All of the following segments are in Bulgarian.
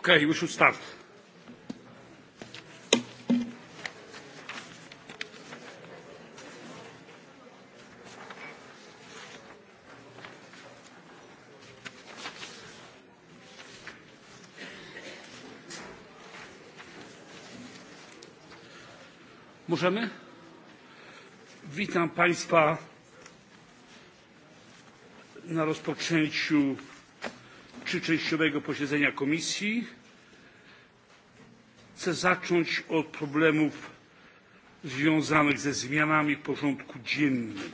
Okay, we should start. Możemy? Witam Państwa na rozpoczęciu czy częściowego posiedzenia komisji. Chcę zacząć od problemów związanych ze zmianami w porządku dziennym.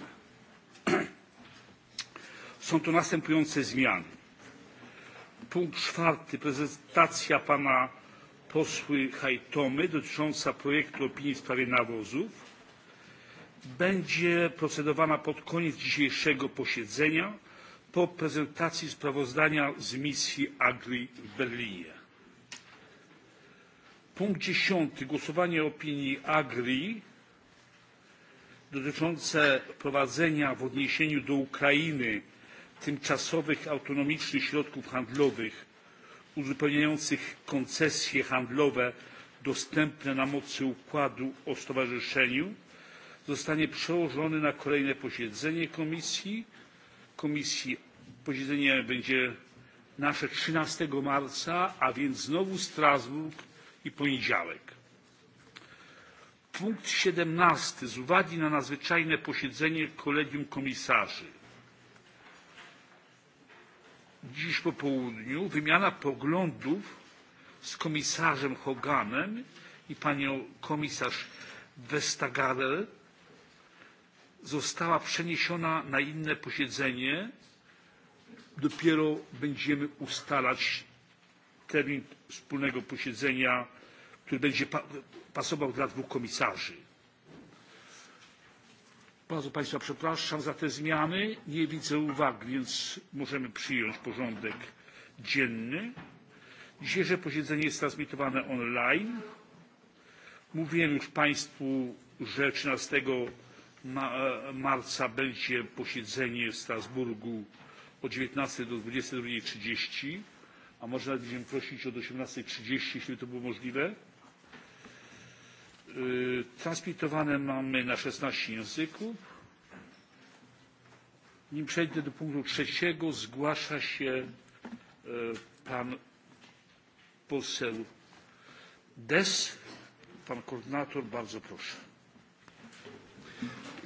Są to następujące zmiany. Punkt czwarty, prezentacja pana posły Hajtomy dotycząca projektu opinii w sprawie nawozów będzie procedowana pod koniec dzisiejszego posiedzenia po prezentacji sprawozdania z misji agri w berlinie. punkt dziesięć głosowanie opinii agri dotyczące wprowadzenia w odniesieniu do ukrainy tymczasowych autonomicznych środków handlowych uzupełniających koncesje handlowe dostępne na mocy układu o stowarzyszeniu zostanie przełożony na kolejne posiedzenie komisji komisji posiedzenie będzie nasze trzynaście marca, a więc znowu Strasburg i poniedziałek. Punkt siedemnaście Z uwagi na nadzwyczajne posiedzenie Kolegium Komisarzy dziś po południu wymiana poglądów z komisarzem Hoganem i panią komisarz Vestagerem została przeniesiona na inne posiedzenie. Dopiero będziemy ustalać termin wspólnego posiedzenia, który będzie pasował dla dwóch komisarzy. Bardzo Państwa przepraszam za te zmiany. Nie widzę uwag, więc możemy przyjąć porządek dzienny. Dzisiejsze posiedzenie jest transmitowane online. Mówiłem już Państwu, że 13 marca będzie posiedzenie w Strasburgu od 19 do 22.30, a może nawet będziemy prosić od 18.30, jeśli to było możliwe. Transmitowane mamy na 16 języków. Nim przejdę do punktu trzeciego, zgłasza się pan poseł Des. Pan koordynator, bardzo proszę.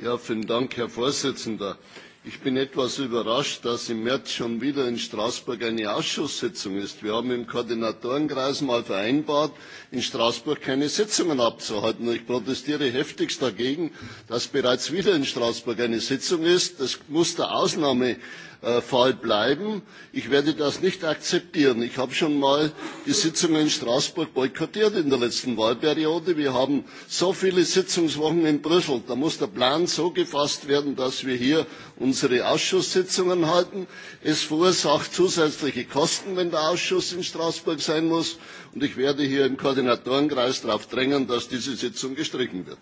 Herr Vorsitzender. Ich bin etwas überrascht, dass im März schon wieder in Straßburg eine Ausschusssitzung ist. Wir haben im Koordinatorenkreis mal vereinbart, in Straßburg keine Sitzungen abzuhalten. Ich protestiere heftigst dagegen, dass bereits wieder in Straßburg eine Sitzung ist. Das muss der Ausnahme fall bleiben. ich werde das nicht akzeptieren. ich habe schon mal die sitzungen in straßburg boykottiert in der letzten wahlperiode. wir haben so viele sitzungswochen in brüssel. da muss der plan so gefasst werden dass wir hier unsere ausschusssitzungen halten. es verursacht zusätzliche kosten wenn der ausschuss in straßburg sein muss und ich werde hier im koordinatorenkreis darauf drängen dass diese sitzung gestrichen wird.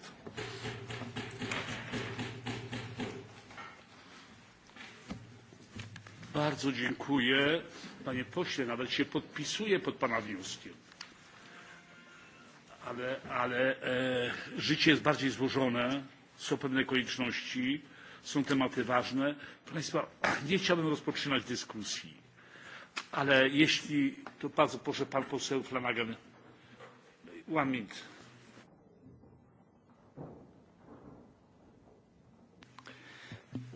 Bardzo dziękuję. Panie pośle, nawet się podpisuję pod pana wnioskiem. Ale, ale e, życie jest bardziej złożone, są pewne konieczności, są tematy ważne. Proszę Państwa, nie chciałbym rozpoczynać dyskusji, ale jeśli, to bardzo proszę pan poseł Flanagan. One minute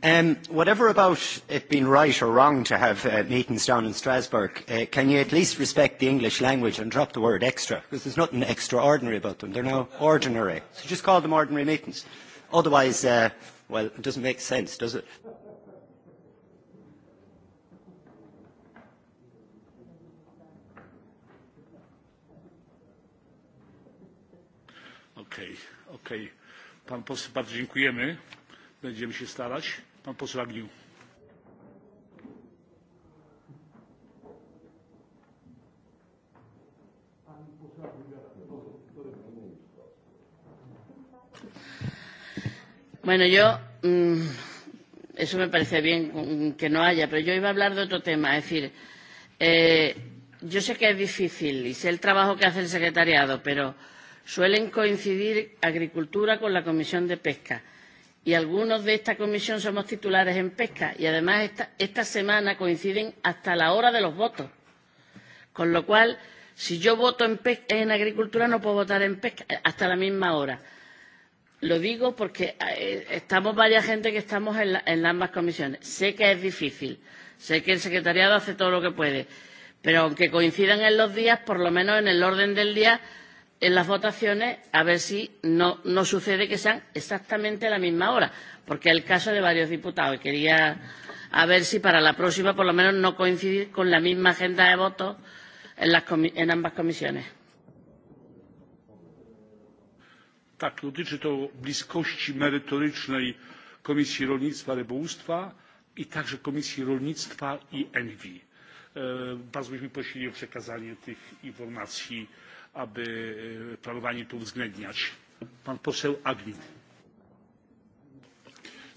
Um, whatever about it being right or wrong to have uh, meetings down in Strasbourg, uh, can you at least respect the English language and drop the word extra? Because there's nothing extraordinary about them. They're now ordinary. So just call them ordinary meetings. Otherwise, uh, well, it doesn't make sense, does it? okay, Okay. bardzo dziękujemy. Będziemy się starać Pan poseł Agniu. Bueno, yo eso me parece bien que no haya, pero yo iba a hablar de otro tema. Es decir, eh, yo sé que es difícil y sé el trabajo que hace el secretariado, pero suelen coincidir agricultura con la comisión de pesca y algunos de esta comisión somos titulares en pesca y además esta, esta semana coinciden hasta la hora de los votos. Con lo cual, si yo voto en, en agricultura no puedo votar en pesca hasta la misma hora. Lo digo porque estamos varias gente que estamos en, la, en ambas comisiones. Sé que es difícil, sé que el secretariado hace todo lo que puede, pero aunque coincidan en los días, por lo menos en el orden del día en las votaciones a ver si no, no sucede que sean exactamente a la misma hora, porque es el caso de varios diputados. Y Quería a ver si para la próxima por lo menos no coincidir con la misma agenda de votos en, las comi en ambas comisiones. Tak, dotyczy to bliskości merytorycznej Komisji Rolnictwa i Rybołówstwa i także Komisji Rolnictwa i Envi. Bardzo byśmy prosili o przekazanie tych informacji aby planowanie to uwzględniać. Pan poseł Agnew.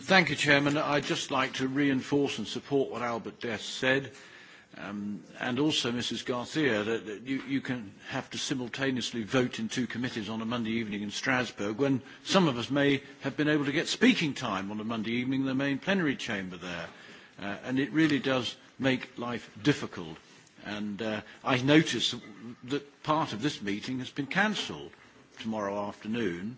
Thank you, Chairman. I'd just like to reinforce and support what Albert Dess said, um, and also Mrs. Garcia, that, that you, you can have to simultaneously vote in two committees on a Monday evening in Strasbourg when some of us may have been able to get speaking time on a Monday evening in the main plenary chamber there. Uh, and it really does make life difficult And uh, I notice that part of this meeting has been cancelled tomorrow afternoon,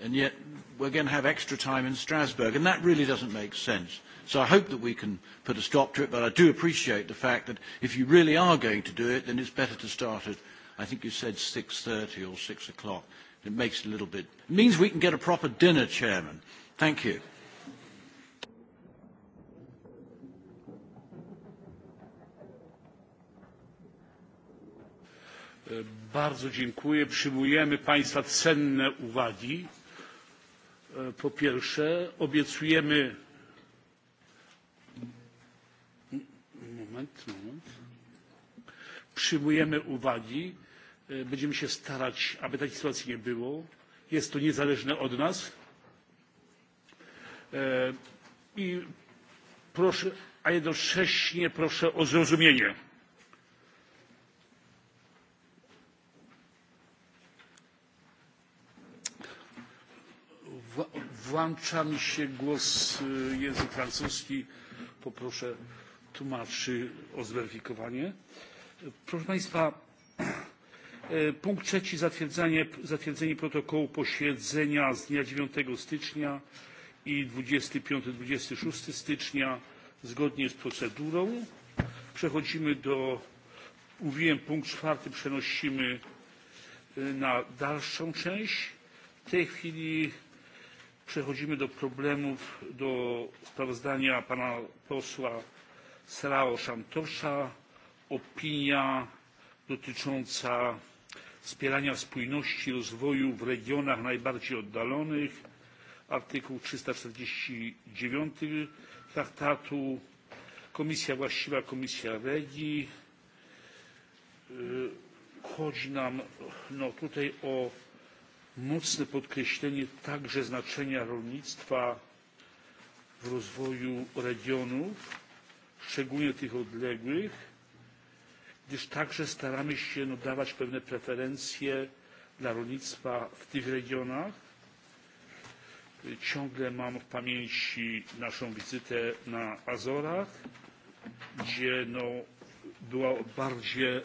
and yet we're going to have extra time in Strasbourg, and that really doesn't make sense. So I hope that we can put a stop to it, but I do appreciate the fact that if you really are going to do it, then it's better to start at, I think you said 6.30 or 6 o'clock. It makes it a little bit, it means we can get a proper dinner, Chairman. Thank you. Bardzo dziękuję. Przyjmujemy Państwa cenne uwagi. Po pierwsze, obiecujemy moment, moment. Przyjmujemy uwagi, będziemy się starać, aby takiej sytuacji nie było. Jest to niezależne od nas. I proszę, a jednocześnie proszę o zrozumienie Włącza mi się głos język francuski. Poproszę tłumaczy o zweryfikowanie. Proszę Państwa, punkt trzeci zatwierdzenie protokołu posiedzenia z dnia 9 stycznia i 25-26 stycznia zgodnie z procedurą. Przechodzimy do, mówiłem punkt czwarty przenosimy na dalszą część. W tej chwili Przechodzimy do problemów, do sprawozdania pana posła Sarao santosa Opinia dotycząca wspierania spójności rozwoju w regionach najbardziej oddalonych. Artykuł trzysta czterdzieści dziewięć traktatu. Komisja właściwa, Komisja Regi. Chodzi nam no, tutaj o mocne podkreślenie także znaczenia rolnictwa w rozwoju regionów, szczególnie tych odległych, gdyż także staramy się dawać pewne preferencje dla rolnictwa w tych regionach. Ciągle mam w pamięci naszą wizytę na Azorach, gdzie była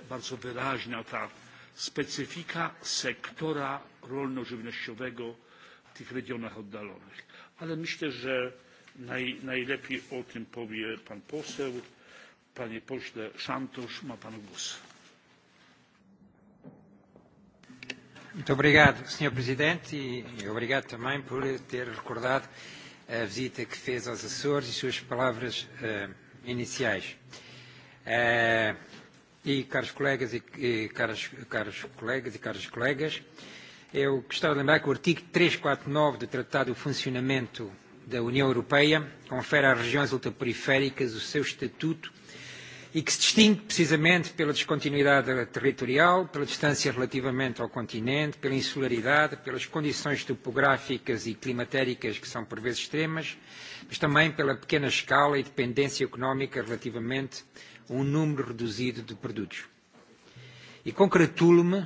bardzo wyraźna ta specyfika sektora rolno żywnościowego w tych regionach oddalonych. Ale myślę, że naj, najlepiej o tym powie pan poseł. Panie pośle Szantosz, ma pan głos. Muito obrigado, Sr. Presidente, e obrigado também por ter recordado a visita que fez aos Açores e suas palavras uh, iniciais. Uh, e, caros colegas e, e caros, caros colegas e caras colegas, uh, Eu gostava de lembrar que o artigo 349 do Tratado do Funcionamento da União Europeia confere às regiões ultraperiféricas o seu estatuto e que se distingue precisamente pela descontinuidade territorial, pela distância relativamente ao continente, pela insularidade, pelas condições topográficas e climatéricas que são por vezes extremas, mas também pela pequena escala e dependência económica relativamente a um número reduzido de produtos. E congratulo-me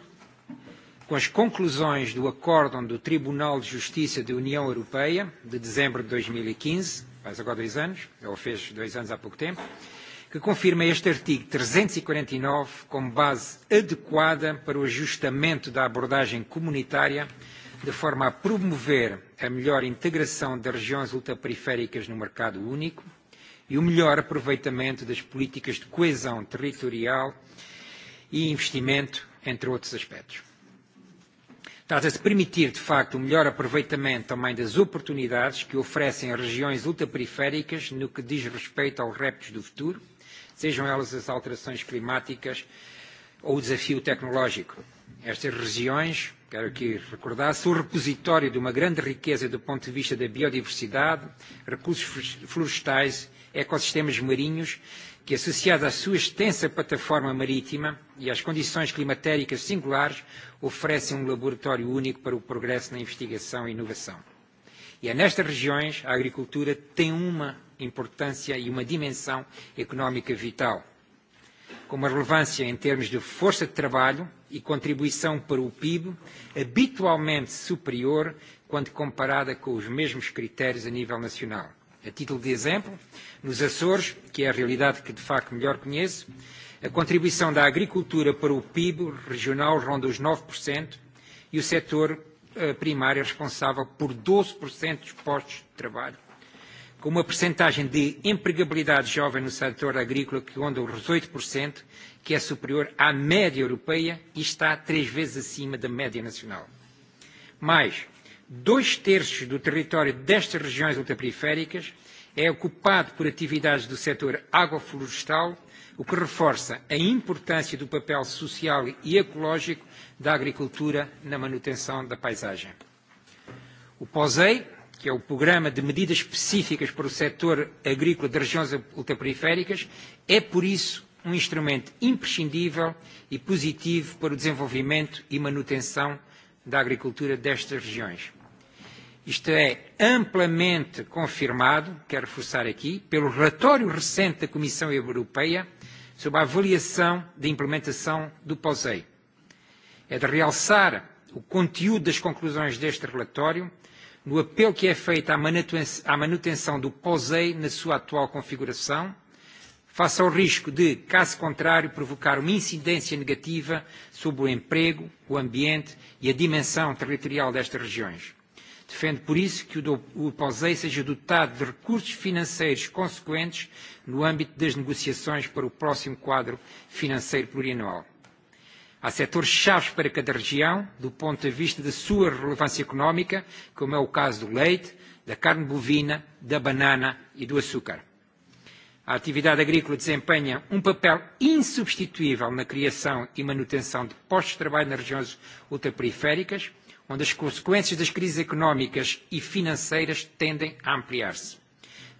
com as conclusões do acórdão do Tribunal de Justiça da União Europeia, de dezembro de 2015, faz agora dois anos, ou fez dois anos há pouco tempo, que confirma este artigo 349 como base adequada para o ajustamento da abordagem comunitária, de forma a promover a melhor integração das regiões ultraperiféricas no mercado único e o melhor aproveitamento das políticas de coesão territorial e investimento, entre outros aspectos. Trata-se de permitir, de facto, o um melhor aproveitamento também das oportunidades que oferecem regiões ultraperiféricas no que diz respeito aos reptos do futuro, sejam elas as alterações climáticas ou o desafio tecnológico. Estas regiões, quero aqui recordar, são o repositório de uma grande riqueza do ponto de vista da biodiversidade, recursos florestais, ecossistemas marinhos que, associada à sua extensa plataforma marítima e às condições climatéricas singulares, oferecem um laboratório único para o progresso na investigação e inovação. E é nestas regiões a agricultura tem uma importância e uma dimensão económica vital, com uma relevância em termos de força de trabalho e contribuição para o PIB habitualmente superior quando comparada com os mesmos critérios a nível nacional A título de exemplo, nos Açores, que é a realidade que de facto melhor conheço, a contribuição da agricultura para o PIB regional ronda os 9% e o setor primário é responsável por 12% dos postos de trabalho, com uma percentagem de empregabilidade jovem no setor agrícola que ronda os 18%, que é superior à média europeia e está três vezes acima da média nacional. Mais, Dois terços do território destas regiões ultraperiféricas é ocupado por atividades do setor agroflorestal, o que reforça a importância do papel social e ecológico da agricultura na manutenção da paisagem. O POSEI, que é o Programa de Medidas Específicas para o Setor Agrícola das Regiões Ultraperiféricas, é, por isso, um instrumento imprescindível e positivo para o desenvolvimento e manutenção da agricultura destas regiões. Isto é amplamente confirmado, quero reforçar aqui, pelo relatório recente da Comissão Europeia sobre a avaliação da implementação do POSEI. É de realçar o conteúdo das conclusões deste relatório no apelo que é feito à manutenção do POSEI na sua atual configuração, face ao risco de, caso contrário, provocar uma incidência negativa sobre o emprego, o ambiente e a dimensão territorial destas regiões. Defende, por isso, que o POSEI seja dotado de recursos financeiros consequentes no âmbito das negociações para o próximo quadro financeiro plurianual. Há setores chaves para cada região, do ponto de vista da sua relevância económica, como é o caso do leite, da carne bovina, da banana e do açúcar. A atividade agrícola desempenha um papel insubstituível na criação e manutenção de postos de trabalho nas regiões ultraperiféricas, onde as consequências das crises económicas e financeiras tendem a ampliar-se,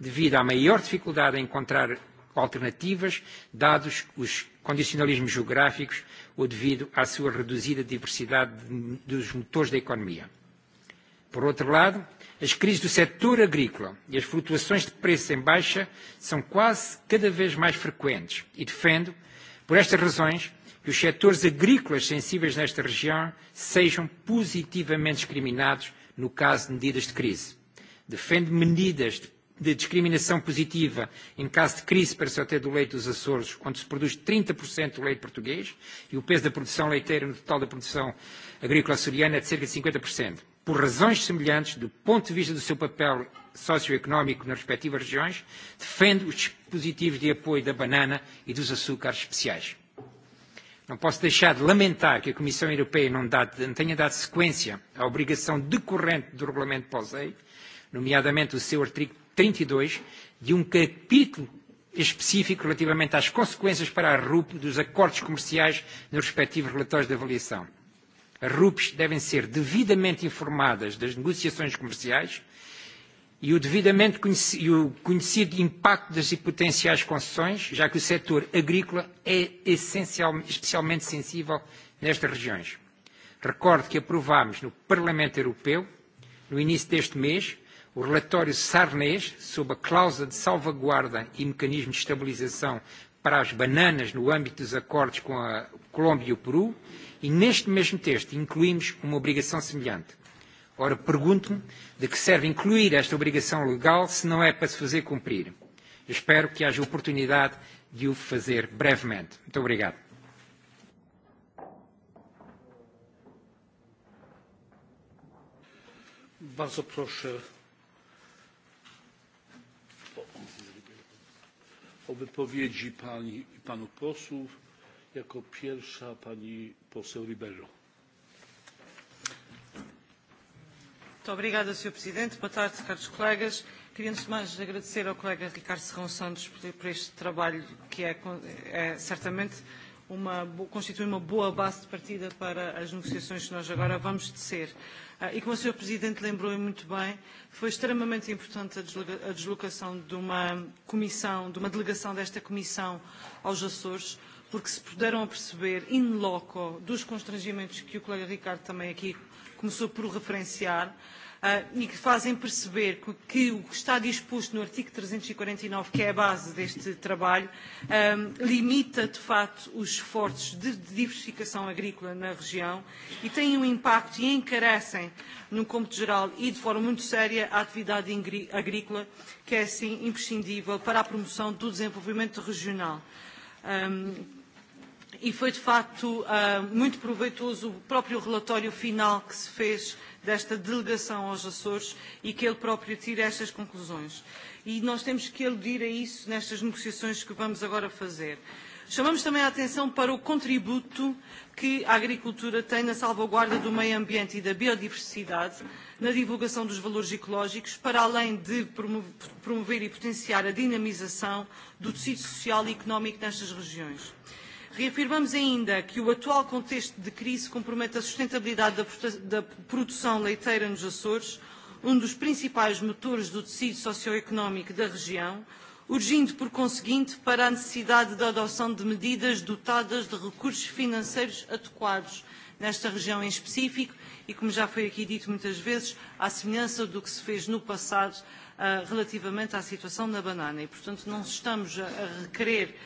devido à maior dificuldade em encontrar alternativas, dados os condicionalismos geográficos ou devido à sua reduzida diversidade dos motores da economia. Por outro lado, as crises do setor agrícola e as flutuações de preço em baixa são quase cada vez mais frequentes e defendo, por estas razões, que os setores agrícolas sensíveis nesta região sejam positivamente discriminados no caso de medidas de crise. Defende medidas de discriminação positiva em caso de crise para o setor do leite dos Açores, onde se produz 30% do leite português e o peso da produção leiteira no total da produção agrícola açoriana é de cerca de 50%. Por razões semelhantes, do ponto de vista do seu papel socioeconómico nas respectivas regiões, defende os dispositivos de apoio da banana e dos açúcares especiais. Não posso deixar de lamentar que a Comissão Europeia não, dá, não tenha dado sequência à obrigação decorrente do Regulamento POSEI, nomeadamente o seu artigo 32, de um capítulo específico relativamente às consequências para a RUP dos acordos comerciais nos respectivos relatórios de avaliação. As RUPs devem ser devidamente informadas das negociações comerciais e o devidamente conhecido, o conhecido impacto das potenciais concessões, já que o setor agrícola é essencial, especialmente sensível nestas regiões. Recordo que aprovámos no Parlamento Europeu, no início deste mês, o relatório Sarnês sobre a cláusula de salvaguarda e mecanismo de estabilização para as bananas no âmbito dos acordos com a Colômbia e o Peru, e neste mesmo texto incluímos uma obrigação semelhante Ora, pergunto-me de que serve incluir esta obrigação legal se não é para se fazer cumprir. Eu espero que haja oportunidade de o fazer brevemente. Muito obrigado. Bardzo proszę o o wypowiedzi pani i panów posłów. Jako pierwsza pani poseł Ribeiro. Muito obrigada, Sr. Presidente. Boa tarde, caros colegas. Queria, antes mais, agradecer ao colega Ricardo Serrão Santos por este trabalho que é, é certamente uma, constitui uma boa base de partida para as negociações que nós agora vamos tecer. E como o Sr. Presidente lembrou muito bem, foi extremamente importante a deslocação de uma comissão, de uma delegação desta comissão aos Açores, porque se puderam aperceber in loco dos constrangimentos que o colega Ricardo também aqui começou por referenciar, e que fazem perceber que, o que está disposto no artigo 349, que é a base deste trabalho, limita, de facto, os esforços de diversificação agrícola na região e têm um impacto e encarecem, no cômputo geral e de forma muito séria, a atividade agrícola, que é, assim, imprescindível para a promoção do desenvolvimento regional e foi de facto muito proveitoso o próprio relatório final que se fez desta delegação aos Açores e que ele próprio tira estas conclusões. E nós temos que aludir a isso nestas negociações que vamos agora fazer. Chamamos também a atenção para o contributo que a agricultura tem na salvaguarda do meio ambiente e da biodiversidade, na divulgação dos valores ecológicos, para além de promover e potenciar a dinamização do tecido social e económico nestas regiões. Reafirmamos ainda que o atual contexto de crise compromete a sustentabilidade da produção leiteira nos Açores, um dos principais motores do tecido socioeconómico da região, urgindo, por conseguinte, para a necessidade da adoção de medidas dotadas de recursos financeiros adequados nesta região em específico e, como já foi aqui dito muitas vezes, à semelhança do que se fez no passado relativamente à situação da banana. E, portanto, não estamos a requerer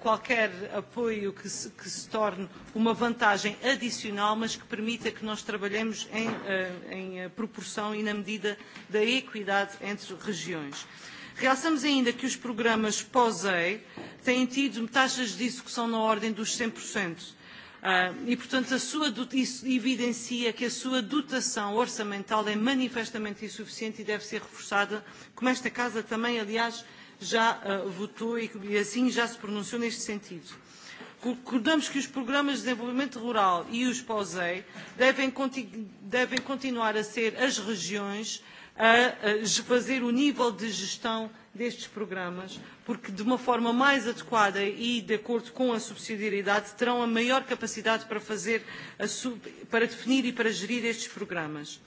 qualquer apoio que se, que se torne uma vantagem adicional, mas que permita que nós trabalhemos em, em proporção e na medida da equidade entre regiões. Realçamos ainda que os programas POSEI têm tido taxas de execução na ordem dos 100%. Uh, e, portanto, a sua, isso evidencia que a sua dotação orçamental é manifestamente insuficiente e deve ser reforçada, como esta Casa também, aliás, uh, já uh, votou e, e assim já se pronunciou neste sentido. Concordamos que os programas de desenvolvimento rural e os POSEI devem, continu devem continuar a ser as regiões a fazer o nível de gestão destes programas, porque de uma forma mais adequada e de acordo com a subsidiariedade terão a maior capacidade para fazer, para definir e para gerir estes programas.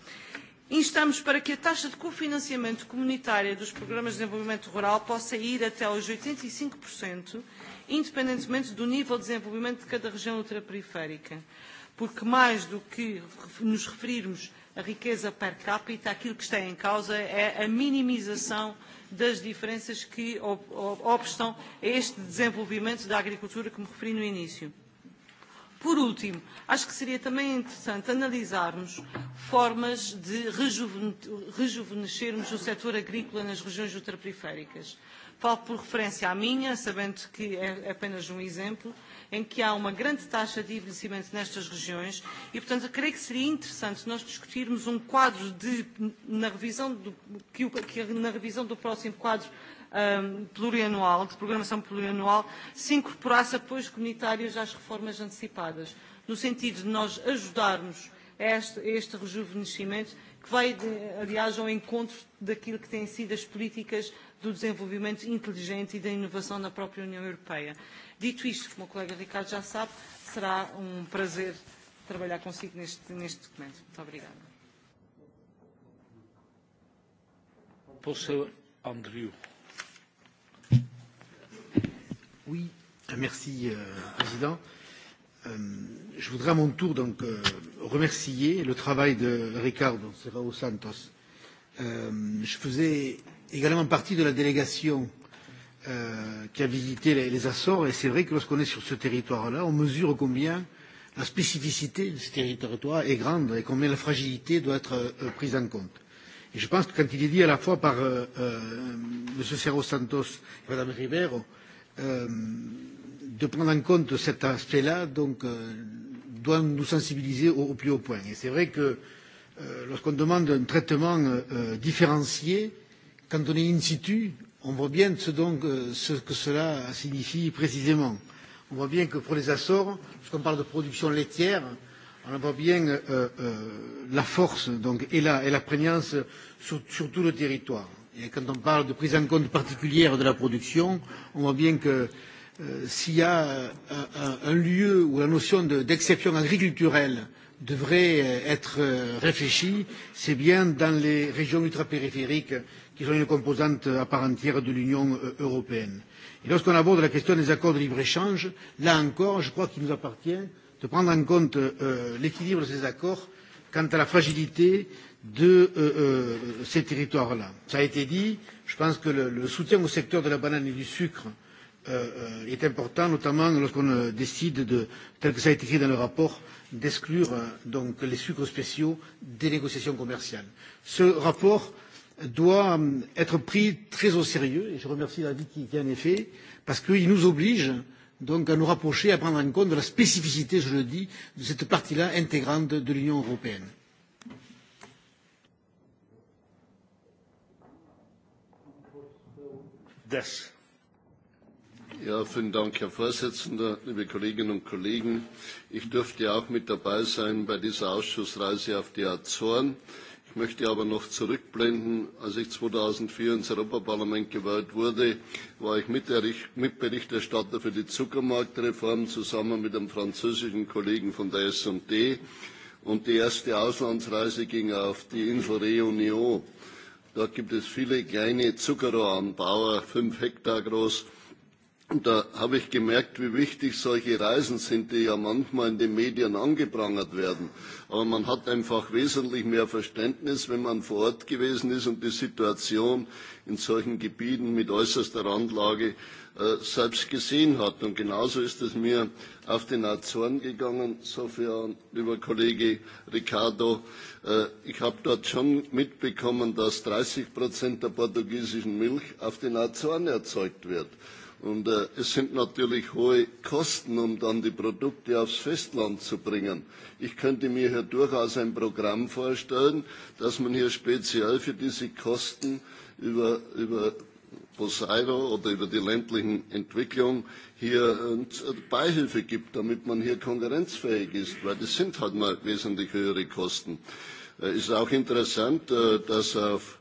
Instamos para que a taxa de cofinanciamento comunitária dos programas de desenvolvimento rural possa ir até aos 85%, independentemente do nível de desenvolvimento de cada região ultraperiférica. Porque mais do que nos referirmos à riqueza per capita, aquilo que está em causa é a minimização das diferenças que obstam a este desenvolvimento da agricultura que me referi no início. Por último, acho que seria também interessante analisarmos formas de rejuvenescermos o setor agrícola nas regiões ultraperiféricas. Falo por referência à minha, sabendo que é apenas um exemplo, em que há uma grande taxa de envelhecimento nestas regiões e, portanto, creio que seria interessante nós discutirmos um quadro de, na revisão do, que, que na revisão do próximo quadro um, plurianual, de programação plurianual, se incorporasse apoios comunitários às reformas antecipadas, no sentido de nós ajudarmos a este, a este rejuvenescimento, que vai, de, aliás, ao encontro daquilo que têm sido as políticas do desenvolvimento inteligente e da inovação na própria União Europeia. Dito isto, como o colega Ricardo já sabe, será um prazer trabalhar consigo neste, neste documento. Muito obrigada. Posso, Andrew. Oui, merci euh, Président. Euh, je voudrais à mon tour donc euh, remercier le travail de Ricardo Serrao Santos. Euh, je faisais également partie de la délégation euh, qui a visité les, les Açores et c'est vrai que lorsqu'on est sur ce territoire-là, on mesure combien la spécificité de ce territoire est grande et combien la fragilité doit être euh, prise en compte. Et je pense que quand il est dit à la fois par euh, euh, M. Serrao Santos et Mme Rivero, de prendre en compte cet aspect-là, donc, doit nous sensibiliser au, plus haut point. Et c'est vrai que lorsqu'on demande un traitement différencié, quand on est in situ, on voit bien ce, donc, ce que cela signifie précisément. On voit bien que pour les Açores, lorsqu'on parle de production laitière, on voit bien euh, euh, la force donc, et, la, et la prégnance sur, sur tout le territoire. Et quand on parle de prise en compte particulière de la production, on voit bien que s'il y a un, lieu où la notion d'exception agriculturelle devrait être réfléchie, c'est bien dans les régions ultrapériphériques qui sont une composante à part entière de l'Union européenne. Et lorsqu'on aborde la question des accords de libre-échange, là encore, je crois qu'il nous appartient de prendre en compte l'équilibre de ces accords quant à la fragilité de ces territoires là. Cela a été dit, je pense que le, soutien au secteur de la banane et du sucre est important, notamment lorsqu'on décide, de, tel que cela est écrit dans le rapport, d'exclure les sucres spéciaux des négociations commerciales. Ce rapport doit être pris très au sérieux et je remercie David qui en est fait parce qu'il nous oblige donc à nous rapprocher, à prendre en compte de la spécificité, je le dis, de cette partie là intégrante de l'Union européenne. Dank, Herr Vorsitzender, liebe Kolleginnen und Kollegen! Ich durfte auch mit dabei sein bei dieser Ausschussreise auf die Azoren. Ich möchte aber noch zurückblenden. Als ich 2004 ins Europaparlament gewählt wurde, war ich Mitberichterstatter für die Zuckermarktreform zusammen mit einem französischen Kollegen von der S&D. Und die erste Auslandsreise ging auf die Insel Reunion. Dort gibt es viele kleine Zuckerrohranbauer, fünf Hektar groß. Und da habe ich gemerkt, wie wichtig solche Reisen sind, die ja manchmal in den Medien angeprangert werden. Aber man hat einfach wesentlich mehr Verständnis, wenn man vor Ort gewesen ist und die Situation in solchen Gebieten mit äußerster Randlage selbst gesehen hat. Und genauso ist es mir auf den Azoren gegangen, sofern, lieber Kollege Ricardo. Ich habe dort schon mitbekommen, dass 30 Prozent der portugiesischen Milch auf den Azoren erzeugt wird. Und es sind natürlich hohe Kosten, um dann die Produkte aufs Festland zu bringen. Ich könnte mir hier durchaus ein Programm vorstellen, dass man hier speziell für diese Kosten über Poseidon oder über die ländlichen Entwicklung hier Beihilfe gibt, damit man hier konkurrenzfähig ist, weil das sind halt mal wesentlich höhere Kosten. Es ist auch interessant, dass auf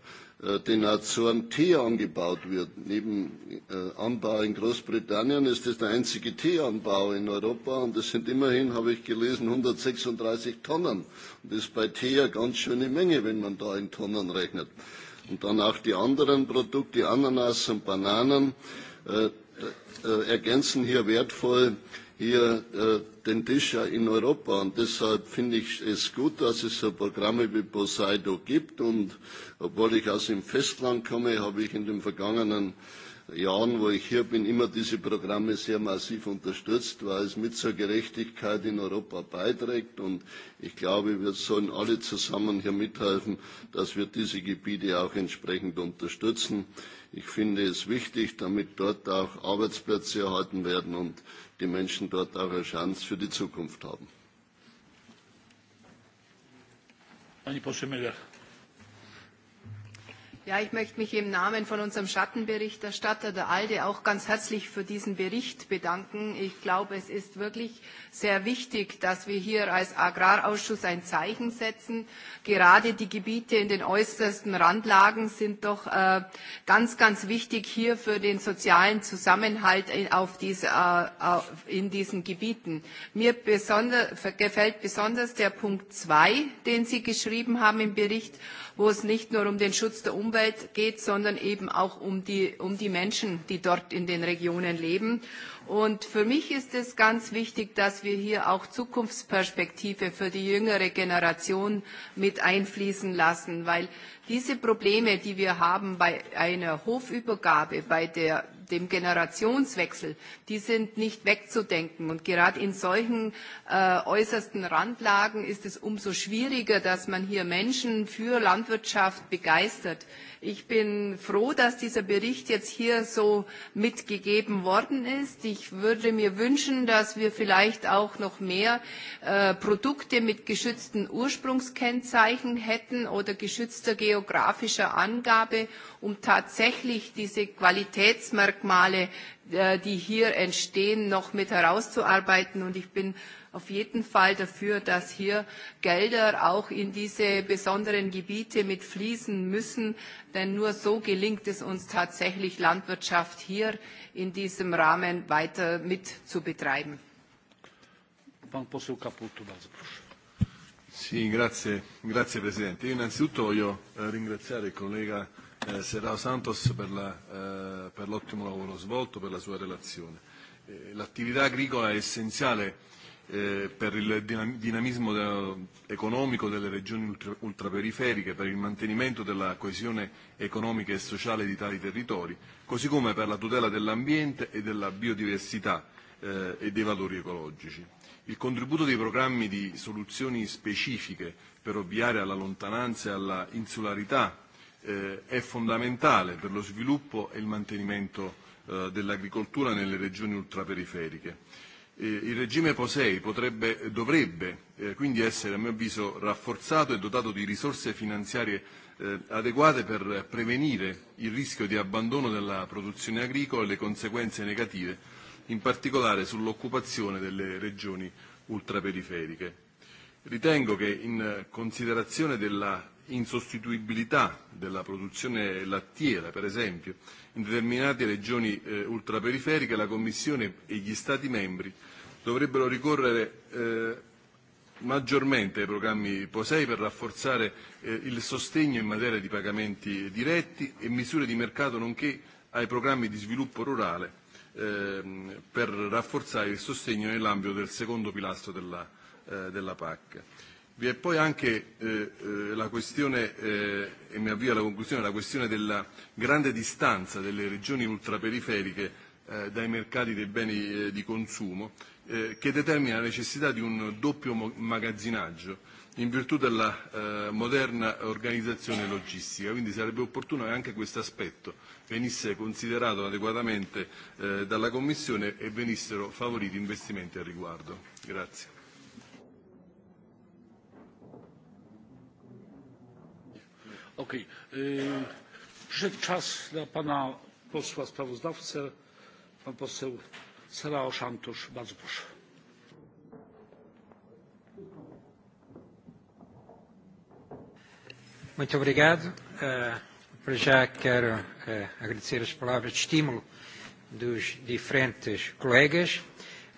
den Azoren Tee angebaut wird. Neben Anbau in Großbritannien ist das der einzige Teeanbau in Europa und das sind immerhin, habe ich gelesen, 136 Tonnen. Und das ist bei Tee eine ganz schöne Menge, wenn man da in Tonnen rechnet und dann auch die anderen Produkte, Ananas und Bananen, ergänzen hier wertvoll hier den Tisch in Europa. Und deshalb finde ich es gut, dass es so Programme wie Poseido gibt. Und obwohl ich aus dem Festland komme, habe ich in den vergangenen äh, Jahren, wo ich hier bin, immer diese Programme sehr massiv unterstützt, weil es mit zur Gerechtigkeit in Europa beiträgt. Und ich glaube, wir sollen alle zusammen hier mithelfen, dass wir diese Gebiete auch entsprechend unterstützen. Ich finde es wichtig, damit dort auch Arbeitsplätze erhalten werden und die Menschen dort auch eine Chance für die Zukunft haben. Pani poseł Miller. Ja, ich möchte mich im Namen von unserem Schattenberichterstatter, der ALDE, auch ganz herzlich für diesen Bericht bedanken. Ich glaube, es ist wirklich sehr wichtig, dass wir hier als Agrarausschuss ein Zeichen setzen. Gerade die Gebiete in den äußersten Randlagen sind doch ganz, ganz wichtig hier für den sozialen Zusammenhalt in diesen Gebieten. Mir gefällt besonders der Punkt zwei, den Sie geschrieben haben im Bericht, wo es nicht nur um den Schutz der Umwelt geht, sondern eben auch um die, um die Menschen, die dort in den Regionen leben. Und für mich ist es ganz wichtig, dass wir hier auch Zukunftsperspektive für die jüngere Generation mit einfließen lassen, weil diese Probleme, die wir haben bei einer Hofübergabe, bei der dem Generationswechsel, die sind nicht wegzudenken. Und gerade in solchen äußersten Randlagen ist es umso schwieriger, dass man hier Menschen für Landwirtschaft begeistert. Ich bin froh, dass dieser Bericht jetzt hier so mitgegeben worden ist. Ich würde mir wünschen, dass wir vielleicht auch noch mehr Produkte mit geschützten Ursprungskennzeichen hätten oder geschützter geografischer Angabe, um tatsächlich diese Qualitätsmerkmale, die hier entstehen, noch mit herauszuarbeiten. Und ich bin auf jeden Fall dafür, dass hier Gelder auch in diese besonderen Gebiete mit fließen müssen, denn nur so gelingt es uns tatsächlich, Landwirtschaft hier in diesem Rahmen weiter mit zu betreiben. Presidente, io innanzitutto voglio ringraziare il collega Serrao Santos per l'ottimo lavoro svolto, per la sua relazione. L'attività agricola è essenziale eh, per il dinamismo economico delle regioni ultraperiferiche, per il mantenimento della coesione economica e sociale di tali territori, così come per la tutela dell'ambiente e della biodiversità eh, e dei valori ecologici. Il contributo dei programmi di soluzioni specifiche per ovviare alla lontananza e alla insularità eh, è fondamentale per lo sviluppo e il mantenimento eh, dell'agricoltura nelle regioni ultraperiferiche Eh, il regime POSEI potrebbe, dovrebbe eh, quindi essere, a mio avviso, rafforzato e dotato di risorse finanziarie eh, adeguate per prevenire il rischio di abbandono della produzione agricola e le conseguenze negative, in particolare sull'occupazione delle regioni ultraperiferiche. Ritengo che in considerazione della insostituibilità della produzione lattiera, per esempio, in determinate regioni eh, ultraperiferiche la Commissione e gli Stati membri dovrebbero ricorrere eh, maggiormente ai programmi POSEI per rafforzare eh, il sostegno in materia di pagamenti diretti e misure di mercato nonché ai programmi di sviluppo rurale ehm, per rafforzare il sostegno nell'ambito del secondo pilastro della, eh, della PAC. Vi è poi anche eh, la questione, eh, e mi avvio alla conclusione, la questione della grande distanza delle regioni ultraperiferiche eh, dai mercati dei beni eh, di consumo, eh, che determina la necessità di un doppio magazzinaggio in virtù della eh, moderna organizzazione logistica. Quindi sarebbe opportuno che anche questo aspetto venisse considerato adeguatamente eh, dalla Commissione e venissero favoriti investimenti al riguardo. Grazie. Przyszedł czas dla pana posła sprawozdawcę, pan poseł Serao Santos. Bardzo proszę. Muito obrigado. Para já quero agradecer as palavras de estímulo dos diferentes colegas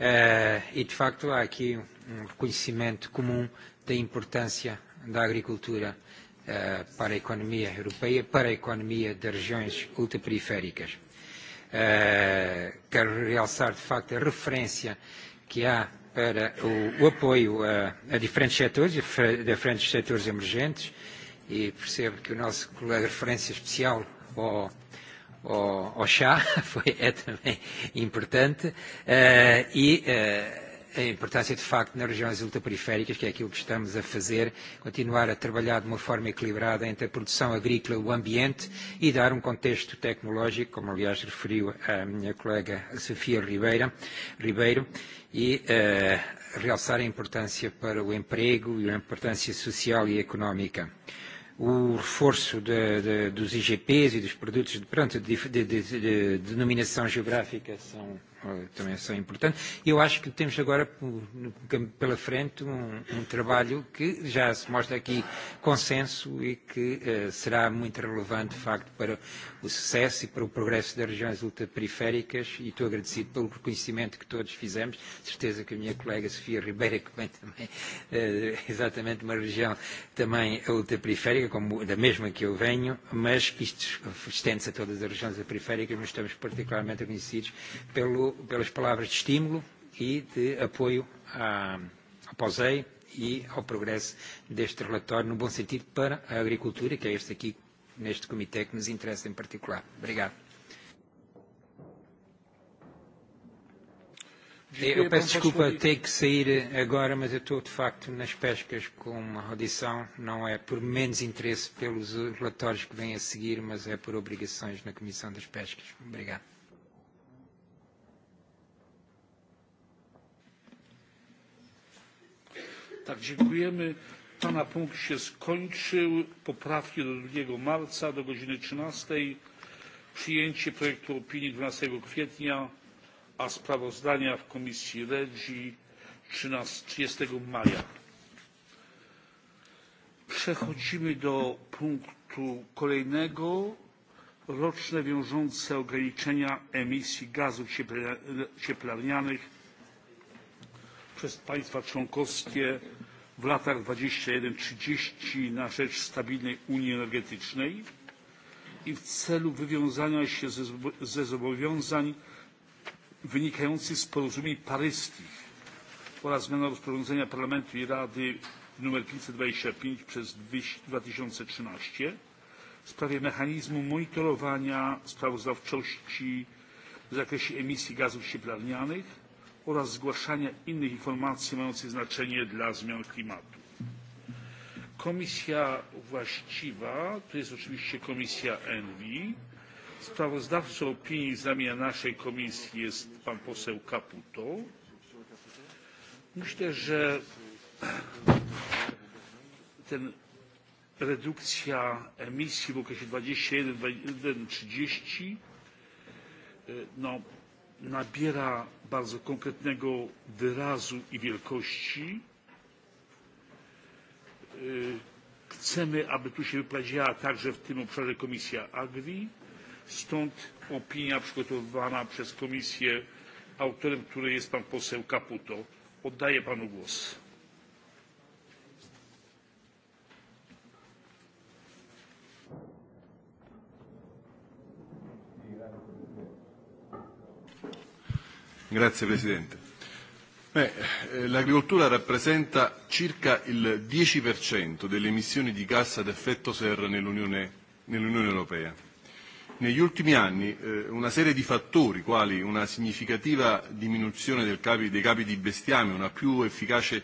e, de facto, há aqui um reconhecimento comum da importância da agricultura para a economia europeia, para a economia das regiões ultraperiféricas. Quero realçar, de facto, a referência que há para o apoio a diferentes setores, a diferentes setores emergentes, e percebo que o nosso colega de referência especial ao ao, ao chá, foi, é também importante, uh, e uh, a importância de facto nas regiões ultraperiféricas, que é aquilo que estamos a fazer, continuar a trabalhar de uma forma equilibrada entre a produção agrícola e o ambiente e dar um contexto tecnológico, como aliás referiu a minha colega Sofia Ribeira, Ribeiro, e uh, realçar a importância para o emprego e a importância social e económica o reforço de, de, dos IGPs e dos produtos de, pronto, de, de, de, de denominação geográfica são também são importantes. Eu acho que temos agora pela frente um, um trabalho que já se mostra aqui consenso e que uh, será muito relevante, de facto, para o sucesso e para o progresso das regiões ultraperiféricas e estou agradecido pelo reconhecimento que todos fizemos. Certeza que a minha colega Sofia Ribeira, que vem também uh, exatamente uma região também ultraperiférica, como da mesma que eu venho, mas isto estende-se a todas as regiões ultraperiféricas, mas estamos particularmente reconhecidos pelo pelas palavras de estímulo e de apoio à, à POSEI e ao progresso deste relatório, no bom sentido, para a agricultura, que é este aqui, neste comitê, que nos interessa em particular. Obrigado. Eu peço desculpa, tenho que sair agora, mas eu estou de facto nas pescas com uma audição. Não é por menos interesse pelos relatórios que vêm a seguir, mas é por obrigações na Comissão das Pescas. Obrigado. Tak, dziękujemy. Pana punkt się skończył. Poprawki do 2 marca do godziny 13. Przyjęcie projektu opinii 12 kwietnia, a sprawozdania w Komisji REGI 30 maja. Przechodzimy do punktu kolejnego. Roczne wiążące ograniczenia emisji gazów cieplarnianych przez państwa członkowskie w latach dwadzieścia jeden trzydzieści na rzecz stabilnej unii energetycznej i w celu wywiązania się ze zobowiązań wynikających z porozumień paryskich oraz zmiana rozporządzenia parlamentu i rady nr pięćset dwadzieścia pięć dwa tysiące trzynaście w sprawie mechanizmu monitorowania sprawozdawczości w zakresie emisji gazów cieplarnianych oraz zgłaszania innych informacji mających znaczenie dla zmian klimatu. Komisja właściwa to jest oczywiście Komisja ENVI. Sprawozdawcą opinii z ramienia naszej komisji jest pan poseł Caputo. Myślę, że ten redukcja emisji w okresie dwadzieścia jeden trzydzieści no nabiera bardzo konkretnego wyrazu i wielkości. Chcemy, aby tu się wypowiedziała także w tym obszarze Komisja Agri. Stąd opinia przygotowana przez Komisję, autorem której jest pan poseł Caputo. Oddaję panu głos. Grazie Presidente. L'agricoltura rappresenta circa il 10% delle emissioni di gas ad effetto serra nell'Unione, nell'Unione Europea. Negli ultimi anni eh, una serie di fattori, quali una significativa diminuzione del capi, dei capi di bestiame, una più efficace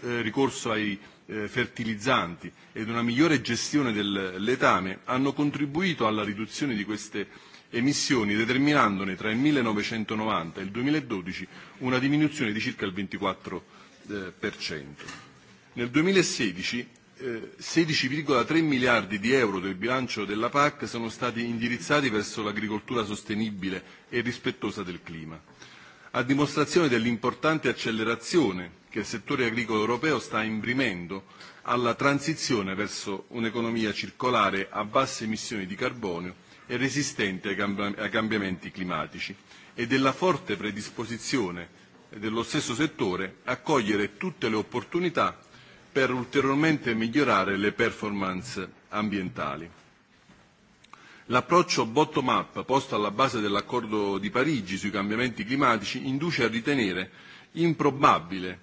ricorso ai eh, fertilizzanti ed una migliore gestione del letame, hanno contribuito alla riduzione di queste emissioni emissioni, determinandone tra il 1990 e il 2012 una diminuzione di circa il 24%. Nel 2016 16,3 miliardi di euro del bilancio della PAC sono stati indirizzati verso l'agricoltura sostenibile e rispettosa del clima, a dimostrazione dell'importante accelerazione che il settore agricolo europeo sta imprimendo alla transizione verso un'economia circolare a basse emissioni di carbonio e resistente ai cambiamenti climatici e della forte predisposizione dello stesso settore a cogliere tutte le opportunità per ulteriormente migliorare le performance ambientali. L'approccio bottom-up posto alla base dell'accordo di Parigi sui cambiamenti climatici induce a ritenere improbabile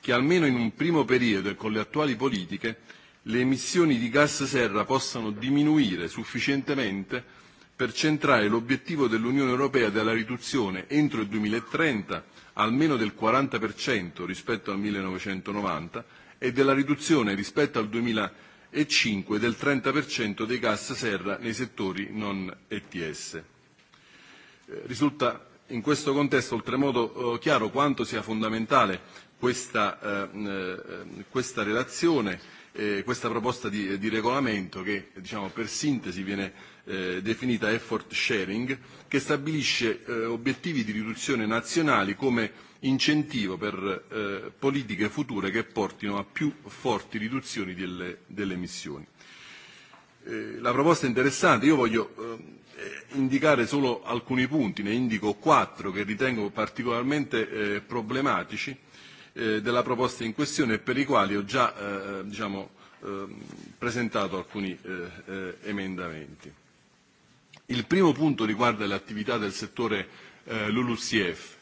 che almeno in un primo periodo e con le attuali politiche le emissioni di gas serra possano diminuire sufficientemente per centrare l'obiettivo dell'Unione Europea della riduzione entro il 2030 almeno del 40% rispetto al 1990 e della riduzione rispetto al 2005 del 30% dei gas serra nei settori non ETS. Risulta in questo contesto oltremodo chiaro quanto sia fondamentale questa, questa relazione, questa proposta di, di regolamento che diciamo, per sintesi viene eh, definita effort sharing, che stabilisce eh, obiettivi di riduzione nazionali come incentivo per eh, politiche future che portino a più forti riduzioni delle, delle emissioni. Eh, la proposta è interessante, io voglio eh, indicare solo alcuni punti, ne indico quattro che ritengo particolarmente eh, problematici eh, della proposta in questione e per i quali ho già eh, diciamo, eh, presentato alcuni eh, eh, emendamenti. Il primo punto riguarda le attività del settore eh, LULUCF.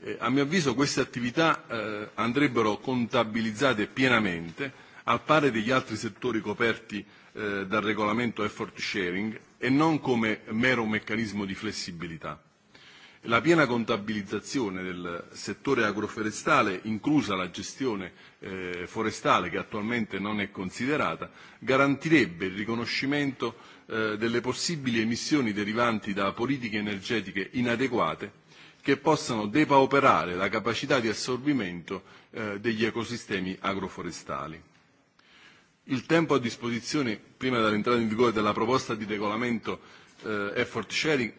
Eh, a mio avviso queste attività eh, andrebbero contabilizzate pienamente al pari degli altri settori coperti eh, dal regolamento effort sharing e non come mero meccanismo di flessibilità. La piena contabilizzazione del settore agroforestale, inclusa la gestione eh, forestale che attualmente non è considerata, garantirebbe il riconoscimento delle possibili emissioni derivanti da politiche energetiche inadeguate che possano depauperare la capacità di assorbimento degli ecosistemi agroforestali. Il tempo a disposizione prima dell'entrata in vigore della proposta di regolamento effort sharing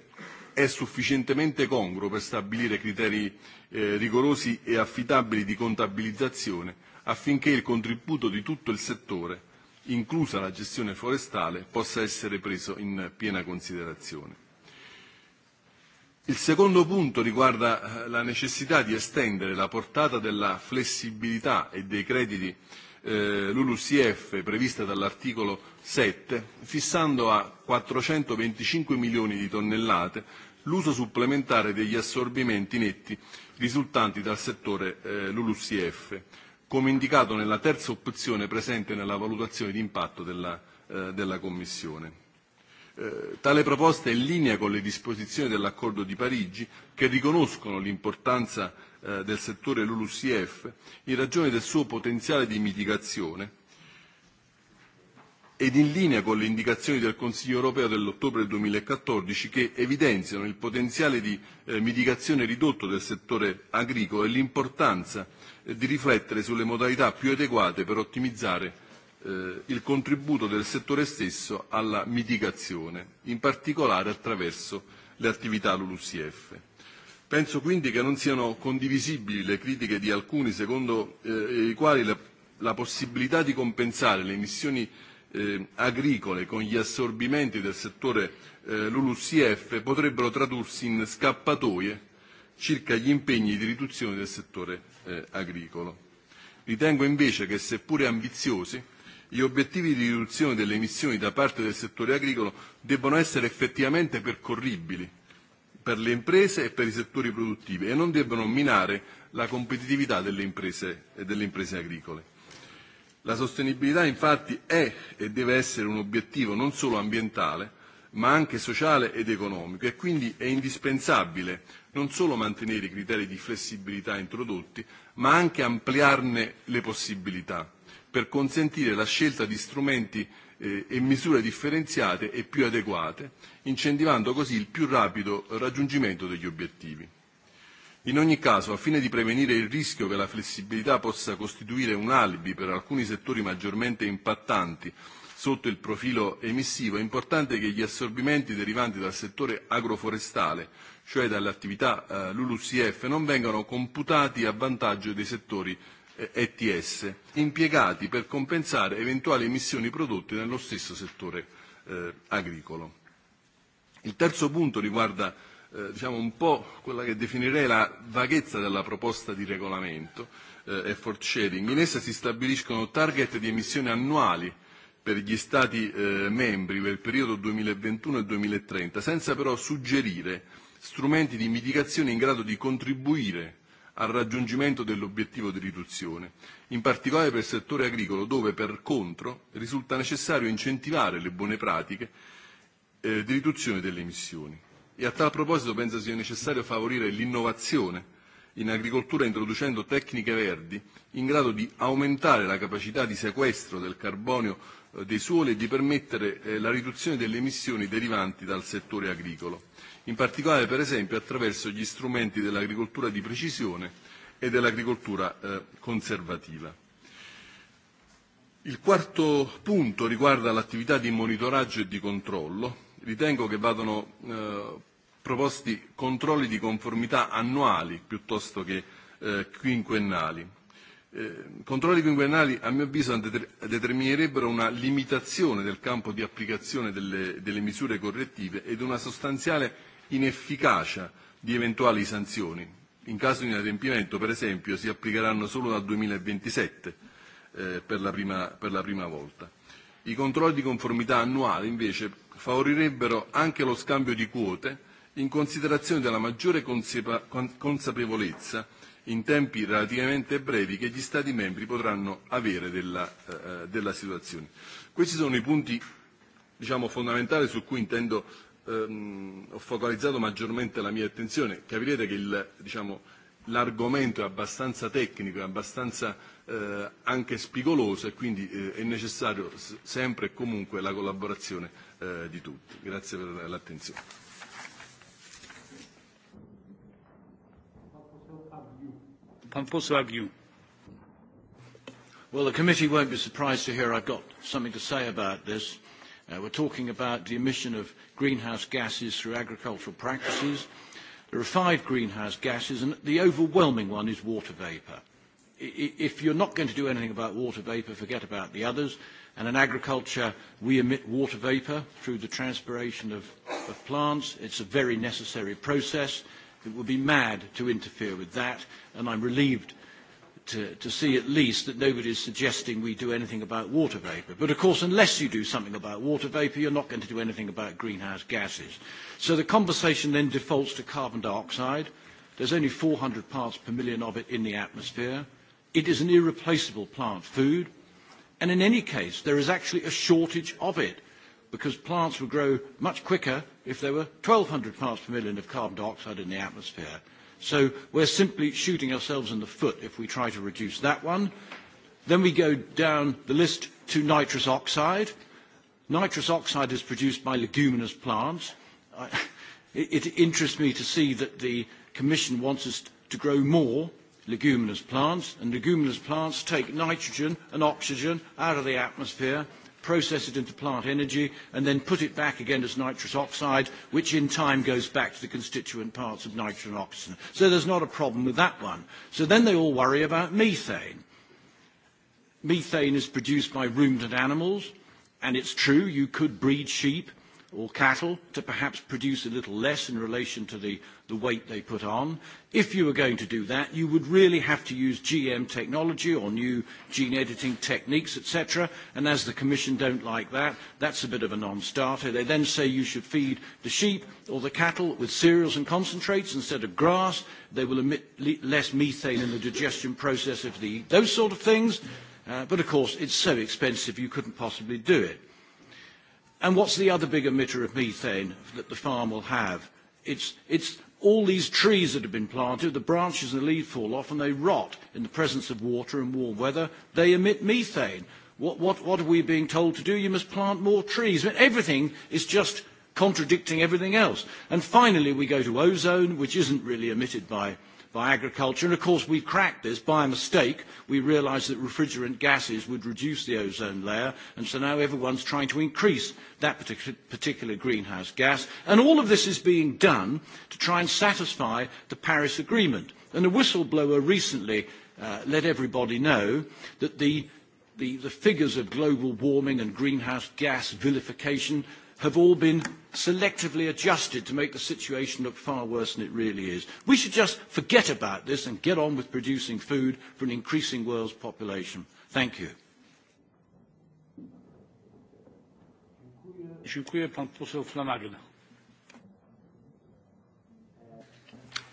è sufficientemente congruo per stabilire criteri rigorosi e affidabili di contabilizzazione affinché il contributo di tutto il settore inclusa la gestione forestale, possa essere preso in piena considerazione. Il secondo punto riguarda la necessità di estendere la portata della flessibilità e dei crediti eh, l'ULUCF prevista dall'articolo 7, fissando a 425 milioni di tonnellate l'uso supplementare degli assorbimenti netti risultanti dal settore eh, LULUCF, come indicato nella terza opzione presente nella valutazione di impatto della, eh, della Commissione. Eh, tale proposta è in linea con le disposizioni dell'accordo di Parigi che riconoscono l'importanza eh, del settore LULUCF in ragione del suo potenziale di mitigazione ed in linea con le indicazioni del Consiglio europeo dell'ottobre 2014 che evidenziano il potenziale di eh, mitigazione ridotto del settore agricolo e l'importanza di riflettere sulle modalità più adeguate per ottimizzare il contributo del settore stesso alla mitigazione, in particolare attraverso le attività LULUCF. Penso quindi che non siano condivisibili le critiche di alcuni secondo i quali la possibilità di compensare le emissioni agricole con gli assorbimenti del settore LULUCF potrebbero tradursi in scappatoie circa gli impegni di riduzione del settore eh, agricolo. Ritengo invece che, seppure ambiziosi, gli obiettivi di riduzione delle emissioni da parte del settore agricolo debbano essere effettivamente percorribili per le imprese e per i settori produttivi e non debbano minare la competitività delle imprese, e delle imprese agricole. La sostenibilità infatti è e deve essere un obiettivo non solo ambientale, ma anche sociale ed economico e quindi è indispensabile non solo mantenere i criteri di flessibilità introdotti, ma anche ampliarne le possibilità per consentire la scelta di strumenti e misure differenziate e più adeguate, incentivando così il più rapido raggiungimento degli obiettivi. In ogni caso, a fine di prevenire il rischio che la flessibilità possa costituire un alibi per alcuni settori maggiormente impattanti sotto il profilo emissivo, è importante che gli assorbimenti derivanti dal settore agroforestale cioè attività eh, LULUCF, non vengano computati a vantaggio dei settori ETS, impiegati per compensare eventuali emissioni prodotte nello stesso settore eh, agricolo. Il terzo punto riguarda eh, diciamo un po' quella che definirei la vaghezza della proposta di regolamento eh, for sharing. In essa si stabiliscono target di emissioni annuali per gli Stati eh, membri per il periodo 2021 e 2030, senza però suggerire strumenti di mitigazione in grado di contribuire al raggiungimento dell'obiettivo di riduzione, in particolare per il settore agricolo dove, per contro, risulta necessario incentivare le buone pratiche eh, di riduzione delle emissioni. E a tal proposito penso sia necessario favorire l'innovazione in agricoltura introducendo tecniche verdi in grado di aumentare la capacità di sequestro del carbonio dei suoli e di permettere la riduzione delle emissioni derivanti dal settore agricolo in particolare per esempio attraverso gli strumenti dell'agricoltura di precisione e dell'agricoltura eh, conservativa. Il quarto punto riguarda l'attività di monitoraggio e di controllo. Ritengo che vadano eh, proposti controlli di conformità annuali piuttosto che eh, quinquennali. Eh, controlli quinquennali, a mio avviso, determinerebbero una limitazione del campo di applicazione delle, delle misure correttive ed una sostanziale inefficacia di eventuali sanzioni. In caso di inadempimento, per esempio, si applicheranno solo dal 2027 eh, per, la prima, per la prima volta. I controlli di conformità annuale, invece, favorirebbero anche lo scambio di quote in considerazione della maggiore consapevolezza in tempi relativamente brevi che gli Stati membri potranno avere della, eh, della situazione. Questi sono i punti diciamo, fondamentali su cui intendo ehm, ho focalizzato maggiormente la mia attenzione. Capirete che il, diciamo, l'argomento è abbastanza tecnico, è abbastanza eh, anche spigoloso e quindi eh, è necessario sempre e comunque la collaborazione eh, di tutti. Grazie per l'attenzione. Well, the committee won't be surprised to hear I've got something to say about this Uh, we're talking about the emission of greenhouse gases through agricultural practices. There are five greenhouse gases, and the overwhelming one is water vapour. If you're not going to do anything about water vapour, forget about the others. And in agriculture, we emit water vapour through the transpiration of, of plants. It's a very necessary process. It would be mad to interfere with that, and I'm relieved to, to see at least that nobody is suggesting we do anything about water vapour. But of course, unless you do something about water vapour, you're not going to do anything about greenhouse gases. So the conversation then defaults to carbon dioxide. There's only 400 parts per million of it in the atmosphere. It is an irreplaceable plant food. And in any case, there is actually a shortage of it because plants would grow much quicker if there were 1,200 parts per million of carbon dioxide in the atmosphere. So we're simply shooting ourselves in the foot if we try to reduce that one. Then we go down the list to nitrous oxide. Nitrous oxide is produced by leguminous plants. It interests me to see that the Commission wants us to grow more leguminous plants, and leguminous plants take nitrogen and oxygen out of the atmosphere process it into plant energy, and then put it back again as nitrous oxide, which in time goes back to the constituent parts of nitrogen and oxygen. So there's not a problem with that one. So then they all worry about methane. Methane is produced by ruminant animals, and it's true, you could breed sheep or cattle to perhaps produce a little less in relation to the, the weight they put on. If you were going to do that, you would really have to use GM technology or new gene editing techniques, etc. And as the Commission don't like that, that's a bit of a non-starter. They then say you should feed the sheep or the cattle with cereals and concentrates instead of grass. They will emit less methane in the digestion process if they eat those sort of things. Uh, but of course, it's so expensive you couldn't possibly do it. And what's the other big emitter of methane that the farm will have? It's, it's all these trees that have been planted, the branches and the leaves fall off and they rot in the presence of water and warm weather. They emit methane. What, what, what are we being told to do? You must plant more trees. I mean, everything is just contradicting everything else. And finally, we go to ozone, which isn't really emitted by by agriculture. And of course, we cracked this by mistake. We realised that refrigerant gases would reduce the ozone layer, and so now everyone's trying to increase that particular greenhouse gas. And all of this is being done to try and satisfy the Paris Agreement. A a whistleblower recently let everybody know that the, the, the figures of global warming and greenhouse gas vilification have all been selectively adjusted to make the situation look far worse than it really is. We should just forget about this and get on with producing food for an increasing world's population. Thank you.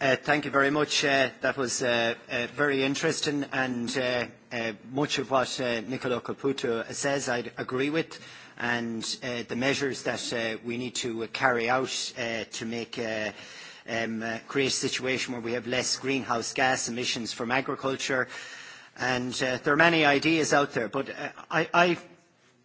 Uh, Thank you very much. That was very interesting, and much of what Nicola Caputo says, I agree with and uh, the measures that uh, we need to carry out uh, to make uh, um, uh, create a situation where we have less greenhouse gas emissions from agriculture. And uh, there are many ideas out there, but uh, I,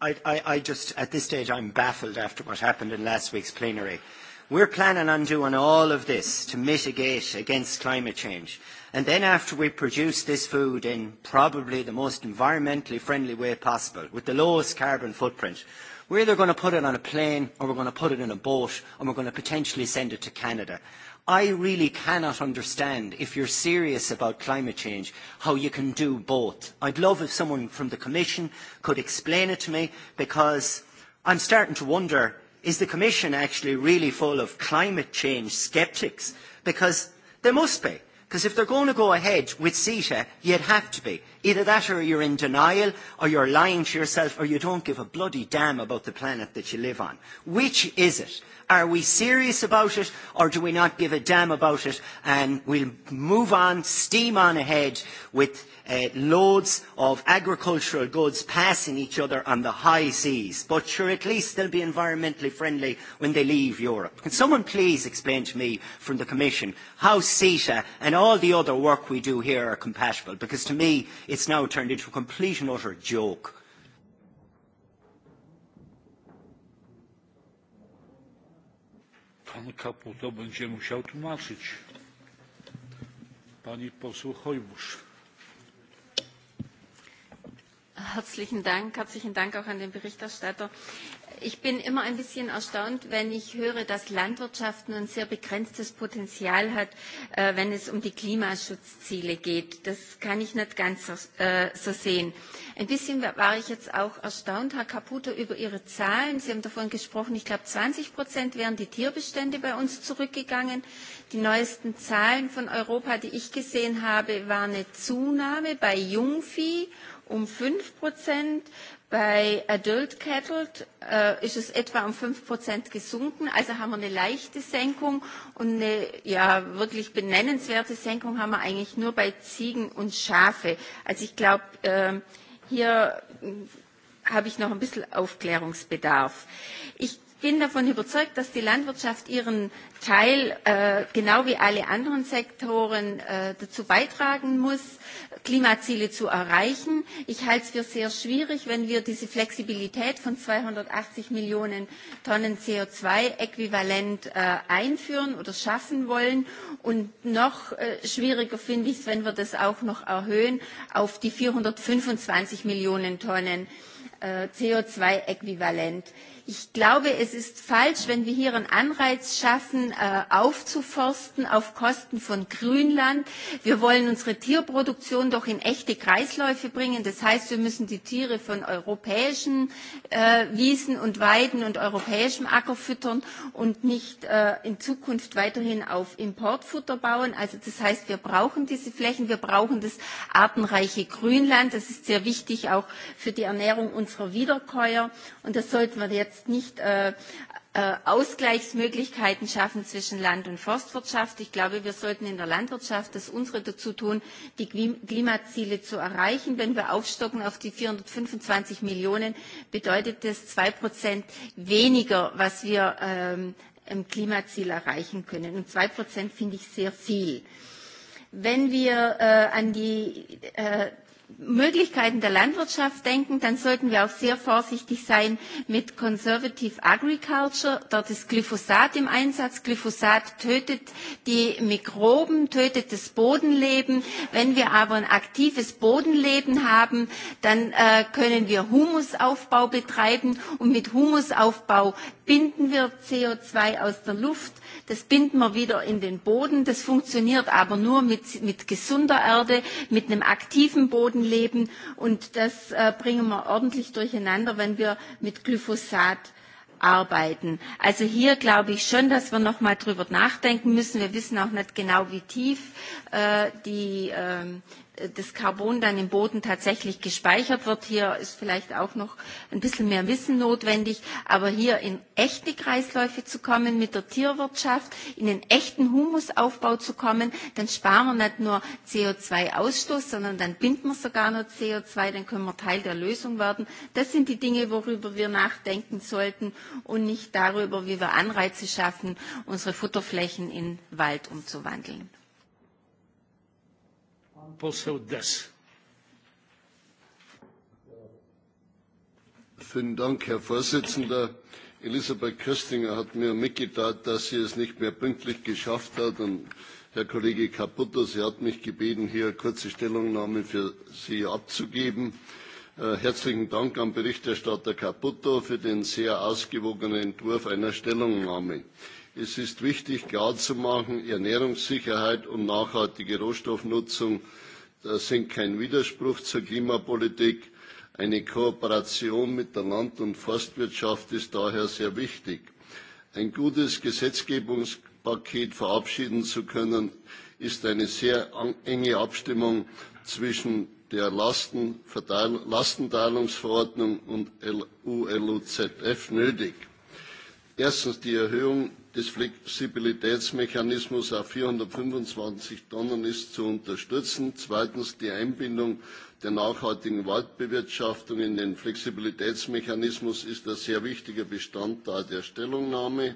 I, I, I just, at this stage, I'm baffled after what happened in last week's plenary. We're planning on doing all of this to mitigate against climate change. And then after we produce this food in probably the most environmentally friendly way possible, with the lowest carbon footprint, we're either going to put it on a plane or we're going to put it in a boat and we're going to potentially send it to Canada. I really cannot understand, if you're serious about climate change, how you can do both. I'd love if someone from the Commission could explain it to me because I'm starting to wonder, is the Commission actually really full of climate change sceptics? Because they must be Because if they're going to go ahead with CETA, you'd have to be. Either that or you're in denial, or you're lying to yourself, or you don't give a bloody damn about the planet that you live on. Which is it? Are we serious about it or do we not give a damn about it? And we'll move on, steam on ahead with uh, loads of agricultural goods passing each other on the high seas. But sure, at least they'll be environmentally friendly when they leave Europe. Can someone please explain to me from the Commission how CETA and all the other work we do here are compatible? Because to me, it's now turned into a complete and utter joke. Pan Kaputo będzie musiał tłumaczyć. Pani poseł Hojbusz. Herzlichen Dank, herzlichen Dank auch an den Berichterstatter. Ich bin immer ein bisschen erstaunt, wenn ich höre, dass Landwirtschaft nur ein sehr begrenztes Potenzial hat, wenn es um die Klimaschutzziele geht. Das kann ich nicht ganz so sehen. Ein bisschen war ich jetzt auch erstaunt, Herr Caputo, über Ihre Zahlen. Sie haben davon gesprochen, ich glaube, 20 Prozent wären die Tierbestände bei uns zurückgegangen. Die neuesten Zahlen von Europa, die ich gesehen habe, waren eine Zunahme bei Jungvieh um 5 Prozent, Bei Adult Cattle äh, ist es etwa um 5% gesunken, also haben wir eine leichte Senkung und eine ja, wirklich benennenswerte Senkung haben wir eigentlich nur bei Ziegen und Schafe. Also ich glaube, äh, hier habe ich noch ein bisschen Aufklärungsbedarf. Ich bin davon überzeugt, dass die Landwirtschaft ihren Teil äh, genau wie alle anderen Sektoren äh, dazu beitragen muss, Klimaziele zu erreichen. Ich halte es für sehr schwierig, wenn wir diese Flexibilität von 280 Millionen Tonnen CO2-Äquivalent äh, einführen oder schaffen wollen. Und noch äh, schwieriger finde ich es, wenn wir das auch noch erhöhen auf die 425 Millionen Tonnen äh, CO2-Äquivalent ich glaube, es ist falsch, wenn wir hier einen Anreiz schaffen, aufzuforsten auf Kosten von Grünland. Wir wollen unsere Tierproduktion doch in echte Kreisläufe bringen. Das heißt, wir müssen die Tiere von europäischen Wiesen und Weiden und europäischem Acker füttern und nicht in Zukunft weiterhin auf Importfutter bauen. Also das heißt, wir brauchen diese Flächen, wir brauchen das artenreiche Grünland. Das ist sehr wichtig auch für die Ernährung unserer Wiederkäuer. Und das sollten wir jetzt jetzt nicht Ausgleichsmöglichkeiten schaffen zwischen Land- und Forstwirtschaft. Ich glaube, wir sollten in der Landwirtschaft das unsere dazu tun, die Klimaziele zu erreichen. Wenn wir aufstocken auf die 425 Millionen, bedeutet das zwei Prozent weniger, was wir im Klimaziel erreichen können. Und zwei Prozent finde ich sehr viel. Wenn wir an die Möglichkeiten der Landwirtschaft denken, dann sollten wir auch sehr vorsichtig sein mit Conservative Agriculture. Dort ist Glyphosat im Einsatz. Glyphosat tötet die Mikroben, tötet das Bodenleben. Wenn wir aber ein aktives Bodenleben haben, dann äh, können wir Humusaufbau betreiben und mit Humusaufbau binden wir CO2 aus der Luft, das binden wir wieder in den Boden. Das funktioniert aber nur mit, mit gesunder Erde, mit einem aktiven Bodenleben. Und das äh, bringen wir ordentlich durcheinander, wenn wir mit Glyphosat arbeiten. Also hier glaube ich schon, dass wir noch mal drüber nachdenken müssen. Wir wissen auch nicht genau, wie tief äh, die, äh, das Carbon dann im Boden tatsächlich gespeichert wird. Hier ist vielleicht auch noch ein bisschen mehr Wissen notwendig, aber hier in echte Kreisläufe zu kommen mit der Tierwirtschaft, in den echten Humusaufbau zu kommen, dann sparen wir nicht nur CO2-Ausstoß, sondern dann binden wir sogar noch CO2, dann können wir Teil der Lösung werden. Das sind die Dinge, worüber wir nachdenken sollten und nicht darüber, wie wir Anreize schaffen, unsere Futterflächen in Wald umzuwandeln poseł Des. Vielen Dank, Herr Vorsitzender. Elisabeth Köstinger hat mir mitgeteilt, dass sie es nicht mehr pünktlich geschafft hat. Und Herr Kollege Caputo, Sie hat mich gebeten, hier eine kurze Stellungnahme für Sie abzugeben. Herzlichen Dank an Berichterstatter Caputo für den sehr ausgewogenen Entwurf einer Stellungnahme. Es ist wichtig, klarzumachen, Ernährungssicherheit und nachhaltige Rohstoffnutzung sind kein Widerspruch zur Klimapolitik. Eine Kooperation mit der Land- und Forstwirtschaft ist daher sehr wichtig. Ein gutes Gesetzgebungspaket verabschieden zu können, ist eine sehr enge Abstimmung zwischen der Lastenteilungsverordnung und ULUZF nötig. Erstens die Erhöhung des Flexibilitätsmechanismus auf 425 Tonnen ist zu unterstützen. Zweitens die Einbindung der nachhaltigen Waldbewirtschaftung in den Flexibilitätsmechanismus ist ein sehr wichtiger Bestandteil der Stellungnahme.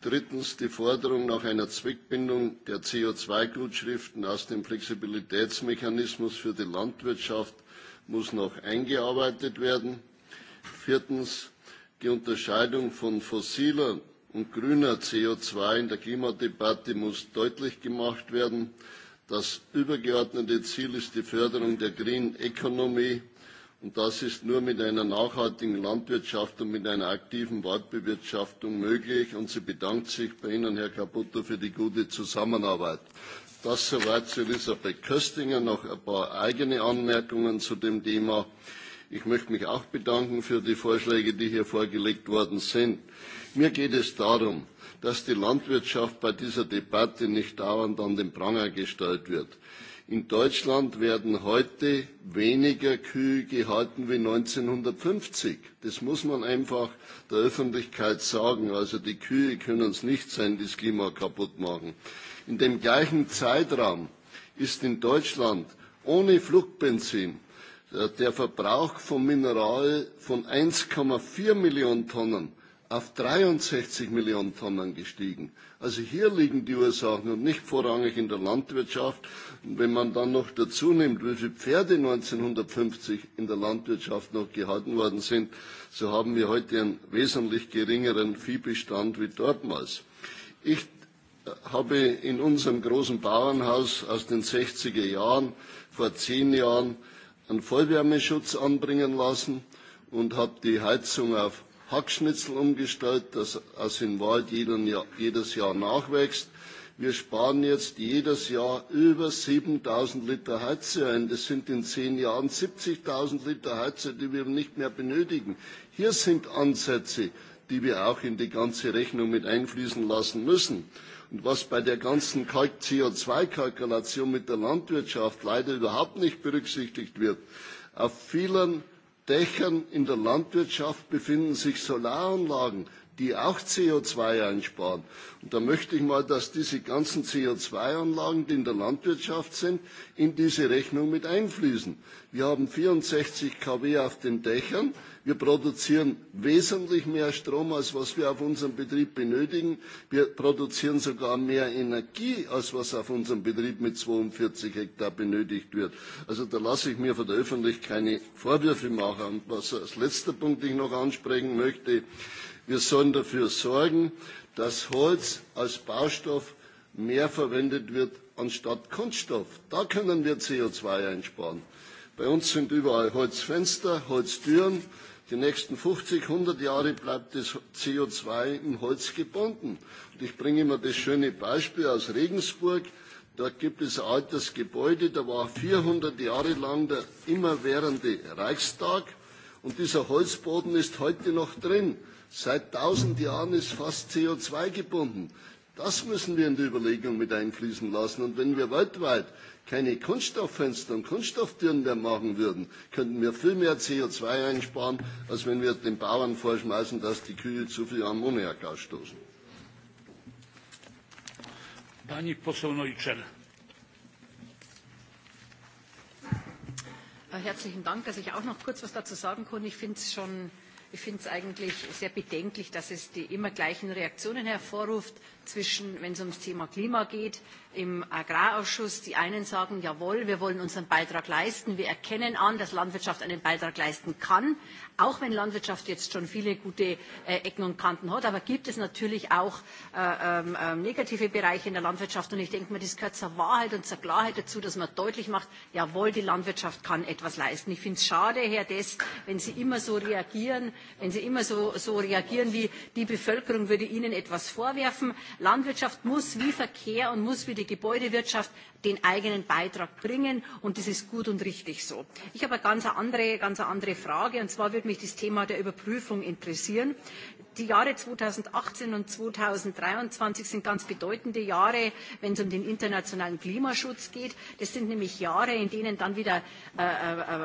Drittens die Forderung nach einer Zweckbindung der co zwei gutschriften aus dem Flexibilitätsmechanismus für die Landwirtschaft muss noch eingearbeitet werden. Viertens die Unterscheidung von fossiler und grüner co zwei in der Klimadebatte muss deutlich gemacht werden. Das übergeordnete Ziel ist die Förderung der Green Economy und das ist nur mit einer nachhaltigen Landwirtschaft und mit einer aktiven Waldbewirtschaftung möglich. Und sie bedankt sich bei Ihnen, Herr Caputo, für die gute Zusammenarbeit. Das soweit zu Elisabeth Köstinger. Noch ein paar eigene Anmerkungen zu dem Thema. Ich möchte mich auch bedanken für die Vorschläge, die hier vorgelegt worden sind. Mir geht es darum, dass die Landwirtschaft bei dieser Debatte nicht dauernd an den Pranger gestellt wird. In Deutschland werden heute weniger Kühe gehalten wie 1950. Das muss man einfach der Öffentlichkeit sagen. Also die Kühe können es nicht sein, die das Klima kaputt machen. In dem gleichen Zeitraum ist in Deutschland ohne Flugbenzin der Verbrauch von Mineral von 1,4 Millionen Tonnen auf 63 Millionen Tonnen gestiegen. Also hier liegen die Ursachen und nicht vorrangig in der Landwirtschaft. Und wenn man dann noch dazu nimmt, wie viele Pferde 1950 in der Landwirtschaft noch gehalten worden sind, so haben wir heute einen wesentlich geringeren Viehbestand wie dortmals. Ich habe in unserem großen Bauernhaus aus den 60er Jahren vor zehn Jahren einen Vollwärmeschutz anbringen lassen und habe die Heizung auf Hackschnitzel umgestellt, das, das im Wald jedes Jahr nachwächst. Wir sparen jetzt jedes Jahr über 7000 Liter Heize ein. Das sind in zehn Jahren 70.000 Liter Heize, die wir nicht mehr benötigen. Hier sind Ansätze, die wir auch in die ganze Rechnung mit einfließen lassen müssen. Und was bei der ganzen co zwei kalkulation mit der Landwirtschaft leider überhaupt nicht berücksichtigt wird, auf vielen Dächern in der Landwirtschaft befinden sich Solaranlagen, die auch co zwei einsparen. Und da möchte ich mal, dass diese ganzen co zwei anlagen die in der Landwirtschaft sind, in diese Rechnung mit einfließen. Wir haben vierundsechzig kW auf den Dächern. Wir produzieren wesentlich mehr Strom, als was wir auf unserem Betrieb benötigen. Wir produzieren sogar mehr Energie, als was auf unserem Betrieb mit 42 Hektar benötigt wird. Also da lasse ich mir von der Öffentlichkeit keine Vorwürfe machen. Und was als letzter Punkt ich noch ansprechen möchte, wir sollen dafür sorgen, dass Holz als Baustoff mehr verwendet wird anstatt Kunststoff. Da können wir co zwei einsparen. Bei uns sind überall Holzfenster, Holztüren. Die nächsten 50, 100 Jahre bleibt das CO2 im Holz gebunden. Und ich bringe immer das schöne Beispiel aus Regensburg. Dort gibt es ein altes Gebäude, da war 400 Jahre lang der immerwährende Reichstag. Und dieser Holzboden ist heute noch drin. Seit 1000 Jahren ist fast CO2 gebunden. Das müssen wir in die Überlegung mit einfließen lassen. Und wenn wir weltweit keine Kunststofffenster und Kunststofftüren mehr machen würden, könnten wir viel mehr co zwei einsparen, als wenn wir den Bauern vorschmeißen, dass die Kühe zu viel Ammoniak ausstoßen. Pani poseł Neutschel. Herzlichen Dank, dass ich auch noch kurz was dazu sagen konnte. Ich finde es schon Ich finde es eigentlich sehr bedenklich, dass es die immer gleichen Reaktionen hervorruft, zwischen, wenn es ums Thema Klima geht, im Agrarausschuss. Die einen sagen, jawohl, wir wollen unseren Beitrag leisten. Wir erkennen an, dass Landwirtschaft einen Beitrag leisten kann, auch wenn Landwirtschaft jetzt schon viele gute Ecken und Kanten hat. Aber gibt es natürlich auch negative Bereiche in der Landwirtschaft. Und ich denke mir, das gehört zur Wahrheit und zur Klarheit dazu, dass man deutlich macht, jawohl, die Landwirtschaft kann etwas leisten. Ich finde es schade, Herr Dess, wenn Sie immer so reagieren, wenn Sie immer so, so reagieren wie die Bevölkerung würde Ihnen etwas vorwerfen. Landwirtschaft muss wie Verkehr und muss wie die Gebäudewirtschaft den eigenen Beitrag bringen und das ist gut und richtig so. Ich habe eine ganz andere, ganz andere Frage und zwar würde mich das Thema der Überprüfung interessieren die Jahre 2018 und 2023 sind ganz bedeutende Jahre, wenn es um den internationalen Klimaschutz geht. Das sind nämlich Jahre, in denen dann wieder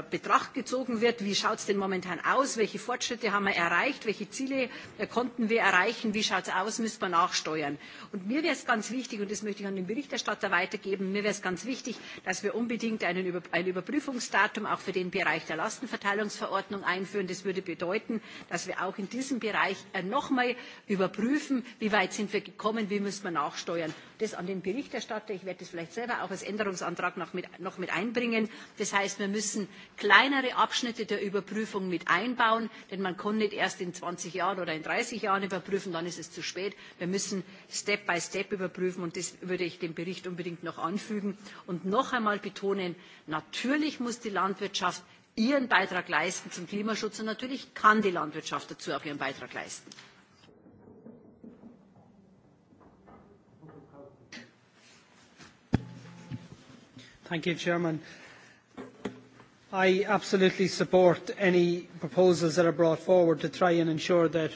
Betracht gezogen wird, wie schaut es denn momentan aus, welche Fortschritte haben wir erreicht, welche Ziele konnten wir erreichen, wie schaut es aus, müssen wir nachsteuern. Und mir wäre es ganz wichtig, und das möchte ich an den Berichterstatter weitergeben, mir wäre es ganz wichtig, dass wir unbedingt ein Überprüfungsdatum auch für den Bereich der Lastenverteilungsverordnung einführen. Das würde bedeuten, dass wir auch in diesem Bereich noch einmal überprüfen, wie weit sind wir gekommen, wie müssen wir nachsteuern. Das an den Berichterstatter, ich werde das vielleicht selber auch als Änderungsantrag noch mit, einbringen. Das heißt, wir müssen kleinere Abschnitte der Überprüfung mit einbauen, denn man kann nicht erst in zwanzig Jahren oder in dreißig Jahren überprüfen, dann ist es zu spät. Wir müssen Step by Step überprüfen und das würde ich dem Bericht unbedingt noch anfügen und noch einmal betonen, natürlich muss die Landwirtschaft ihren Beitrag leisten zum Klimaschutz und natürlich kann die Landwirtschaft dazu auch ihren Beitrag leisten. Thank you, Chairman. I absolutely support any proposals that are brought forward to try and ensure that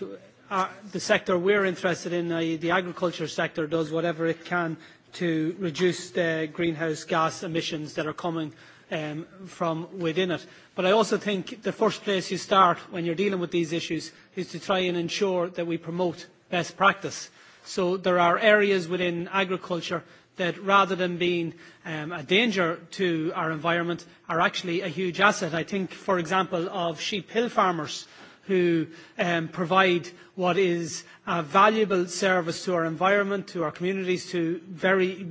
the sector we are interested in, i.e. the agriculture sector, does whatever it can to reduce the greenhouse gas emissions that are coming um, from within it. But I also think the first place you start when you're dealing with these issues is to try and ensure that we promote best practice. So there are areas within agriculture that rather than being um, a danger to our environment are actually a huge asset. I think, for example, of sheep hill farmers who um, provide what is a valuable service to our environment, to our communities, to very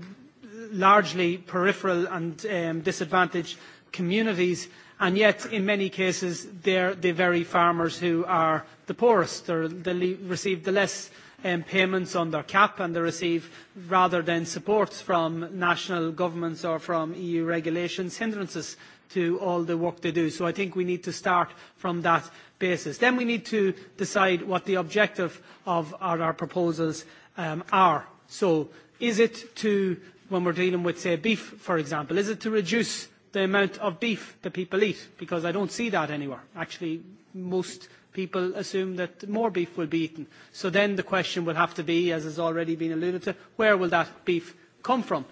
largely peripheral and um, disadvantaged communities, and yet in many cases they're the very farmers who are the poorest or they receive the less um, payments on their cap and they receive rather than supports from national governments or from EU regulations hindrances to all the work they do. So I think we need to start from that basis. Then we need to decide what the objective of our, proposals are. So is it to when we're dealing with, say, beef, for example? Is it to reduce the amount of beef that people eat? Because I don't see that anywhere. Actually, most people assume that more beef will be eaten. So then the question will have to be, as has already been alluded to, where will that beef come from?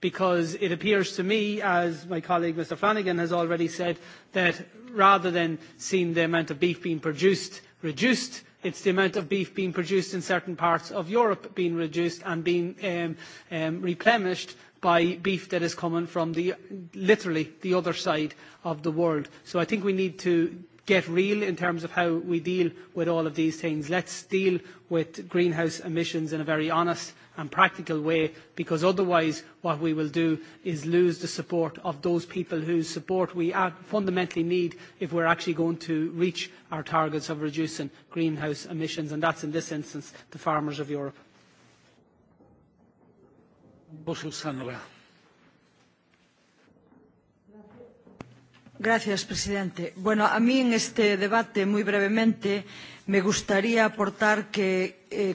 Because it appears to me, as my colleague Mr Flanagan has already said, that rather than seeing the amount of beef being produced reduced, It is the amount of beef being produced in certain parts of Europe being reduced and being replenished by beef that is coming from the, literally the other side of the world. So I think we need to get real in terms of how we deal with all of these things. Let's deal with greenhouse emissions in a very honest and practical way because otherwise what we will do is lose the support of those people whose support we fundamentally need if we're actually going to reach our targets of reducing greenhouse emissions and that's in this instance the farmers of Europe. Señor presidente. Bueno, a mí en este debate, muy brevemente, me gustaría aportar que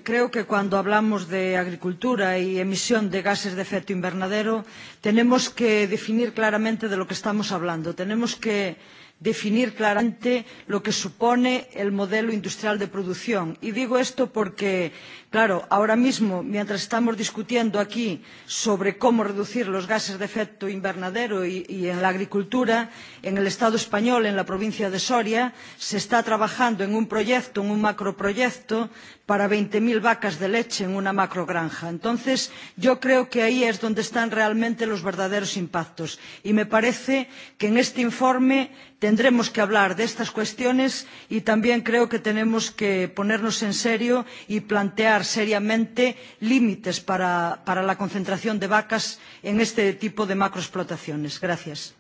creo que cuando hablamos de agricultura y emisión de gases de efecto invernadero, tenemos que definir claramente de lo que estamos hablando. Tenemos que definir claramente lo que supone el modelo industrial de producción. Y digo esto porque, claro, ahora mismo, mientras estamos discutiendo aquí sobre cómo reducir los gases de efecto invernadero y, en la agricultura, en el Estado español, en la provincia de Soria, se está trabajando en un proyecto, en un macroproyecto, para veinte mil vacas de leche en una macrogranja. Entonces, yo creo que ahí es donde están realmente los verdaderos impactos. Y me parece que en este informe tendremos que hablar de estas cuestiones y también creo que tenemos que ponernos en serio y plantear seriamente límites para, la concentración de vacas en este tipo de macroexplotaciones. Gracias.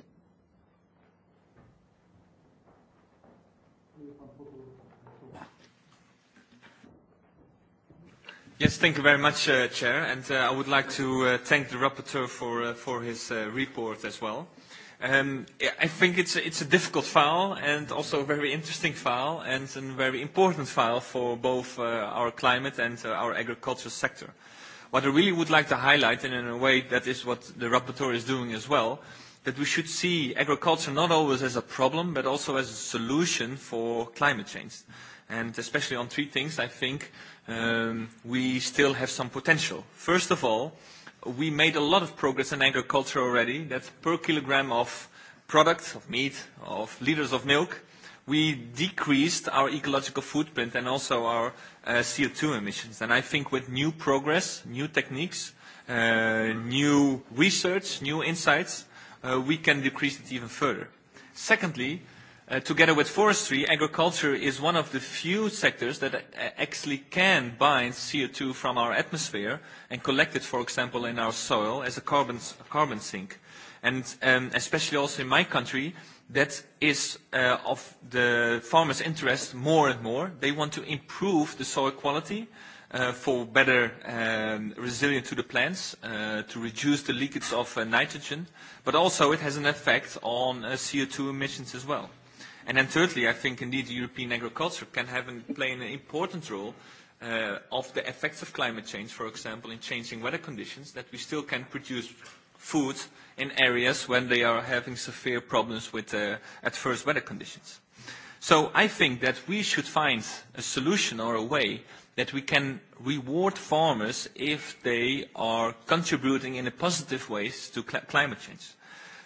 Yes, thank you very much, uh, Chair, and uh, I would like to uh, thank the rapporteur for, uh, for his uh, report as well. Um, I think it's a, it's a difficult file and also a very interesting file and a very important file for both uh, our climate and uh, our agriculture sector. What I really would like to highlight, and in a way that is what the rapporteur is doing as well, that we should see agriculture not always as a problem but also as a solution for climate change. And especially on three things, I think um, we still have some potential. First of all, we made a lot of progress in agriculture already. That's per kilogram of product, of meat, of liters of milk, we decreased our ecological footprint and also our uh, CO2 emissions. And I think with new progress, new techniques, uh, new research, new insights, uh, we can decrease it even further. Secondly, together with forestry, agriculture is one of the few sectors that actually can bind CO2 from our atmosphere and collect it, for example, in our soil as a carbon, carbon sink. And um, especially also in my country, that is uh, of the farmers' interest more and more. They want to improve the soil quality uh, for better um, resilience to the plants, uh, to reduce the leakage of uh, nitrogen, but also it has an effect on uh, CO2 emissions as well. And then thirdly, I think indeed European agriculture can have and play an important role uh, of the effects of climate change, for example, in changing weather conditions, that we still can produce food in areas when they are having severe problems with uh, adverse weather conditions. So I think that we should find a solution or a way that we can reward farmers if they are contributing in a positive way to cl climate change.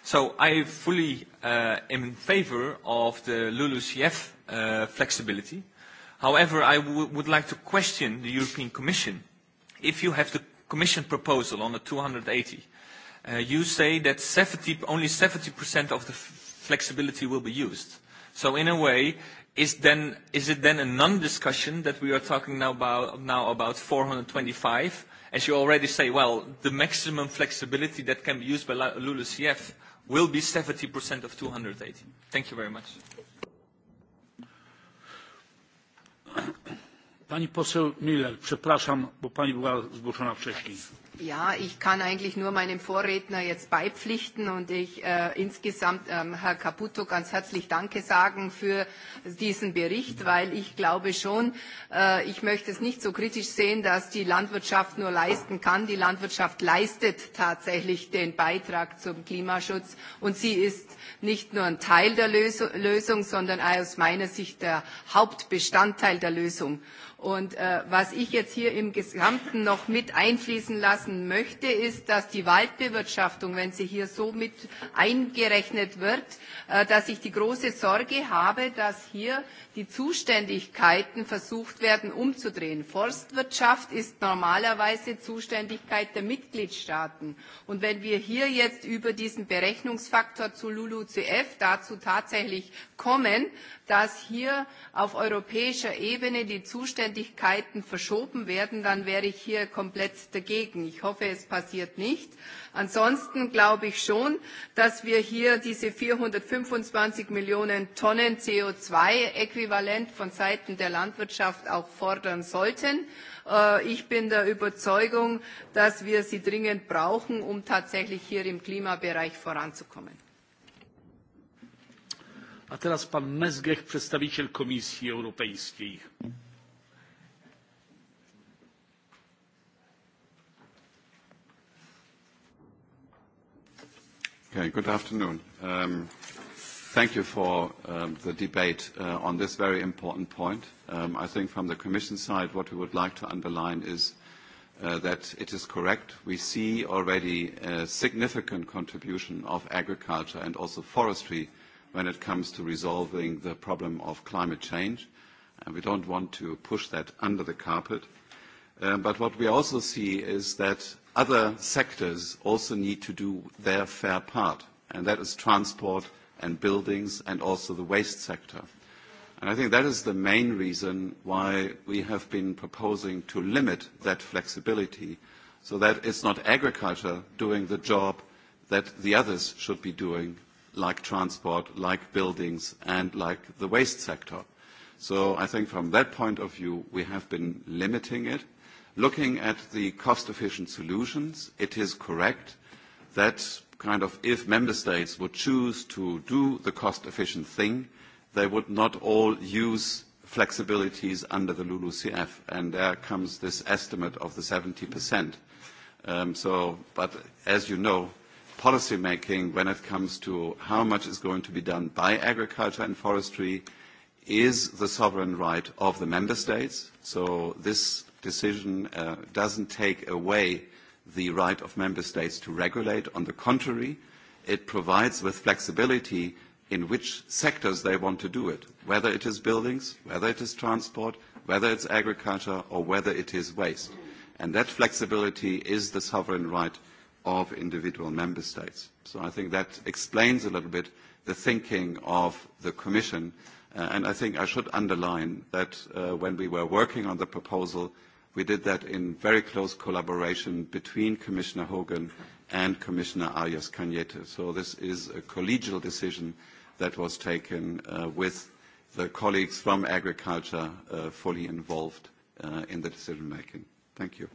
So I fully uh, am in favor of the LULUCF uh, flexibility. However, I would like to question the European Commission. If you have the Commission proposal on the 280, uh, you say that 70, only 70% of the flexibility will be used. So in a way, is, then, is it then a non-discussion that we are talking now about, now about 425? As you already say, well, the maximum flexibility that can be used by LULUCF will be 70% of 280. Thank you very much. Pani poseł Miller, przepraszam, bo pani była zgłoszona wcześniej. Ja, ich kann eigentlich nur meinem Vorredner jetzt beipflichten und ich äh, insgesamt ähm, Herr Caputo ganz herzlich Danke sagen für diesen Bericht, weil ich glaube schon, äh, ich möchte es nicht so kritisch sehen, dass die Landwirtschaft nur leisten kann. Die Landwirtschaft leistet tatsächlich den Beitrag zum Klimaschutz und sie ist nicht nur ein Teil der Lösung, sondern aus meiner Sicht der Hauptbestandteil der Lösung. Und äh, was ich jetzt hier im Gesamten noch mit einfließen lassen möchte, ist, dass die Waldbewirtschaftung, wenn sie hier so mit eingerechnet wird, äh, dass ich die große Sorge habe, dass hier die Zuständigkeiten versucht werden umzudrehen. Forstwirtschaft ist normalerweise Zuständigkeit der Mitgliedstaaten. Und wenn wir hier jetzt über diesen Berechnungsfaktor zu LULUCF dazu tatsächlich kommen, dass hier auf europäischer Ebene die Zuständigkeiten verschoben werden, dann wäre ich hier komplett dagegen. Ich hoffe, es passiert nicht. Ansonsten glaube ich schon, dass wir hier diese 425 Millionen Tonnen co zwei äquivalent von Seiten der Landwirtschaft auch fordern sollten. Ich bin der Überzeugung, dass wir sie dringend brauchen, um tatsächlich hier im Klimabereich voranzukommen. A teraz pan Mezgech, przedstawiciel Komisji Europejskiej. Okay, good afternoon. Um, Thank you for the debate on this very important point. I think from the Commission side, what we would like to underline is that it is correct. We see already a significant contribution of agriculture and also forestry when it comes to resolving the problem of climate change. And we don't want to push that under the carpet. But what we also see is that other sectors also need to do their fair part, and that is transport and buildings and also the waste sector. I think that is the main reason why we have been proposing to limit that flexibility so that it's not agriculture doing the job that the others should be doing like transport, like buildings, and like the waste sector. So I think from that point of view, we have been limiting it. Looking at the cost-efficient solutions, it is correct that kind of if member states would choose to do the cost-efficient thing, they would not all use flexibilities under the LULUCF, and there comes this estimate of the 70%. But as you know, policy making when it comes to how much is going to be done by agriculture and forestry is the sovereign right of the member states. So this decision uh, doesn't take away the right of member states to regulate. On the contrary, it provides with flexibility in which sectors they want to do it, whether it is buildings, whether it is transport, whether it's agriculture, or whether it is waste. And that flexibility is the sovereign right of individual member states. So I think that explains a little bit the thinking of the Commission. Uh, and I think I should underline that uh, when we were working on the proposal, we did that in very close collaboration between Commissioner Hogan and Commissioner Arias Cañete. So this is a collegial decision that was taken uh, with the colleagues from agriculture uh, fully involved uh, in the decision making. Thank you.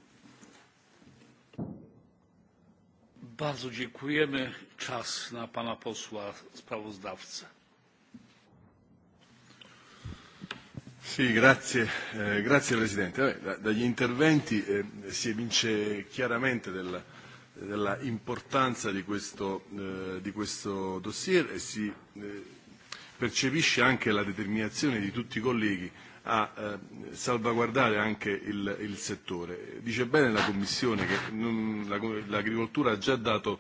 Bardzo dziękujemy. Czas na pana posła sprawozdawcę. Sì, grazie, eh, grazie Presidente. Vabbè, da, dagli interventi eh, si evince chiaramente della, della importanza di questo, eh, di questo dossier e si eh, percepisce anche la determinazione di tutti i colleghi eh, a eh, salvaguardare anche il, il settore. Dice bene la Commissione che l'agricoltura ha già dato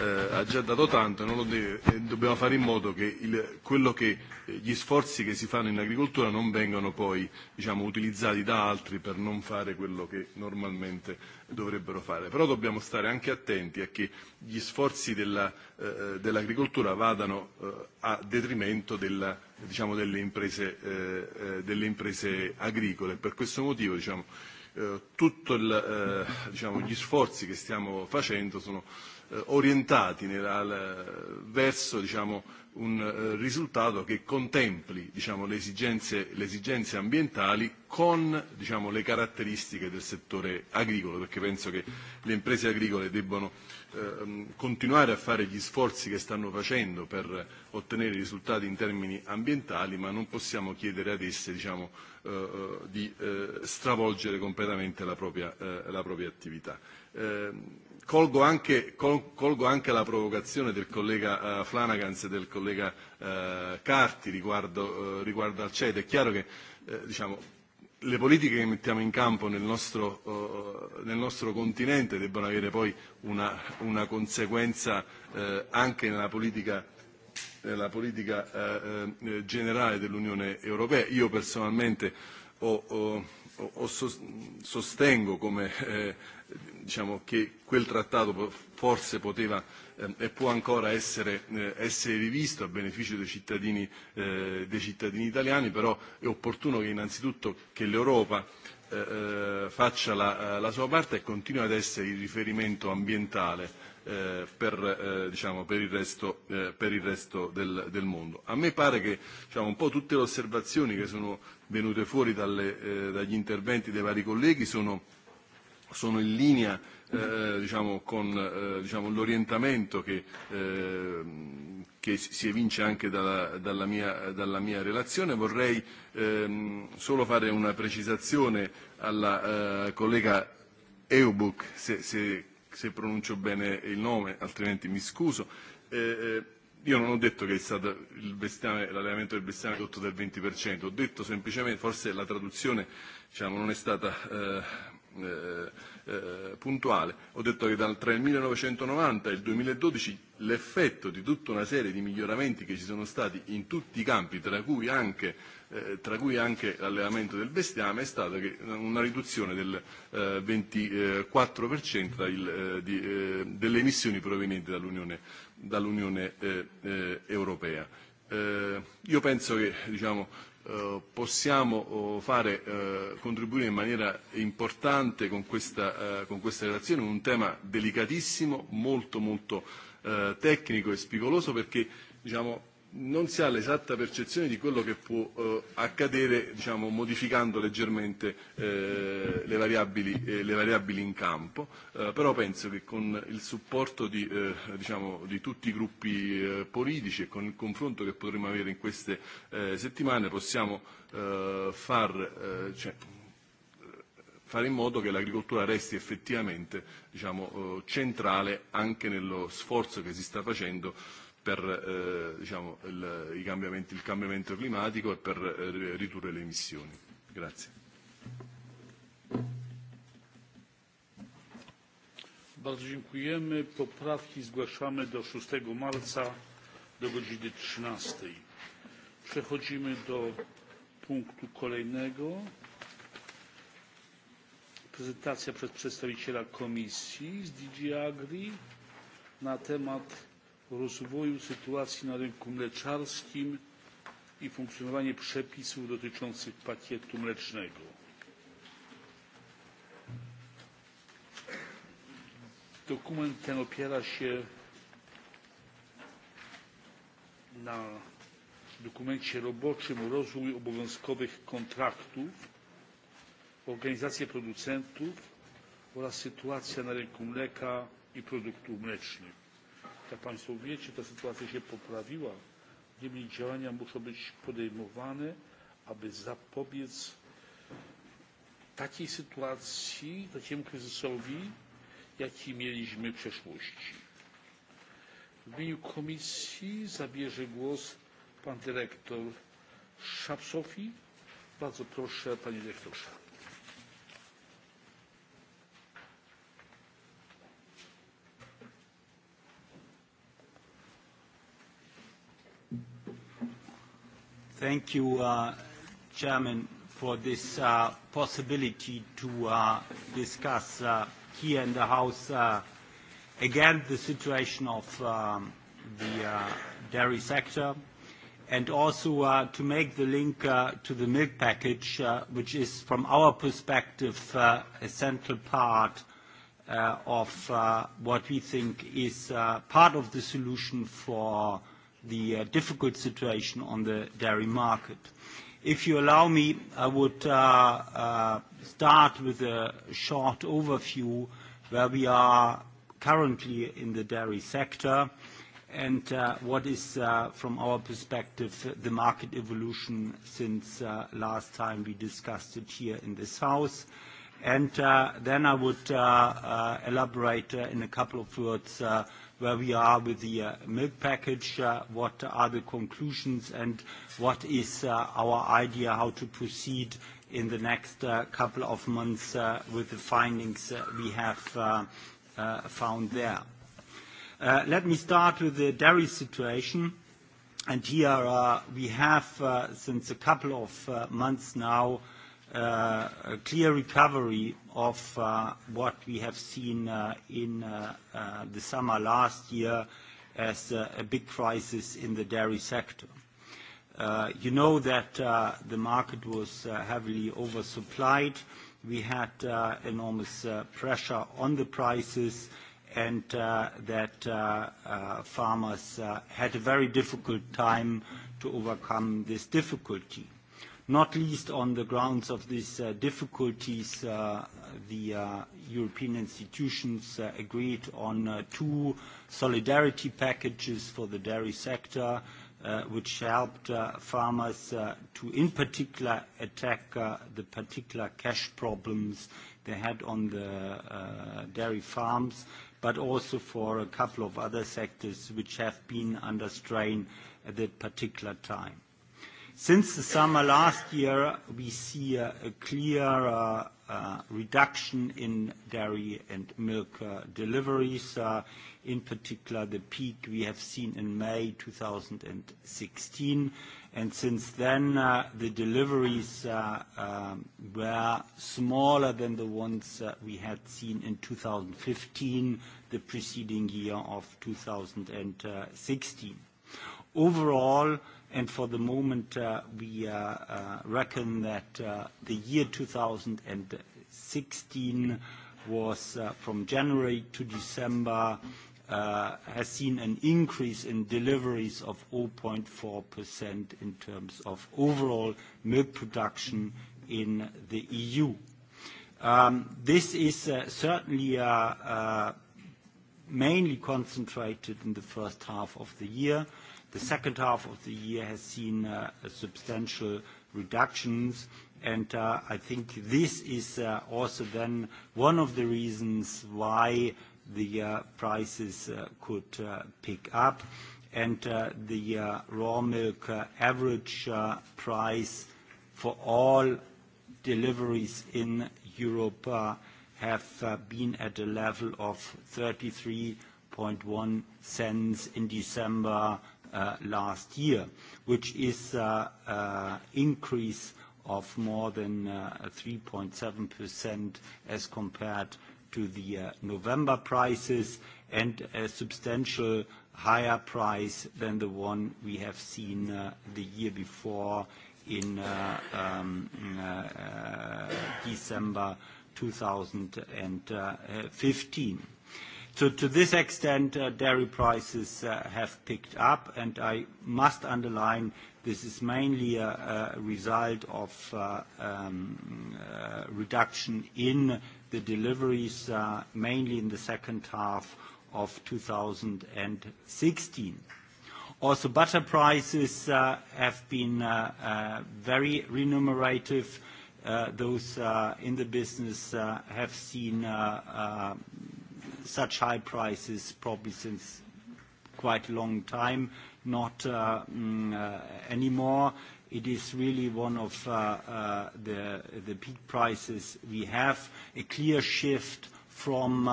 eh, ha già dato tanto non lo deve, e dobbiamo fare in modo che, il, quello che gli sforzi che si fanno in agricoltura non vengano poi diciamo, utilizzati da altri per non fare quello che normalmente dovrebbero fare. Però dobbiamo stare anche attenti a che gli sforzi della, eh, dell'agricoltura vadano eh, a detrimento della, diciamo, delle, imprese, eh, eh, delle imprese agricole. Per questo motivo diciamo, eh, tutti eh, diciamo, gli sforzi che stiamo facendo sono eh, orientati al, verso diciamo, un risultato che contempli diciamo, le, esigenze, le esigenze ambientali con diciamo, le caratteristiche del settore agricolo, perché penso che le imprese agricole debbano continuare a fare gli sforzi che stanno facendo per ottenere risultati in termini ambientali, ma non possiamo chiedere ad esse diciamo, di stravolgere completamente la propria, la propria attività Colgo anche, col, colgo anche la provocazione del collega uh, Flanagans e del collega uh, Carti riguardo, uh, riguardo al CED. È chiaro che diciamo, le politiche che mettiamo in campo nel nostro, uh, nel nostro continente debbano avere poi una, una conseguenza anche nella politica nella politica eh, generale dell'Unione Europea. Io personalmente ho, ho, ho sostengo come eh, diciamo, che quel trattato forse poteva e può ancora essere, essere rivisto a beneficio dei cittadini, eh, dei cittadini italiani, però è opportuno che innanzitutto che l'Europa eh, faccia la, la sua parte e continui ad essere il riferimento ambientale eh, per, eh, diciamo, per il resto, eh, per il resto del, del mondo. A me pare che diciamo, un po' tutte le osservazioni che sono venute fuori dalle, eh, dagli interventi dei vari colleghi sono sono in linea eh, diciamo, con eh, diciamo, l'orientamento che, eh, che si evince anche dalla, dalla, mia, dalla mia relazione. Vorrei ehm, solo fare una precisazione alla eh, collega Eubuk, se, se, se pronuncio bene il nome, altrimenti mi scuso. Eh, io non ho detto che è stato il bestiame, l'allevamento del bestiame ridotto del 20%, ho detto semplicemente, forse la traduzione diciamo, non è stata eh, eh, eh, puntuale. Ho detto che tra il 1990 e il 2012 l'effetto di tutta una serie di miglioramenti che ci sono stati in tutti i campi, tra cui anche, eh, tra cui anche l'allevamento del bestiame, è stata che una riduzione del eh, 24% del, eh, di, eh, delle emissioni provenienti dall'Unione, dall'Unione eh, eh, Europea. Eh, io penso che diciamo, possiamo fare, contribuire in maniera importante con questa, con questa relazione, un tema delicatissimo, molto molto tecnico e spigoloso perché diciamo, non si ha l'esatta percezione di quello che può eh, accadere diciamo, modificando leggermente eh, le, variabili, eh, le variabili in campo, eh, però penso che con il supporto di, eh, diciamo, di tutti i gruppi eh, politici e con il confronto che potremo avere in queste eh, settimane possiamo eh, far, eh, cioè, fare in modo che l'agricoltura resti effettivamente diciamo, eh, centrale anche nello sforzo che si sta facendo per eh, diciamo, il, i cambiamenti, il cambiamento climatico e per eh, ridurre le emissioni. Grazie. Bardzo dziękujemy. Poprawki zgłaszamy do 6 marca do godziny 13. Przechodzimy do punktu kolejnego. Prezentacja przez przedstawiciela komisji z DG Agri na temat rozwoju sytuacji na rynku mleczarskim i funkcjonowanie przepisów dotyczących pakietu mlecznego. Dokument ten opiera się na dokumencie roboczym rozwój obowiązkowych kontraktów, organizacje producentów oraz sytuacja na rynku mleka i produktów mlecznych. Jak Państwo wiecie, ta sytuacja się poprawiła. Niemniej działania muszą być podejmowane, aby zapobiec takiej sytuacji, takiemu kryzysowi, jaki mieliśmy w przeszłości. W imieniu komisji zabierze głos pan dyrektor Szapsofi. Bardzo proszę, panie dyrektorze. Thank you, uh, Chairman, for this uh, possibility to uh, discuss uh, here in the House uh, again the situation of um, the uh, dairy sector and also uh, to make the link uh, to the milk package, uh, which is from our perspective uh, a central part uh, of uh, what we think is uh, part of the solution for uh, the difficult situation on the dairy market. If you allow me, I would start with a short overview where we are currently in the dairy sector and what is, from our perspective, the market evolution since last time we discussed it here in this house. Then I would elaborate in a couple of words where we are with the milk package, what are the conclusions, and what is our idea how to proceed in the next couple of months with the findings we have found there. Let me start with the dairy situation. Here, we have, since a couple of months now, a clear recovery of what we have seen in the summer last year as a big crisis in the dairy sector. you know that the market was heavily oversupplied. We had enormous pressure on the prices and that farmers had a very difficult time to overcome this difficulty not least on the grounds of these difficulties the European institutions agreed on two solidarity packages for the dairy sector, which helped farmers to, in particular, attack the particular cash problems they had on the dairy farms, but also for a couple of other sectors which have been under strain at that particular time. Since the summer last year, we see a clear reduction in dairy and milk deliveries. In particular, the peak we have seen in May 2016, and since then, the deliveries were smaller than the ones we had seen in 2015, the preceding year of 2016. Overall, and for the moment, we reckon that the year 2016 was from January to December has seen an increase in deliveries of 0.4% in terms of overall milk production in the EU. This is certainly mainly concentrated in the first half of the year. The second half of the year has seen substantial reductions, and I think this is also then one of the reasons why the prices could pick up. and The raw milk average price for all deliveries in Europe have been at a level of 33.1 cents in December last year, which is an increase of more than 3.7% as compared to the November prices and a substantial higher price than the one we have seen the year before in December 2015. To this extent, dairy prices have picked up, and I must underline this is mainly a result of reduction in the deliveries, mainly in the second half of 2016. Also, butter prices have been very remunerative. Those in the business have seen such high prices probably since quite a long time, not anymore. It is really one of the peak prices we have. A clear shift from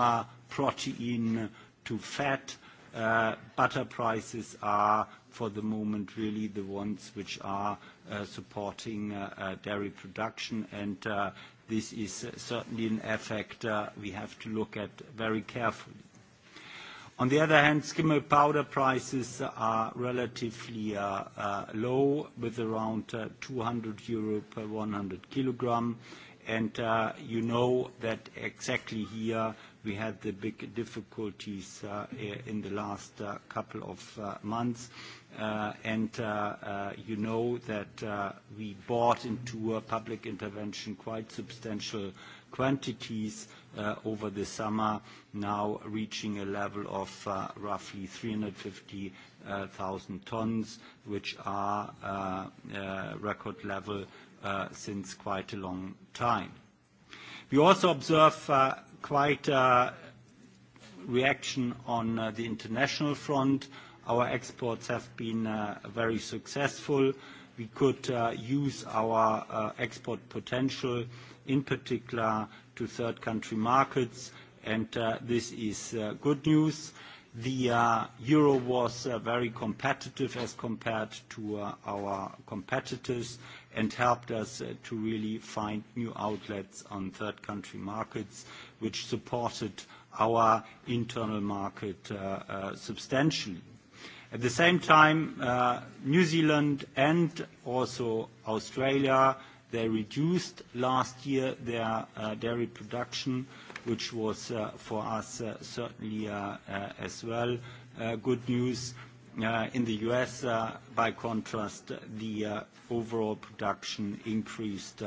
protein to fat. Butter prices are, for the moment, really the ones which are supporting dairy production. This is certainly an effect we have to look at very carefully. On the other hand, skimmer powder prices are relatively low, with around 200 euro per 100 kilogram. And you know that exactly here we had the big difficulties in the last couple of months. And you know that we bought into a public intervention quite substantial quantities over the summer, now reaching a level of roughly 350,000 tons, which are record level since quite a long time. We also observe quite a reaction on the international front. Our exports have been very successful. We could use our export potential, in particular to third country markets, and this is good news. The euro was very competitive as compared to our competitors and helped us to really find new outlets on third country markets, which supported our internal market substantially. At the same time, New Zealand and also Australia, they reduced last year their dairy production, which was for us certainly as well good news. in the US, by contrast, the overall production increased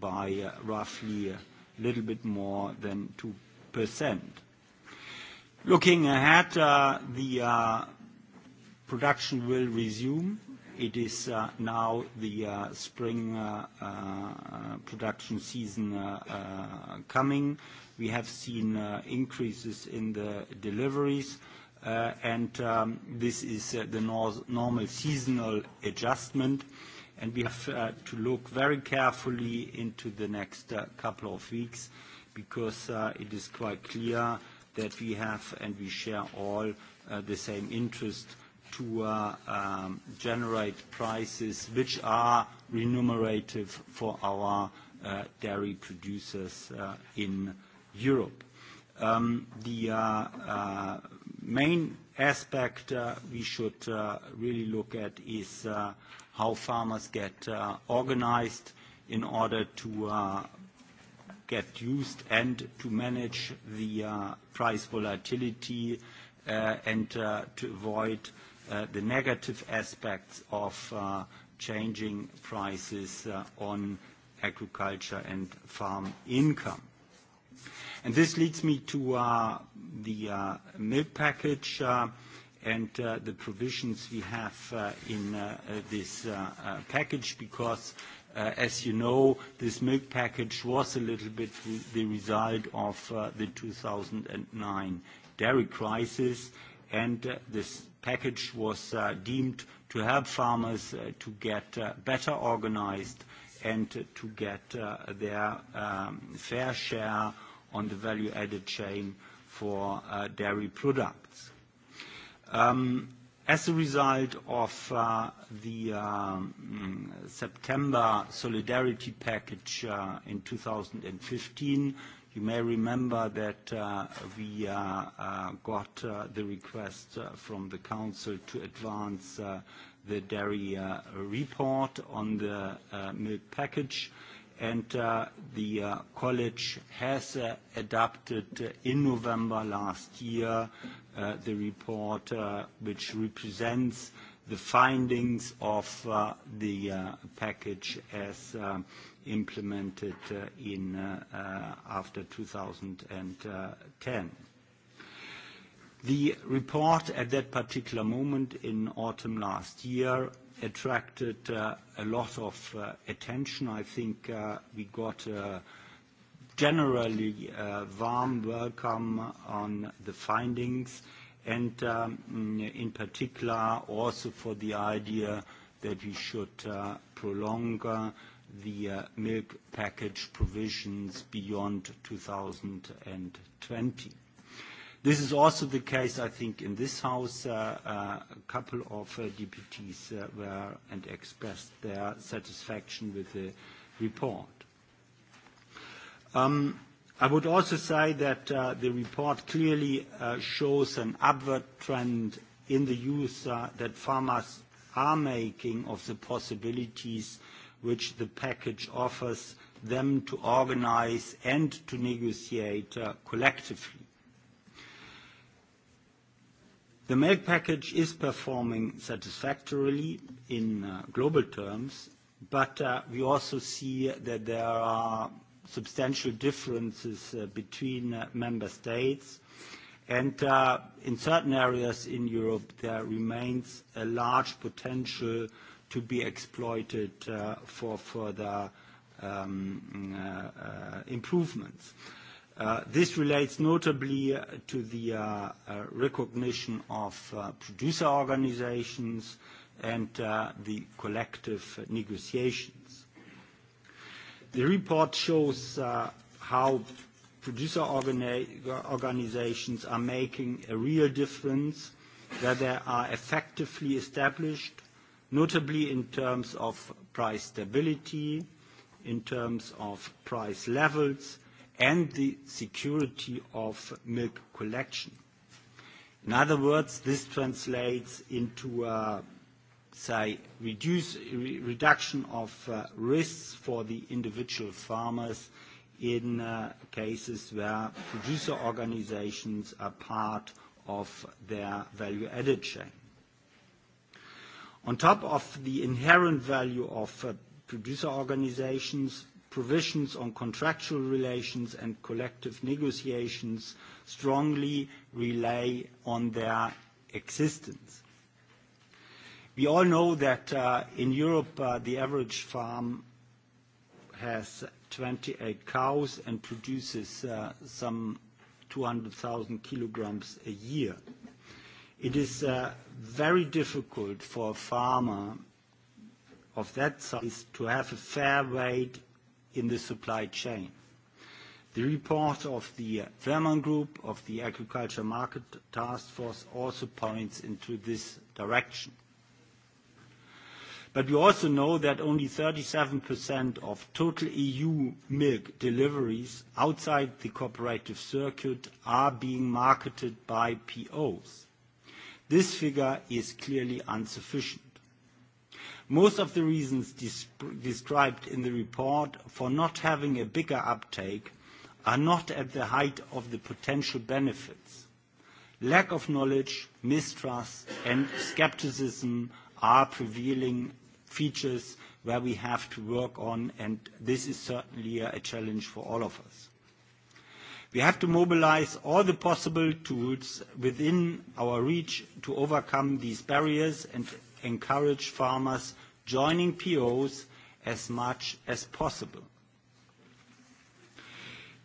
by roughly a little bit more than 2%. Looking ahead, the Production will resume. It is now the spring production season coming. We have seen increases in the deliveries, and this is the normal seasonal adjustment, and we have to look very carefully into the next couple of weeks because it is quite clear that we have, and we share all, the same interest to generate prices which are remunerative for our dairy producers in Europe. the main aspect we should really look at is how farmers get organized in order to get used and to manage the price volatility and to avoid the negative aspects of changing prices on agriculture and farm income. This leads me to the milk package and the provisions we have in this package, because As you know, this milk package was a little bit the result of the 2009 dairy crisis, and this package was uh, deemed to help farmers uh, to get uh, better organized and to get uh, their um, fair share on the value-added chain for uh, dairy products. Um, As a result of the September solidarity package in 2015, You may remember that we got the request from the council to advance the dairy report on the milk package, and the college has adopted in November last year the report which represents the findings of the package as implemented in after 2010. The report at that particular moment in autumn last year attracted a lot of attention. I think we got a generally warm welcome on the findings and in particular also for the idea that we should prolong the milk package provisions beyond 2020. This is also the case, I think, in this House. A couple of deputies were and expressed their satisfaction with the report. I would also say that the report clearly shows an upward trend in the use that farmers are making of the possibilities which the package offers them to organize and to negotiate uh, collectively. The milk package is performing satisfactorily in uh, global terms, but uh, we also see that there are substantial differences uh, between uh, member states. And uh, in certain areas in Europe, there remains a large potential uh, to be exploited for further improvements. This relates notably to the recognition of producer organizations and the collective negotiations. The report shows how producer organizations are making a real difference, that they are effectively established notably in terms of price stability, in terms of price levels, and the security of milk collection. In other words, this translates into a, say, reduction of risks for the individual farmers in cases where producer organizations are part of their value-added chain. On top of the inherent value of producer organizations, provisions on contractual relations and collective negotiations strongly rely on their existence. We all know that in Europe the average farm has 28 cows and produces some 200,000 kilograms a year. It is very difficult for a farmer of that size to have a fair weight in the supply chain. The report of the German group of the Agriculture Market Task Force also points into this direction. But we also know that only 37% of total EU milk deliveries outside the cooperative circuit are being marketed by POs. This figure is clearly insufficient. Most of the reasons described in the report for not having a bigger uptake are not at the height of the potential benefits. Lack of knowledge, mistrust, and skepticism are prevailing features where we have to work on, and this is certainly a challenge for all of us. We have to mobilize all the possible tools within our reach to overcome these barriers and encourage farmers joining POs as much as possible.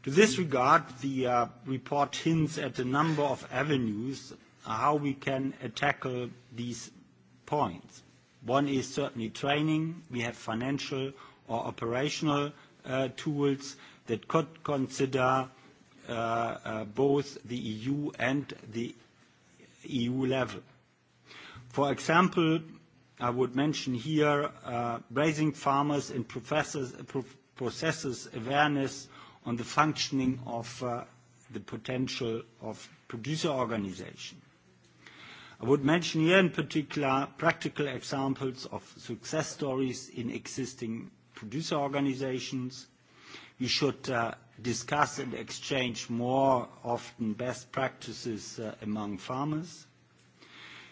To this regard, the report hints at a number of avenues how we can tackle these points. One is certainly training. We have financial or operational tools that could consider both the EU and the EU level. For example, I would mention here raising farmers and processors awareness on the functioning of the potential of producer organization. I would mention here in particular practical examples of success stories in existing producer organizations, we should uh, discuss and exchange more often best practices uh, among farmers.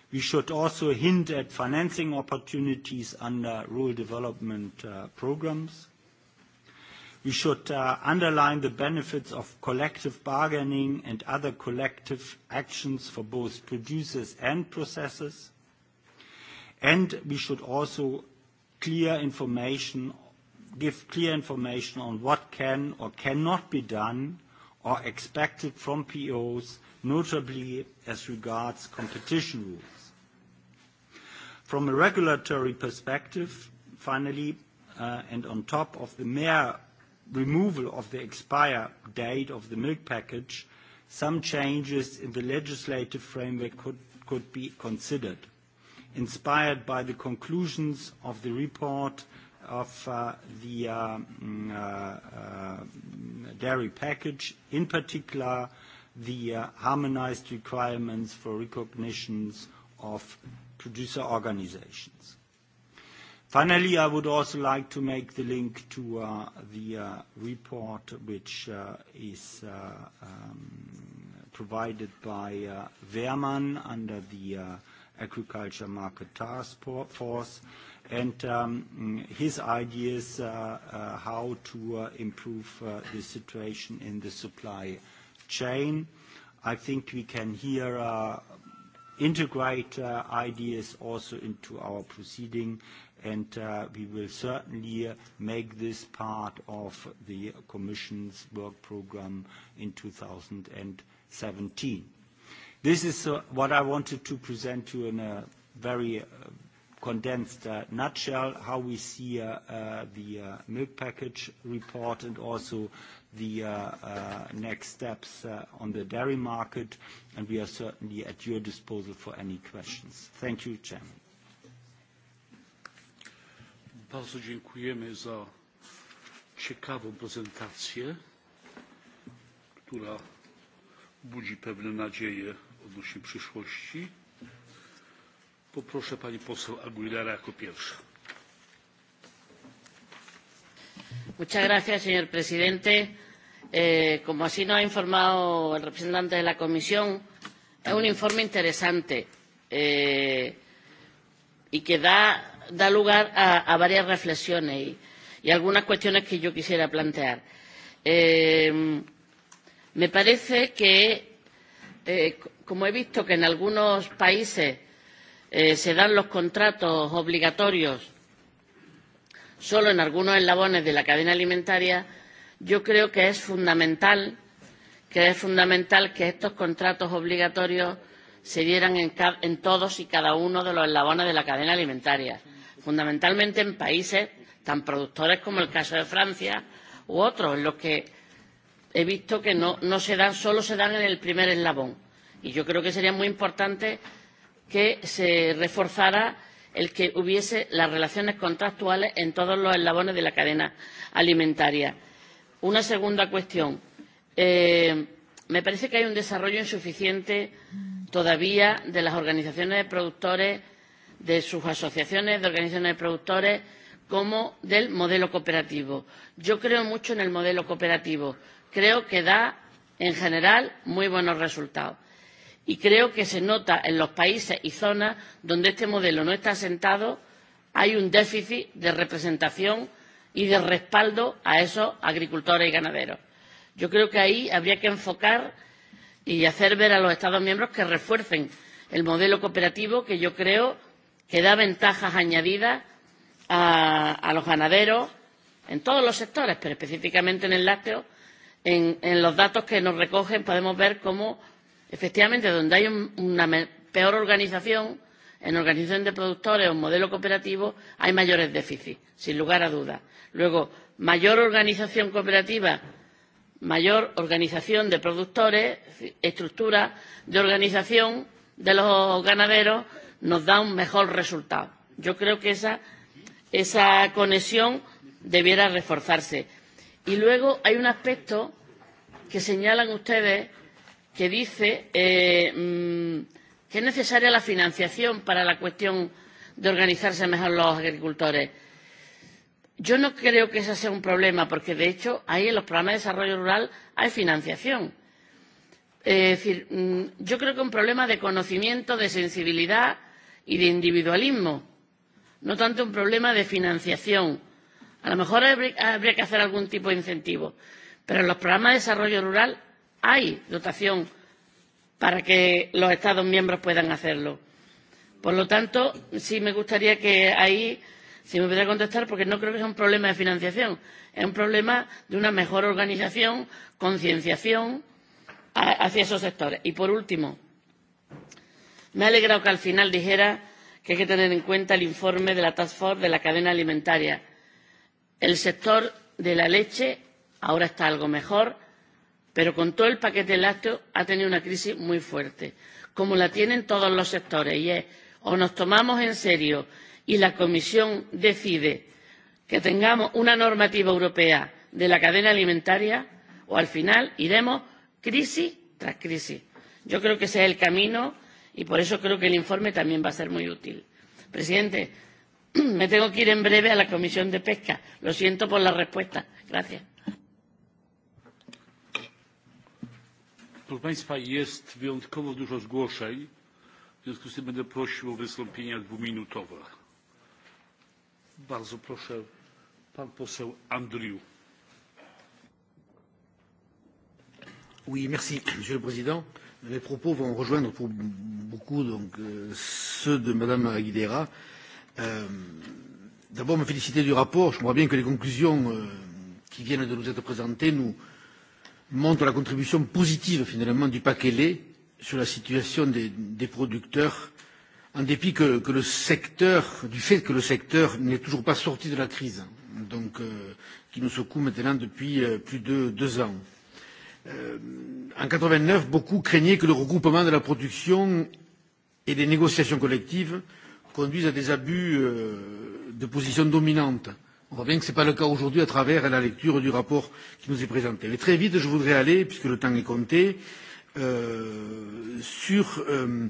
We should also hint at financing opportunities under rural development uh, programs. We should uh, underline the benefits of collective bargaining and other collective actions for both producers and processors. And we should also clear information give clear information on what can or cannot be done or expected from POs, notably as regards competition rules. From a regulatory perspective, finally, and on top of the mere removal of the expire date of the milk package, some changes in the legislative framework could be considered. Inspired by the conclusions of the report of the dairy package, in particular, the harmonized requirements for recognitions of producer organizations. Finally, I would also like to make the link to the report, which is provided by Wehrmann under the Agriculture Market Task Force, and his ideas how to improve the situation in the supply chain. I think we can here integrate ideas also into our proceeding, and we will certainly make this part of the Commission's work program in 2017. This is what I wanted to present to you in a very condensed nutshell how we see the milk package report and also the next steps on the dairy market, and we are certainly at your disposal for any questions. Thank you, Chairman. Bardzo dziękujemy za ciekawą prezentację, która budzi pewne nadzieje odnośnie przyszłości señor presidente. como así nos ha informado el representante de la Comisión, es un informe interesante y que da, lugar a, varias reflexiones y, algunas cuestiones que yo quisiera plantear. me parece que, como he visto que en algunos países se dan los contratos obligatorios solo en algunos eslabones de la cadena alimentaria, yo creo que es fundamental que es fundamental que estos contratos obligatorios se dieran en, en todos y cada uno de los eslabones de la cadena alimentaria, fundamentalmente en países tan productores como el caso de Francia u otros, en los que he visto que no, no se dan, solo se dan en el primer eslabón. Y yo creo que sería muy importante que se reforzara el que hubiese las relaciones contractuales en todos los eslabones de la cadena alimentaria. Una segunda cuestión. Eh, me parece que hay un desarrollo insuficiente todavía de las organizaciones de productores, de sus asociaciones de organizaciones de productores, como del modelo cooperativo. Yo creo mucho en el modelo cooperativo. Creo que da, en general, muy buenos resultados y creo que se nota en los países y zonas donde este modelo no está asentado hay un déficit de representación y de respaldo a esos agricultores y ganaderos. Yo creo que ahí habría que enfocar y hacer ver a los Estados miembros que refuercen el modelo cooperativo que yo creo que da ventajas añadidas a, a los ganaderos en todos los sectores, pero específicamente en el lácteo. En, en los datos que nos recogen podemos ver cómo Efectivamente, donde hay una peor organización, en organización de productores o modelo cooperativo, hay mayores déficits, sin lugar a dudas. Luego, mayor organización cooperativa, mayor organización de productores, estructura de organización de los ganaderos, nos da un mejor resultado. Yo creo que esa, esa conexión debiera reforzarse. Y luego hay un aspecto que señalan ustedes que dice eh, que es necesaria la financiación para la cuestión de organizarse mejor los agricultores. Yo no creo que ese sea un problema, porque de hecho ahí en los programas de desarrollo rural hay financiación. Es decir, yo creo que es un problema de conocimiento, de sensibilidad y de individualismo, no tanto un problema de financiación. A lo mejor habría que hacer algún tipo de incentivo, pero en los programas de desarrollo rural hay dotación para que los Estados miembros puedan hacerlo. Por lo tanto, sí me gustaría que ahí si me pudiera contestar, porque no creo que sea un problema de financiación, es un problema de una mejor organización, concienciación hacia esos sectores. Y por último, me ha alegrado que al final dijera que hay que tener en cuenta el informe de la Task Force de la cadena alimentaria. El sector de la leche ahora está algo mejor, Pero con todo el paquete lácteo ha tenido una crisis muy fuerte, como la tienen todos los sectores. Y es, o nos tomamos en serio y la Comisión decide que tengamos una normativa europea de la cadena alimentaria, o al final iremos crisis tras crisis. Yo creo que ese es el camino y por eso creo que el informe también va a ser muy útil. Presidente, me tengo que ir en breve a la Comisión de Pesca. Lo siento por la respuesta. Gracias. Proszę Państwa, jest wyjątkowo dużo zgłoszeń. W związku z tym będę prosił o wystąpienia dwuminutowe. Bardzo proszę, pan poseł Andrieu. Oui, merci, Monsieur le Président. Mes propos vont rejoindre pour beaucoup donc, ceux de Madame Aguilera. Euh, D'abord, me féliciter du rapport. Je crois bien que les conclusions euh, qui viennent de nous être présentées nous, euh, montre la contribution positive finalement du paquet lait sur la situation des, des producteurs, en dépit que, que le secteur, du fait que le secteur n'est toujours pas sorti de la crise, donc euh, qui nous secoue maintenant depuis euh, plus de deux ans. Euh, en 89, beaucoup craignaient que le regroupement de la production et des négociations collectives conduisent à des abus euh, de position dominante On voit bien que ce n'est pas le cas aujourd'hui à travers la lecture du rapport qui nous est présenté. Mais très vite, je voudrais aller, puisque le temps est compté, euh, sur euh,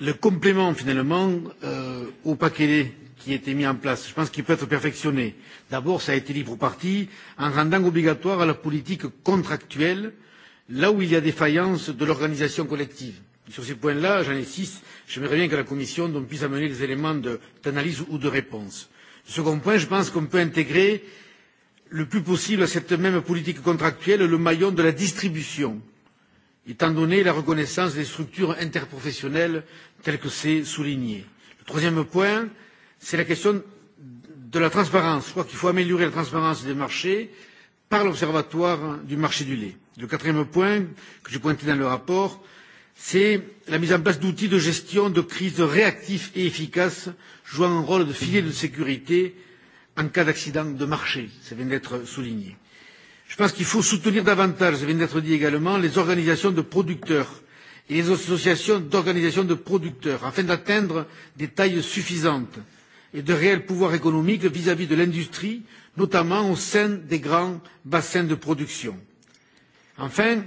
le complément finalement euh, au paquet qui a été mis en place. Je pense qu'il peut être perfectionné. D'abord, ça a été dit pour partie en rendant obligatoire la politique contractuelle là où il y a des faillances de l'organisation collective. Sur ces points-là, j'en insiste, J'aimerais bien que la Commission donc, puisse amener des éléments d'analyse ou de réponse. Second point, je pense qu'on peut intégrer le plus possible à cette même politique contractuelle le maillon de la distribution, étant donné la reconnaissance des structures interprofessionnelles telles que c'est souligné. Le troisième point, c'est la question de la transparence. Je crois qu'il faut améliorer la transparence des marchés par l'Observatoire du marché du lait. Le quatrième point que j'ai pointé dans le rapport, c'est la mise en place d'outils de gestion de crise réactifs et efficaces jouant un rôle de filet de sécurité en cas d'accident de marché. Ça vient d'être souligné. Je pense qu'il faut soutenir davantage, ça vient d'être dit également, les organisations de producteurs et les associations d'organisations de producteurs afin d'atteindre des tailles suffisantes et de réels pouvoirs économiques vis à vis de l'industrie, notamment au sein des grands bassins de production. Enfin,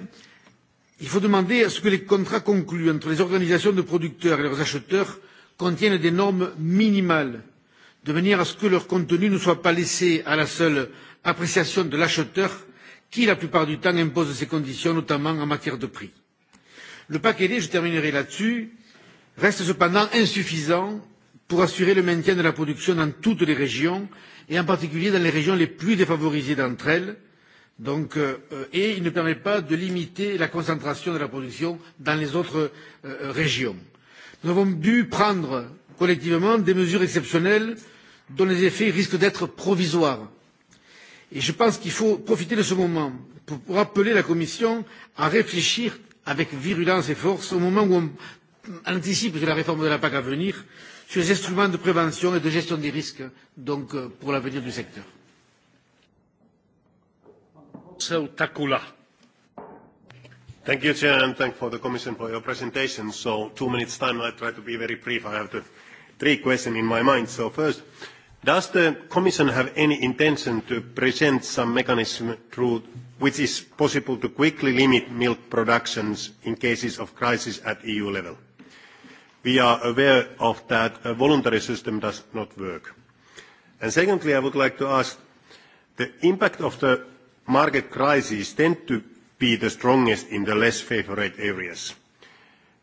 il faut demander à ce que les contrats conclus entre les organisations de producteurs et leurs acheteurs contiennent des normes minimales, de manière à ce que leur contenu ne soit pas laissé à la seule appréciation de l'acheteur, qui, la plupart du temps, impose ses conditions, notamment en matière de prix. Le paquet lait, je terminerai là-dessus, reste cependant insuffisant pour assurer le maintien de la production dans toutes les régions, et en particulier dans les régions les plus défavorisées d'entre elles, et il ne permet pas de limiter la concentration de la production dans les autres régions. Nous avons dû prendre collectivement des mesures exceptionnelles dont les effets risquent d'être provisoires. Et je pense qu'il faut profiter de ce moment pour appeler la Commission à réfléchir avec virulence et force au moment où on anticipe de la réforme de la PAC à venir sur les instruments de prévention et de gestion des risques donc pour l'avenir du secteur. Takula. Thank you, Chair, and thank for the Commission for your presentation. So two minutes time, I try to be very brief. I have the three questions in my mind. So first, does the Commission have any intention to present some mechanism through which is possible to quickly limit milk productions in cases of crisis at EU level? We are aware of that a voluntary system does not work. And secondly, I would like to ask, the impact of the market crisis tend to be the strongest in the less favored areas,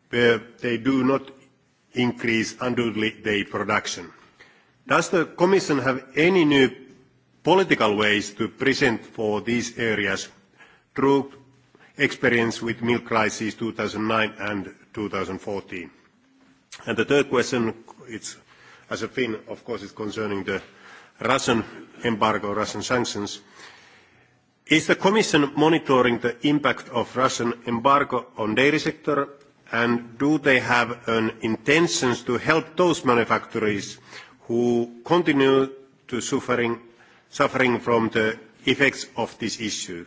where they do not increase unduly their production. Does the Commission have any new political ways to present for these areas through experience with milk crisis 2009 and 2014? And the third question, it's as a Finn, of course, it's concerning the Russian embargo, Russian sanctions. Is the Commission monitoring the impact of Russian embargo on dairy sector, and do they have an intentions to help those manufacturers who continue to suffering from the effects of this issue?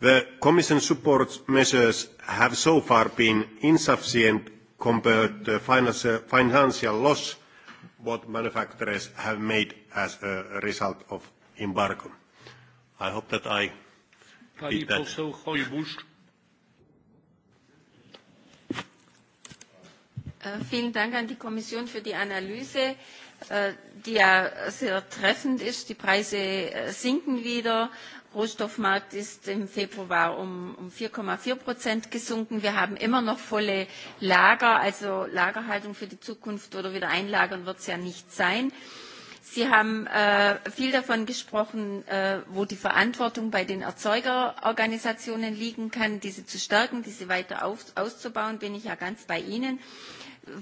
The Commission support measures have so far been insufficient compared to the financial loss what manufacturers have made as a result of embargo. I hope that I Vielen Dank an die Kommission für die Analyse, die ja sehr treffend ist. Die Preise sinken wieder. Rohstoffmarkt ist im Februar um, um 4,4 Prozent gesunken. Wir haben immer noch volle Lager, also Lagerhaltung für die Zukunft oder wieder einlagern wird es ja nicht sein. Äh, Sie haben äh, viel davon gesprochen, äh, wo die Verantwortung bei den Erzeugerorganisationen liegen kann, diese zu stärken, diese weiter auf, auszubauen, bin ich ja ganz bei Ihnen.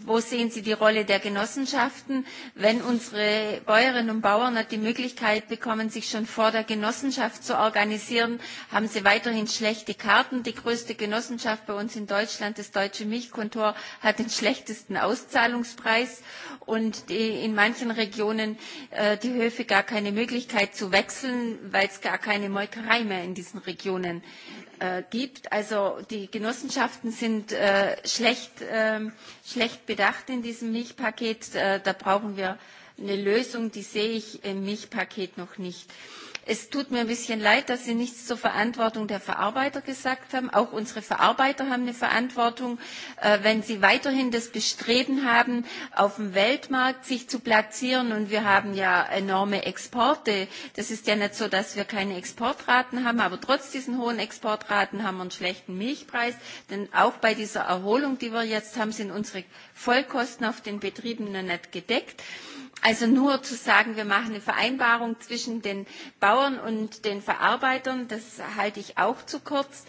Wo sehen Sie die Rolle der Genossenschaften? Wenn unsere Bäuerinnen und Bauern nicht die Möglichkeit bekommen, sich schon vor der Genossenschaft zu organisieren, haben sie weiterhin schlechte Karten. Die größte Genossenschaft bei uns in Deutschland, das Deutsche Milchkontor, hat den schlechtesten Auszahlungspreis und in manchen Regionen die Höfe gar keine Möglichkeit zu wechseln, weil es gar keine Molkerei mehr in diesen Regionen gibt. Also die Genossenschaften sind schlecht, bedacht in diesem Milchpaket. da brauchen wir eine Lösung, die sehe ich im Milchpaket noch nicht. Äh, Es tut mir ein bisschen leid, dass Sie nichts zur Verantwortung der Verarbeiter gesagt haben. Auch unsere Verarbeiter haben eine Verantwortung. Wenn sie weiterhin das Bestreben haben, auf dem Weltmarkt sich zu platzieren, und wir haben ja enorme Exporte, das ist ja nicht so, dass wir keine Exportraten haben, aber trotz diesen hohen Exportraten haben wir einen schlechten Milchpreis. Denn auch bei dieser Erholung, die wir jetzt haben, sind unsere Vollkosten auf den Betrieben noch nicht gedeckt. Also nur zu sagen, wir machen eine Vereinbarung zwischen den Bauern und den Verarbeitern, das halte ich auch zu kurz,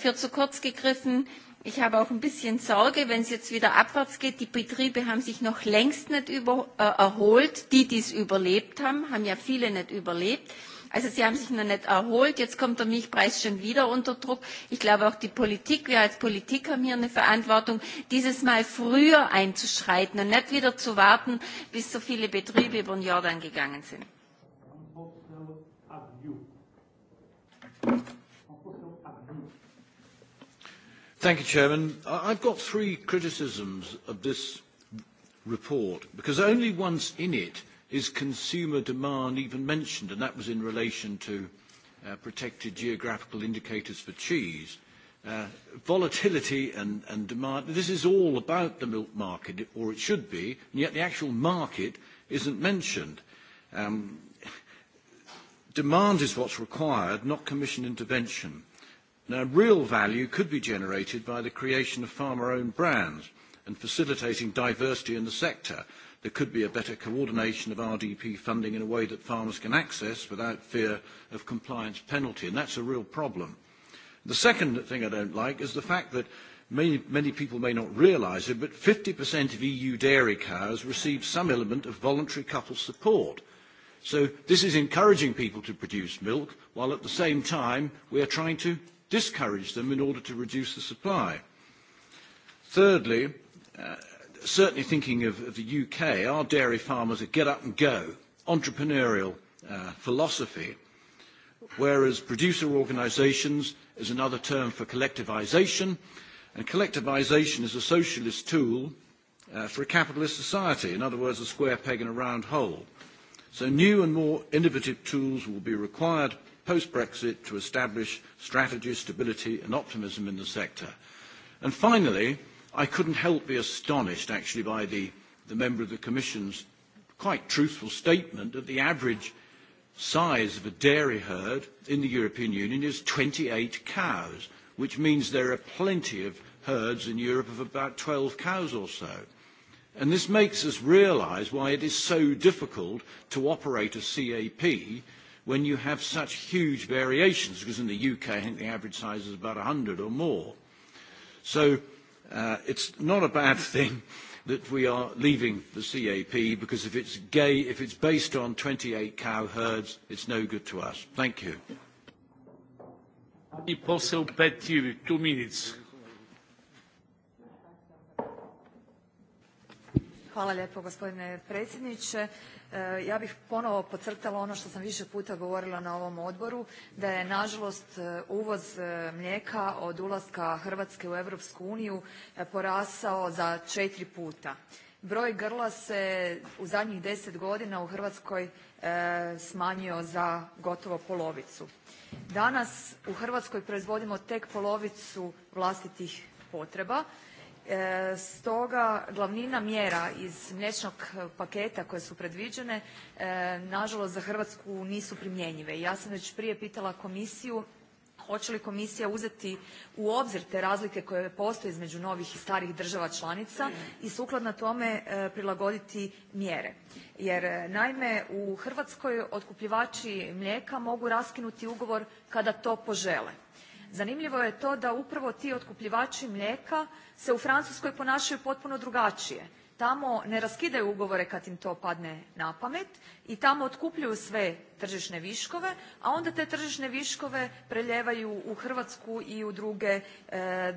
für zu kurz gegriffen. Ich habe auch ein bisschen Sorge, wenn es jetzt wieder abwärts geht. Die Betriebe haben sich noch längst nicht über, äh, erholt. Die, die es überlebt haben, haben ja viele nicht überlebt. Also sie haben sich noch nicht erholt. Jetzt kommt der Milchpreis schon wieder unter Druck. Ich glaube auch die Politik, wir als Politik haben hier eine Verantwortung, dieses Mal früher einzuschreiten und nicht wieder zu warten, bis so viele Betriebe über den Jordan gegangen sind. Thank you, Chairman. I've got three criticisms of this report, because only once in it Is consumer demand even mentioned? And that was in relation to uh, protected geographical indicators for cheese. Uh, volatility and, and demand, this is all about the milk market, or it should be, and yet the actual market isn't mentioned. Um, demand is what's required, not commission intervention. Now, real value could be generated by the creation of farmer-owned brands and facilitating diversity in the sector there could be a better coordination of RDP funding in a way that farmers can access without fear of compliance penalty, and that's a real problem. The second thing I don't like is the fact that many, many people may not realise it, but 50% of EU dairy cows receive some element of voluntary couple support. So this is encouraging people to produce milk, while at the same time we are trying to discourage them in order to reduce the supply. Thirdly, certainly thinking of, of the UK, our dairy farmers are get up and go, entrepreneurial uh, philosophy, whereas producer organisations is another term for collectivisation, and collectivisation is a socialist tool uh, for a capitalist society, in other words, a square peg in a round hole. So new and more innovative tools will be required post-Brexit to establish strategy, stability and optimism in the sector. And finally, I couldn't help be astonished, actually, by the, the member of the Commission's quite truthful statement that the average size of a dairy herd in the European Union is 28 cows, which means there are plenty of herds in Europe of about 12 cows or so. And this makes us realise why it is so difficult to operate a CAP when you have such huge variations, because in the UK, I think the average size is about 100 or more. So It's not a bad thing that we are leaving the CAP because if it's gay, if it's based on 28 cow herds, it's no good to us. Thank you. Pani poseł Petir, two minutes. Hvala lijepo gospodine predsjedniče. Ja bih ponovo podcrtala ono što sam više puta govorila na ovom odboru, da je nažalost uvoz mlijeka od ulaska Hrvatske u Europsku uniju porastao za četiri puta. Broj grla se u zadnjih deset godina u Hrvatskoj smanjio za gotovo polovicu. Danas u Hrvatskoj proizvodimo tek polovicu vlastitih potreba, Stoga glavnina mjera iz mliječnog paketa koje su predviđene nažalost za Hrvatsku nisu primjenjive. Ja sam već prije pitala komisiju hoće li komisija uzeti u obzir te razlike koje postoje između novih i starih država članica i sukladno tome prilagoditi mjere. Jer naime u Hrvatskoj otkupljivači mlijeka mogu raskinuti ugovor kada to požele. Zanimljivo je to da upravo ti otkupljivači mlijeka se u Francuskoj ponašaju potpuno drugačije. Tamo ne raskidaju ugovore kad im to padne na pamet i tamo otkupljuju sve tržišne viškove, a onda te tržišne viškove prelijevaju u Hrvatsku i u druge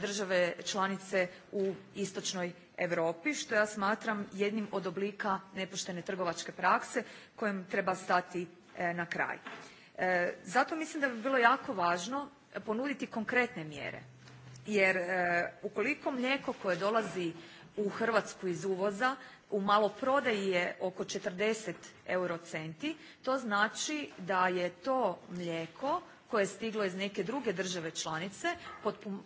države članice u istočnoj Europi što ja smatram jednim od oblika nepoštene trgovačke prakse kojem treba stati na kraj. Zato mislim da bi bilo jako važno ponuditi konkretne mjere. Jer ukoliko mlijeko koje dolazi u Hrvatsku iz uvoza u maloprodaji je oko 40 eurocenti, to znači da je to mlijeko koje je stiglo iz neke druge države članice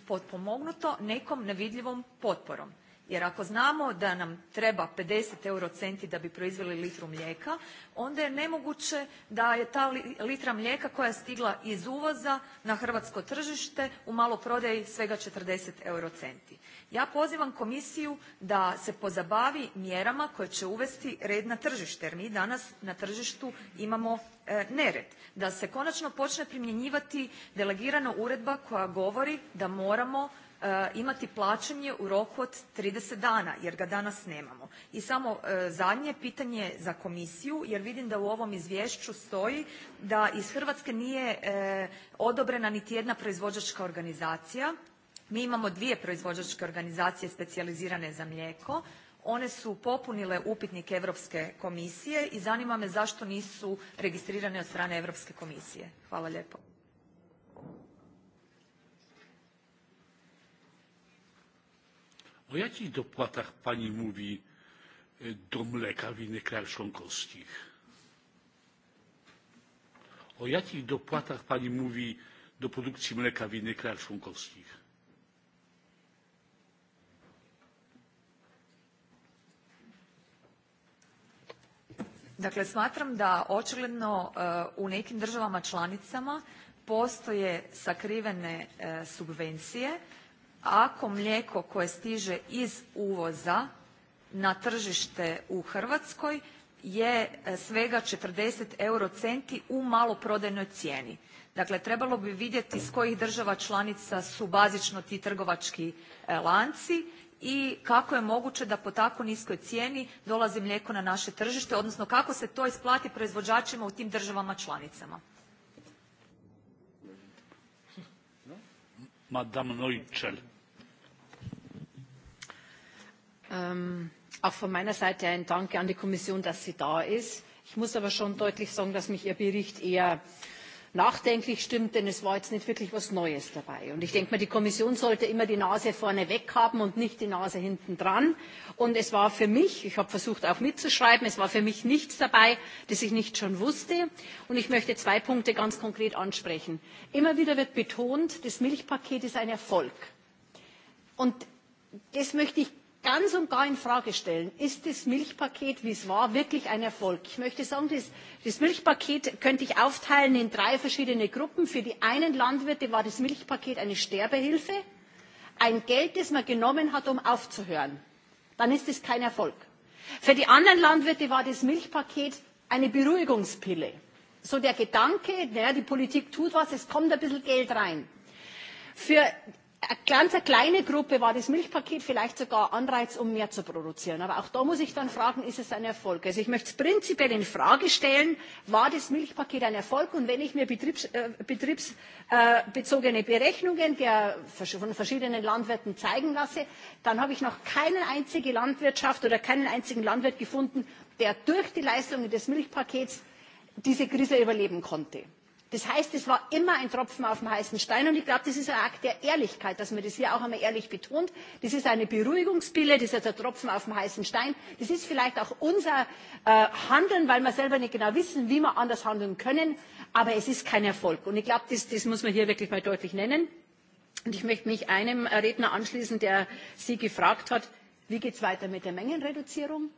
potpomognuto nekom nevidljivom potporom. Jer ako znamo da nam treba 50 eurocenti da bi proizveli litru mlijeka, onda je nemoguće da je ta litra mlijeka koja je stigla iz uvoza na hrvatsko tržište u maloprodaji svega 40 eurocenti. Ja pozivam komisiju da se pozabavi mjerama koje će uvesti red na tržište, jer mi danas na tržištu imamo nered. Da se konačno počne primjenjivati delegirana uredba koja govori da moramo imati plaćanje u roku od 30 dana jer ga danas nemamo. I samo zadnje pitanje za komisiju jer vidim da u ovom izvješću stoji da iz Hrvatske nije odobrena niti jedna proizvođačka organizacija. Mi imamo dvije proizvođačke organizacije specijalizirane za mlijeko. One su popunile upitnik Europske komisije i zanima me zašto nisu registrirane od strane Europske komisije. Hvala lijepo. O jakich dopłatach pani mówi do mleka w innych krajach członkowskich? O jakich dopłatach pani mówi do produkcji mleka w innych krajach członkowskich? Dakle, smatram da očigledno u nekim državama članicama postoje sakrivene subvencije ako mlijeko koje stiže iz uvoza na tržište u Hrvatskoj je svega 40 eurocenti u maloprodajnoj cijeni. Dakle, trebalo bi vidjeti iz kojih država članica su bazično ti trgovački lanci i kako je moguće da po tako niskoj cijeni dolazi mlijeko na naše tržište, odnosno kako se to isplati proizvođačima u tim državama članicama. auch von meiner Seite ein Dank an die Kommission, dass sie da ist. Ich muss aber schon deutlich sagen, dass mich Ihr Bericht eher nachdenklich stimmt, denn es war jetzt nicht wirklich etwas Neues dabei. ich denke mal, die Kommission sollte immer die Nase vorne weg haben und nicht die Nase hinten dran. Und es war für mich, ich habe versucht auch mitzuschreiben, es war für mich nichts dabei, das ich nicht schon wusste. Und ich möchte zwei Punkte ganz konkret ansprechen. Immer wieder wird betont, das Milchpaket ist ein Erfolg. Und das möchte ich ganz und gar in Frage stellen. Ist das Milchpaket, wie es war, wirklich ein Erfolg? Ich möchte sagen, das, Milchpaket könnte ich aufteilen in drei verschiedene Gruppen. Für die einen Landwirte war das Milchpaket eine Sterbehilfe, ein Geld, das man genommen hat, um aufzuhören. Dann ist es kein Erfolg. Für die anderen Landwirte war das Milchpaket eine Beruhigungspille. So der Gedanke, naja, die Politik tut was, es kommt ein bisschen Geld rein. Für eine ganz kleine Gruppe war das Milchpaket vielleicht sogar Anreiz, um mehr zu produzieren. Aber auch da muss ich dann fragen, ist es ein Erfolg? Also ich möchte es prinzipiell in Frage stellen, war das Milchpaket ein Erfolg? Und wenn ich mir betriebsbezogene Berechnungen von verschiedenen Landwirten zeigen lasse, dann habe ich noch keine einzige Landwirtschaft oder keinen einzigen Landwirt gefunden, der durch die Leistungen des Milchpakets diese Krise überleben konnte. Das heißt, es war immer ein Tropfen auf dem heißen Stein und ich glaube, das ist ein Akt der Ehrlichkeit, dass man das hier auch einmal ehrlich betont. Das ist eine Beruhigungspille, das ist ein Tropfen auf dem heißen Stein. Das ist vielleicht auch unser Handeln, weil wir selber nicht genau wissen, wie wir anders handeln können, aber es ist kein Erfolg. Und ich glaube, das, das muss man hier wirklich mal deutlich nennen. Und ich möchte mich einem Redner anschließen, der Sie gefragt hat, wie geht es weiter mit der Mengenreduzierung?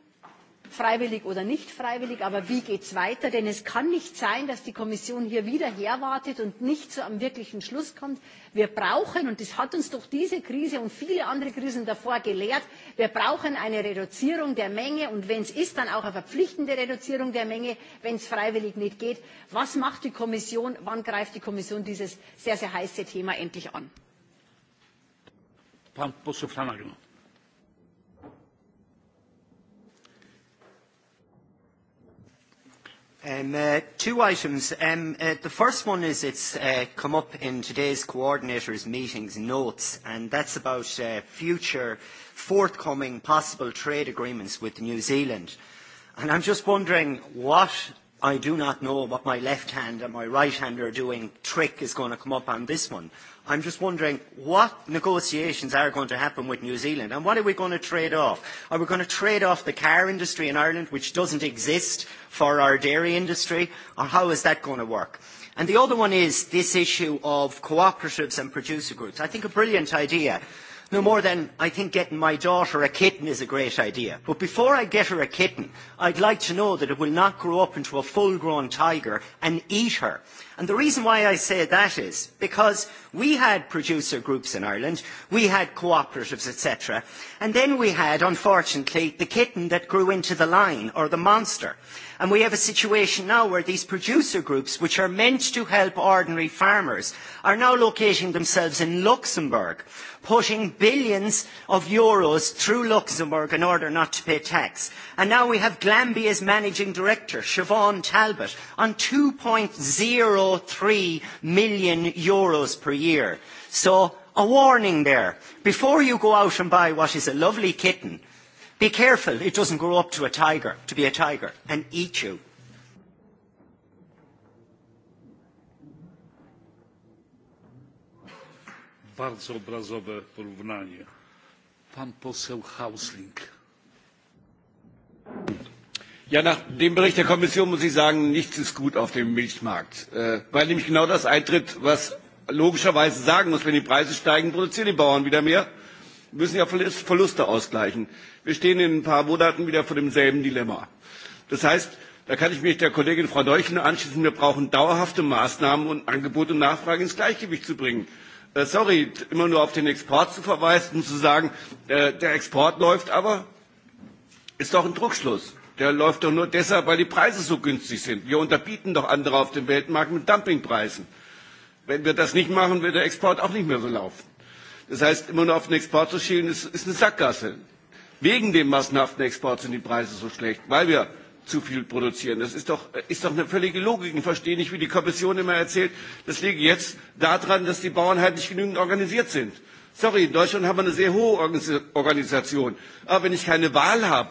freiwillig oder nicht freiwillig, aber wie geht es weiter? Denn es kann nicht sein, dass die Kommission hier wieder herwartet und nicht zu einem wirklichen Schluss kommt. Wir brauchen, und das hat uns doch diese Krise und viele andere Krisen davor gelehrt, wir brauchen eine Reduzierung der Menge und wenn es ist, dann auch eine verpflichtende Reduzierung der Menge, wenn es freiwillig nicht geht. Was macht die Kommission? Wann greift die Kommission dieses sehr, sehr heiße Thema endlich an? Pan poseł Flanagan. Um, uh, two items. Um, uh, the first one is it's uh, come up in today's coordinators' meetings notes, and that's about uh, future forthcoming possible trade agreements with New Zealand. And I'm just wondering what I do not know what my left hand and my right hand are doing trick is going to come up on this one. I'm just wondering what negotiations are going to happen with New Zealand and what are we going to trade off? Are we going to trade off the car industry in Ireland, which doesn't exist, for our dairy industry, or how is that going to work? And the other one is this issue of cooperatives and producer groups. I think a brilliant idea. No more than I think getting my daughter a kitten is a great idea. But before I get her a kitten, I'd like to know that it will not grow up into a full-grown tiger and eat her. And the reason why I say that is because We had producer groups in Ireland, we had cooperatives, etc. And then we had, unfortunately, the kitten that grew into the line or the monster. And we have a situation now where these producer groups, which are meant to help ordinary farmers, are now locating themselves in Luxembourg, putting billions of euros through Luxembourg in order not to pay tax. And now we have Glambia's managing director, Siobhan Talbot, on EUR two three million per year. So a warning there. Before you go out and buy what is a lovely kitten, be careful it doesn't grow up to a tiger, to be a tiger, and eat you. Bardzo obrazowe porównanie. Pan poseł Hausling. Ja, nach dem Bericht der Kommission muss ich sagen, nichts ist gut auf dem Milchmarkt, weil nämlich genau das eintritt, was logischerweise sagen muss, wenn die Preise steigen, produzieren die Bauern wieder mehr, müssen ja Verluste ausgleichen. Wir stehen in ein paar Monaten wieder vor demselben Dilemma. Das heißt, da kann ich mich der Kollegin Frau Deuchen anschließen, wir brauchen dauerhafte Maßnahmen, um Angebot und Nachfrage ins Gleichgewicht zu bringen. sorry, immer nur auf den Export zu verweisen und zu sagen, der Export läuft aber, ist doch ein Druckschluss. Der läuft doch nur deshalb, weil die Preise so günstig sind. Wir unterbieten doch andere auf dem Weltmarkt mit Dumpingpreisen Wenn wir das nicht machen, wird der Export auch nicht mehr so laufen. Das heißt, immer nur auf den Export zu schielen, ist, ist eine Sackgasse. Wegen dem massenhaften Export sind die Preise so schlecht, weil wir zu viel produzieren. Das ist doch, ist doch eine völlige Logik. Ich verstehe nicht, wie die Kommission immer erzählt, das liege jetzt daran, dass die Bauern halt nicht genügend organisiert sind. Sorry, in Deutschland haben wir eine sehr hohe Organisation. Aber wenn ich keine Wahl habe,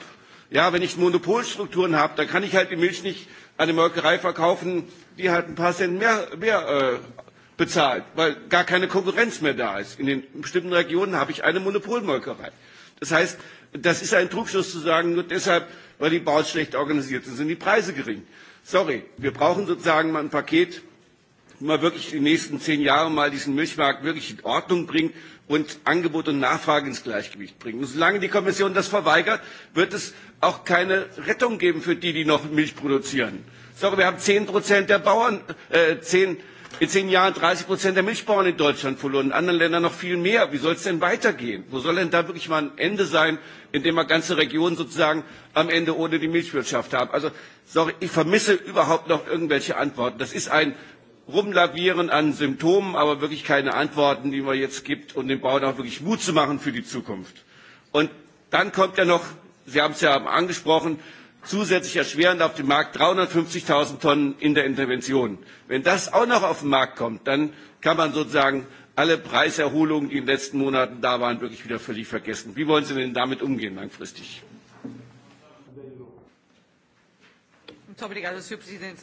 ja, wenn ich Monopolstrukturen habe, dann kann ich halt die Milch nicht an eine Molkerei verkaufen, die halt ein paar Cent mehr, mehr bezahlt, weil gar keine Konkurrenz mehr da ist. In den bestimmten Regionen habe ich eine Monopolmolkerei. Das heißt, das ist ein Trugschluss zu sagen, nur deshalb, weil die Bauern schlecht organisiert sind, sind die Preise gering. Sorry, wir brauchen sozusagen mal ein Paket, mal wirklich die nächsten zehn Jahre mal diesen Milchmarkt wirklich in Ordnung bringt und Angebot und Nachfrage ins Gleichgewicht bringt. Und solange die Kommission das verweigert, wird es auch keine Rettung geben für die, die noch Milch produzieren. Sorry, wir haben zehn Prozent der Bauern, äh, in zehn Jahren 30 Prozent der Milchbauern in Deutschland verloren, in anderen Ländern noch viel mehr. Wie soll es denn weitergehen? Wo soll denn da wirklich mal ein Ende sein, indem wir ganze Regionen sozusagen am Ende ohne die Milchwirtschaft haben? Also, sorry, ich vermisse überhaupt noch irgendwelche Antworten. Das ist ein Rumlavieren an Symptomen, aber wirklich keine Antworten, die man jetzt gibt, um den Bauern auch wirklich Mut zu machen für die Zukunft. Und dann kommt ja noch, Sie haben es ja angesprochen, zusätzlich erschwerend auf dem Markt 350.000 Tonnen in der Intervention. Wenn das auch noch auf den Markt kommt, dann kann man sozusagen alle Preiserholungen, die in den letzten Monaten da waren, wirklich wieder völlig vergessen. Wie wollen Sie denn damit umgehen langfristig? Muito obrigada, Sr. Presidente.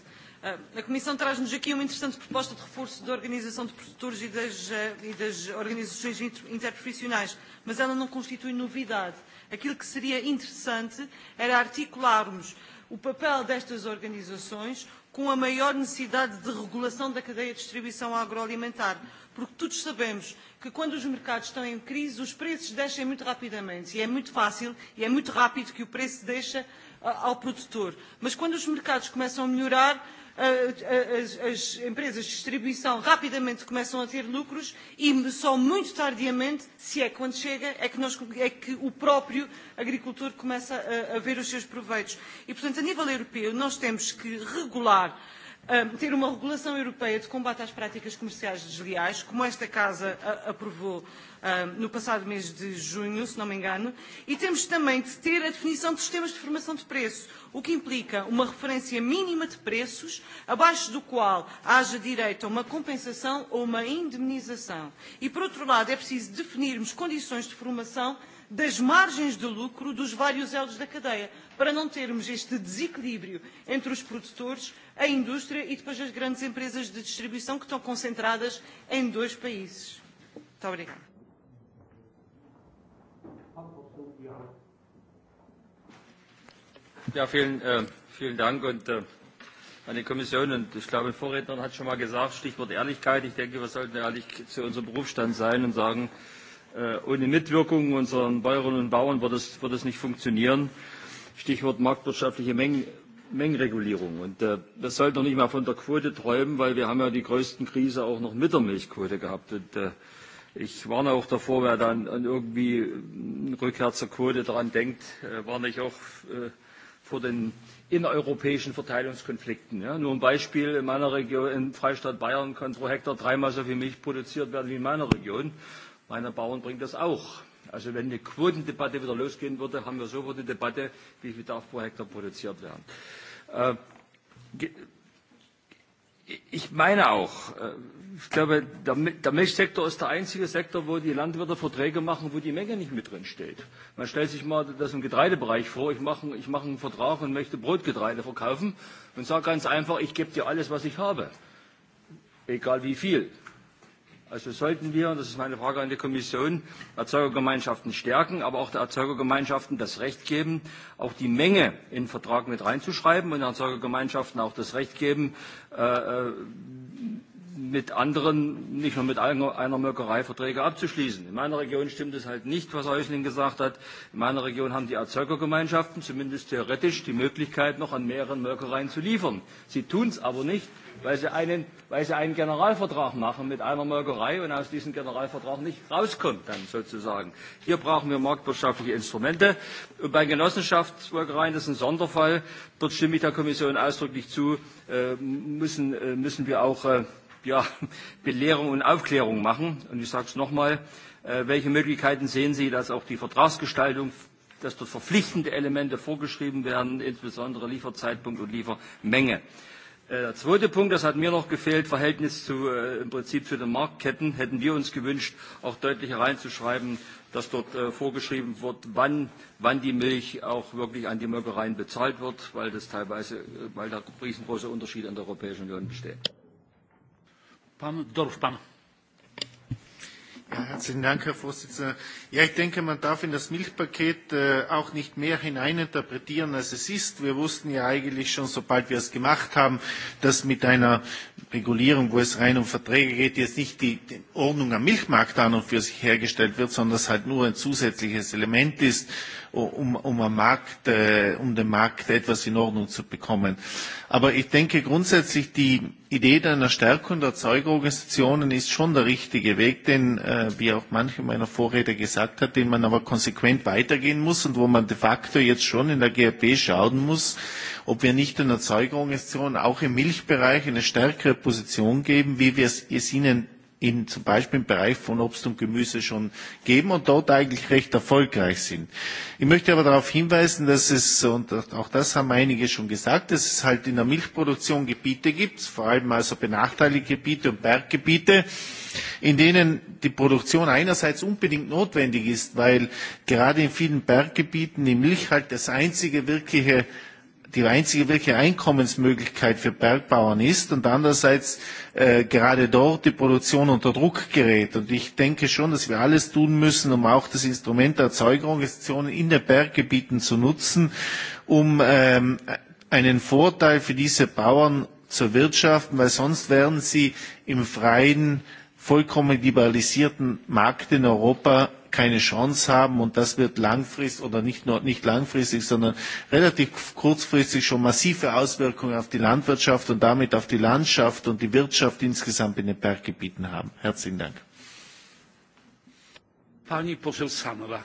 A Comissão traz-nos aqui uma interessante proposta de reforço da organização de produtores e das, e das organizações interprofissionais, mas ela não constitui novidade. Aquilo que seria interessante era articularmos o papel destas organizações com a maior necessidade de regulação da cadeia de distribuição agroalimentar, porque todos sabemos que quando os mercados estão em crise, os preços descem muito rapidamente e é muito fácil e é muito rápido que o preço deixa ao produtor. Mas quando os mercados começam a melhorar, as empresas de distribuição rapidamente começam a ter lucros e só muito tardiamente, se é quando chega, é que, nós, é que o próprio agricultor começa a, a ver os seus proveitos. E, portanto, a nível europeu, nós temos que regular ter uma regulação europeia de combate às práticas comerciais desleais, como esta Casa aprovou no passado mês de junho, se não me engano, e temos também de ter a definição de sistemas de formação de preço, o que implica uma referência mínima de preços, abaixo do qual haja direito a uma compensação ou uma indemnização. E, por outro lado, é preciso definirmos condições de formação das margens de lucro dos vários elos da cadeia, para não termos este desequilíbrio entre os produtores, a indústria e depois as grandes empresas de distribuição que estão concentradas em dois países. Muito obrigada. Ja, vielen, äh, vielen Dank und äh, an die Kommission. Und ich glaube, Vorredner hat schon mal gesagt, Stichwort Ehrlichkeit. Ich denke, wir sollten ehrlich zu unserem Berufsstand sein und sagen, äh, ohne Mitwirkung unserer Bäuerinnen und Bauern wird es, wird es nicht funktionieren. Stichwort marktwirtschaftliche Mengen, Mengenregulierung. Und äh, wir sollten doch nicht mal von der Quote träumen, weil wir haben ja die größten Krise auch noch mit der Milchquote gehabt. Und äh, ich warne auch davor, wer dann an irgendwie Rückkehr zur Quote daran denkt, äh, warne ich auch äh, vor den innereuropäischen Verteilungskonflikten. Ja, nur ein Beispiel, in meiner Region, in Freistaat Bayern kann pro Hektar dreimal so viel Milch produziert werden wie in meiner Region. Meine Bauern bringen das auch. Also wenn eine Quotendebatte wieder losgehen würde, haben wir sofort eine Debatte, wie viel darf pro Hektar produziert werden. Ich meine auch, ich glaube, der Milchsektor ist der einzige Sektor, wo die Landwirte Verträge machen, wo die Menge nicht mit drin steht. Man stellt sich mal das im Getreidebereich vor, ich mache, ich mache einen Vertrag und möchte Brotgetreide verkaufen und sage ganz einfach, ich gebe dir alles, was ich habe. Egal wie viel. Also sollten wir, und das ist meine Frage an die Kommission, Erzeugergemeinschaften stärken, aber auch den Erzeugergemeinschaften das Recht geben, auch die Menge in den Vertrag mit reinzuschreiben und den Erzeugergemeinschaften auch das Recht geben, mit anderen, nicht nur mit einer Molkerei Verträge abzuschließen. In meiner Region stimmt es halt nicht, was Häusling gesagt hat. In meiner Region haben die Erzeugergemeinschaften zumindest theoretisch die Möglichkeit, noch an mehreren Molkereien zu liefern. Sie tun es aber nicht, weil sie, einen, weil sie einen Generalvertrag machen mit einer Molkerei und aus diesem Generalvertrag nicht rauskommt dann sozusagen. Hier brauchen wir marktwirtschaftliche Instrumente. Und bei Genossenschaftsmolkereien, das ist ein Sonderfall, dort stimme ich der Kommission ausdrücklich zu, müssen, müssen wir auch ja, Belehrung und Aufklärung machen. Und ich sage es nochmal, welche Möglichkeiten sehen Sie, dass auch die Vertragsgestaltung, dass dort verpflichtende Elemente vorgeschrieben werden, insbesondere Lieferzeitpunkt und Liefermenge? Der zweite Punkt, das hat mir noch gefehlt, Verhältnis zu, äh, im Prinzip zu den Marktketten, hätten wir uns gewünscht, auch deutlich hereinzuschreiben, dass dort äh, vorgeschrieben wird, wann, wann die Milch auch wirklich an die Molkereien bezahlt wird, weil, das teilweise, weil da riesengroße Unterschiede in der Europäischen Union bestehen herzlichen Dank, Herr Vorsitzender. Ja, ich denke, man darf in das Milchpaket auch nicht mehr hineininterpretieren, als es ist. Wir wussten ja eigentlich schon, sobald wir es gemacht haben, dass mit einer Regulierung, wo es rein um Verträge geht, jetzt nicht die, Ordnung am Milchmarkt an und für sich hergestellt wird, sondern es halt nur ein zusätzliches Element ist um, um, am Markt, äh, um den Markt etwas in Ordnung zu bekommen. Aber ich denke grundsätzlich, die Idee einer Stärkung der Erzeugerorganisationen ist schon der richtige Weg, den, äh, wie auch manche meiner Vorredner gesagt hat, den man aber konsequent weitergehen muss und wo man de facto jetzt schon in der GRP schauen muss, ob wir nicht den Erzeugerorganisationen auch im Milchbereich eine stärkere Position geben, wie wir es ihnen in, zum Beispiel im Bereich von Obst und Gemüse schon geben und dort eigentlich recht erfolgreich sind. Ich möchte aber darauf hinweisen, dass es, und auch das haben einige schon gesagt, dass es halt in der Milchproduktion Gebiete gibt, vor allem also benachteiligte Gebiete und Berggebiete, in denen die Produktion einerseits unbedingt notwendig ist, weil gerade in vielen Berggebieten die Milch halt das einzige wirkliche die einzige wirkliche Einkommensmöglichkeit für Bergbauern ist und andererseits gerade dort die Produktion unter Druck gerät. Und ich denke schon, dass wir alles tun müssen, um auch das Instrument der Erzeugerorganisationen in den Berggebieten zu nutzen, um einen Vorteil für diese Bauern zu wirtschaften, weil sonst werden sie im freien, vollkommen liberalisierten Markt in Europa keine Chance haben und das wird langfristig oder nicht nur nicht langfristig, sondern relativ kurzfristig schon massive Auswirkungen auf die Landwirtschaft und damit auf die Landschaft und die Wirtschaft insgesamt in den Berggebieten haben. Herzlichen Dank. Pani poseł Samowa.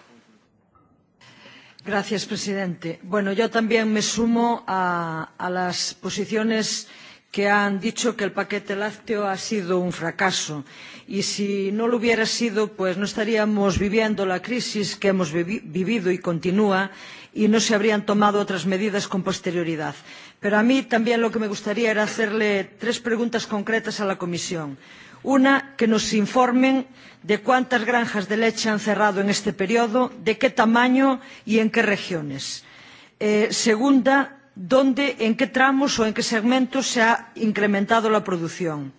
Gracias, presidente yo también me sumo a las posiciones que han dicho que el paquete lácteo ha sido un fracaso y si no lo hubiera sido, pues no estaríamos viviendo la crisis que hemos vivido y continúa y no se habrían tomado otras medidas con posterioridad. Pero a mí también lo que me gustaría era hacerle tres preguntas concretas a la Comisión. Una, que nos informen de cuántas granjas de leche han cerrado en este periodo, de qué tamaño y en qué regiones. segunda, dónde, en qué tramos o en qué segmentos se ha incrementado la producción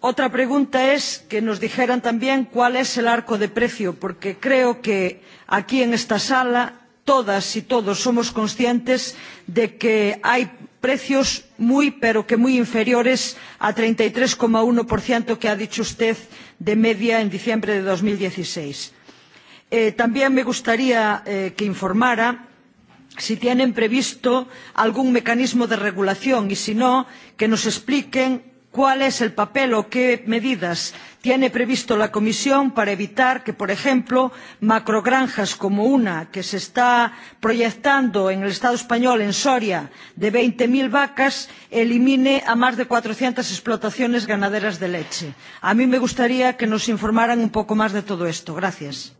otra pregunta es que nos dijeran también cuál es el arco de precio porque creo que aquí en esta sala todas y todos somos conscientes de que hay precios muy pero que muy inferiores al treinta y tres uno que ha dicho usted de media en diciembre de dos mil dieciseis también me gustaría que informara si tienen previsto algún mecanismo de regulación y si no que nos expliquen cuál es el papel o qué medidas tiene previsto la comisión para evitar que por ejemplo macrogranjas como una que se está proyectando en el estado español en soria de veinte mil vacas elimine a más de cuatrocientos explotaciones ganaderas de leche. a mí me gustaría que nos informaran un poco más de todo esto. gracias.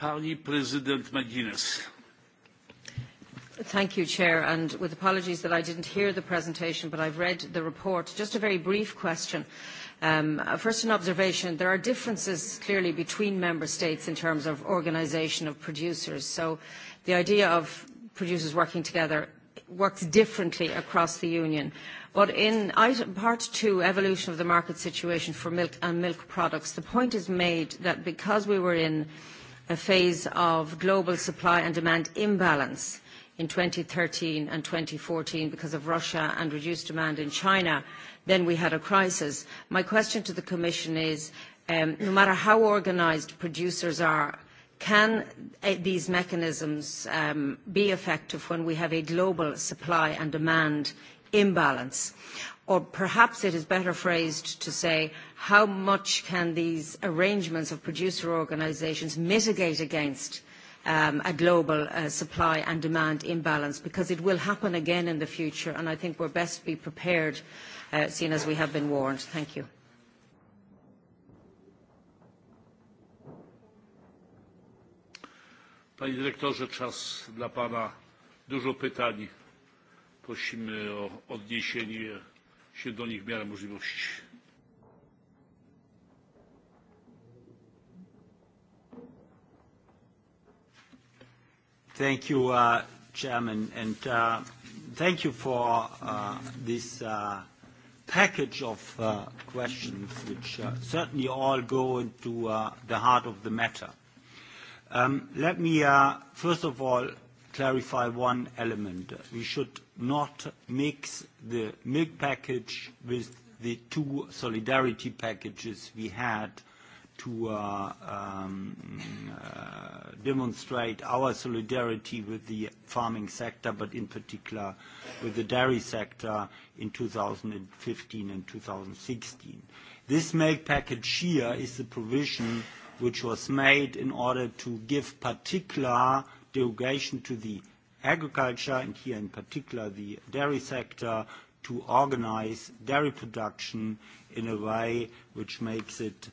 Pani prezydent McGuinness. Thank you, Chair, and with apologies that I didn't hear the presentation, but I've read the report. Just a very brief question. Um, first, an observation. There are differences clearly between member states in terms of organisation of producers. So the idea of producers working together works differently across the union. But in item, part two, evolution of the market situation for milk and milk products, the point is made that because we were in a phase of global supply and demand imbalance, in 2013 and 2014 because of Russia and reduced demand in China, then we had a crisis. My question to the Commission is, um, no matter how organised producers are, can these mechanisms um, be effective when we have a global supply and demand imbalance? Or perhaps it is better phrased to say, how much can these arrangements of producer organisations mitigate against a global supply and demand imbalance because it will happen again in the future and I think we're best be prepared seeing as we have been warned. Thank you. Panie dyrektorze, czas dla pana. Dużo pytań. Prosimy o odniesienie się do nich w miarę możliwości. Thank you, uh, Chairman, and uh, thank you for uh, this uh, package of uh, questions, which uh, certainly all go into uh, the heart of the matter. Um, let me, uh, first of all, clarify one element. We should not mix the milk package with the two solidarity packages we had to uh, um, uh, demonstrate our solidarity with the farming sector, but in particular with the dairy sector in 2015 and 2016. This milk package here is the provision which was made in order to give particular derogation to the agriculture, and here in particular the dairy sector, to organize dairy production in a way which makes it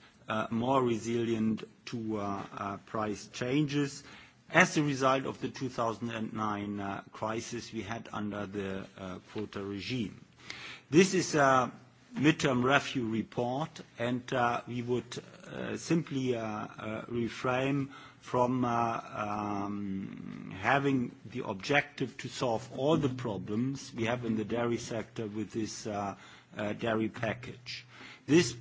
more resilient to price changes. As a result of the 2009 crisis we had under the quota regime. This is a midterm review report, and we would simply refrain from having the objective to solve all the problems we have in the dairy sector with this dairy package. This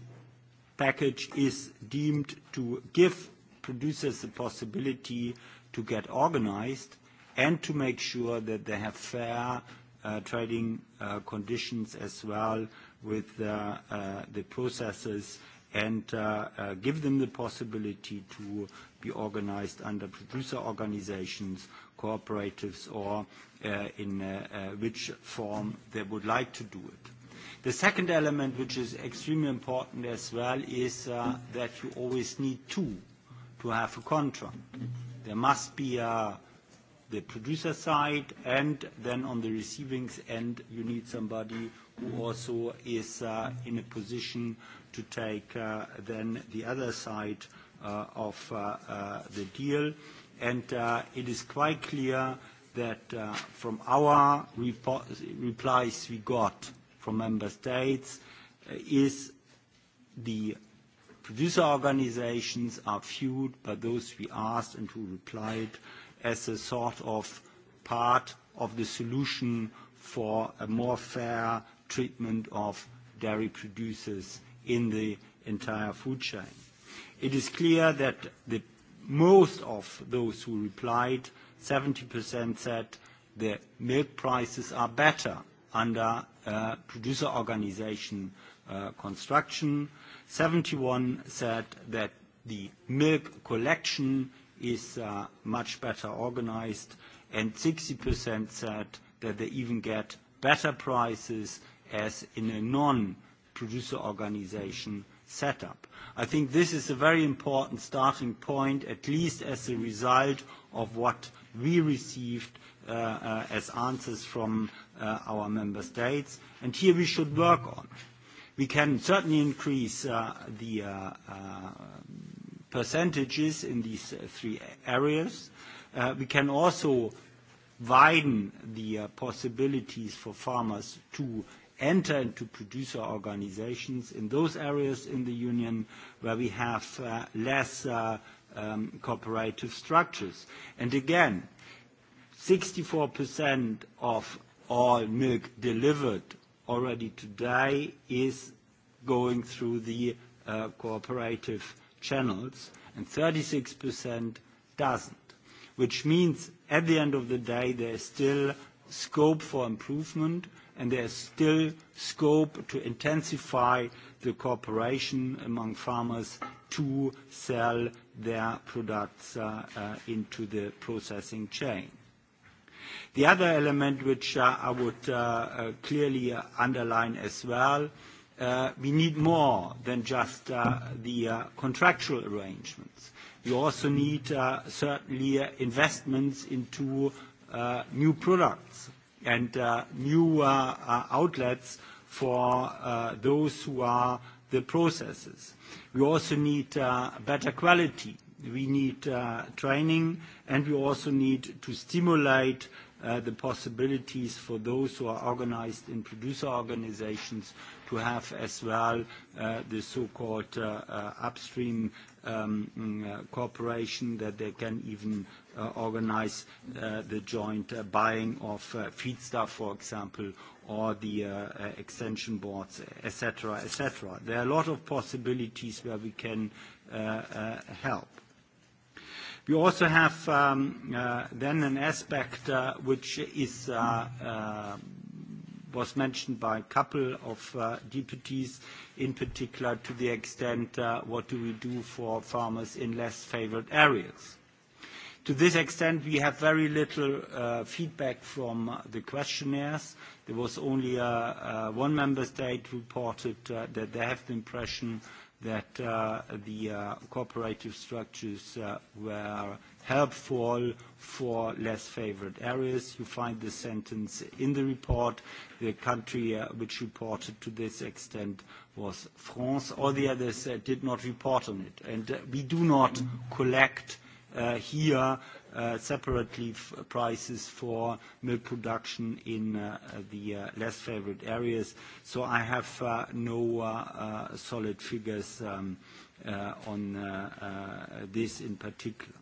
package is deemed to give producers the possibility to get organized and to make sure that they have fair uh, trading uh, conditions as well with uh, uh, the processes and uh, uh, give them the possibility to be organized under producer organizations, cooperatives, or uh, in uh, uh, which form they would like to do it. The second element, which is extremely important as well, is that you always need two to have a contract. There must be the producer side, and then on the receiving end, you need somebody who also is in a position to take then the other side of the deal. And It is quite clear that from our replies we got, from member states is the producer organizations are fueled by those we asked and who replied as a sort of part of the solution for a more fair treatment of dairy producers in the entire food chain. It is clear that the most of those who replied, 70% said the milk prices are better under uh, producer organization uh, construction. 71 said that the milk collection is uh, much better organized and 60% said that they even get better prices as in a non-producer organization setup. I think this is a very important starting point, at least as a result of what we received as answers from our member states, and here we should work on. We can certainly increase the percentages in these three areas. We can also widen the possibilities for farmers to enter into producer organizations in those areas in the union where we have less cooperative structures. And again, 64% of all milk delivered already today is going through the uh, cooperative channels, and 36% doesn't, which means at the end of the day there is still scope for improvement and there is still scope to intensify the cooperation among farmers to sell their products uh, uh, into the processing chain. The other element which I would clearly underline as well, we need more than just the contractual arrangements. We also need certainly investments into new products and new outlets for those who are the processes. We also need better quality. We need training and we also need to stimulate the possibilities for those who are organized in producer organizations to have as well the so-called upstream cooperation that they can even organize the joint buying of feedstuff, for example, or the extension boards, et cetera. There are a lot of possibilities where we can help. We also have um, uh, then an aspect uh, which is uh, uh, was mentioned by a couple of uh, deputies, in particular to the extent uh, what do we do for farmers in less favored areas. To this extent, we have very little uh, feedback from the questionnaires. There was only uh, uh, one member state reported uh, that they have the impression uh, that the cooperative structures were helpful for less favored areas. You find this sentence in the report. The country which reported to this extent was France. All the others did not report on it. we do not collect here separately prices for milk production in the less favored areas. So I have no solid figures on this in particular.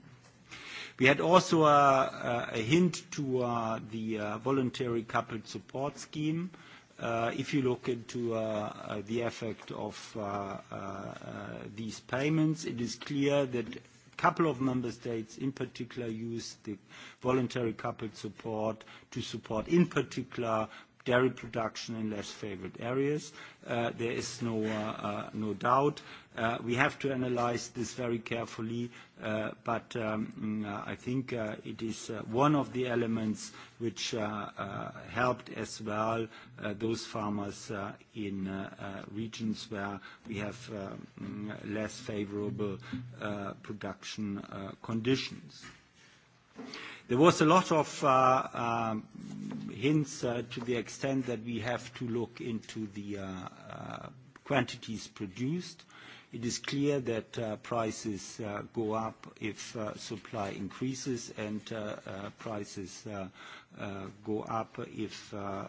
We had also a hint to the voluntary coupled support scheme. If you look into the effect of these payments, it is clear that couple of member states in particular use the voluntary coupled support to support in particular dairy production in less favored areas. There is no doubt. We have to analyze this very carefully, but I think it is one of the elements which helped as well those farmers in regions where we have less favorable production conditions. There was a lot of hints to the extent that we have to look into the quantities produced. It is clear that prices go up if supply increases, and prices go up if the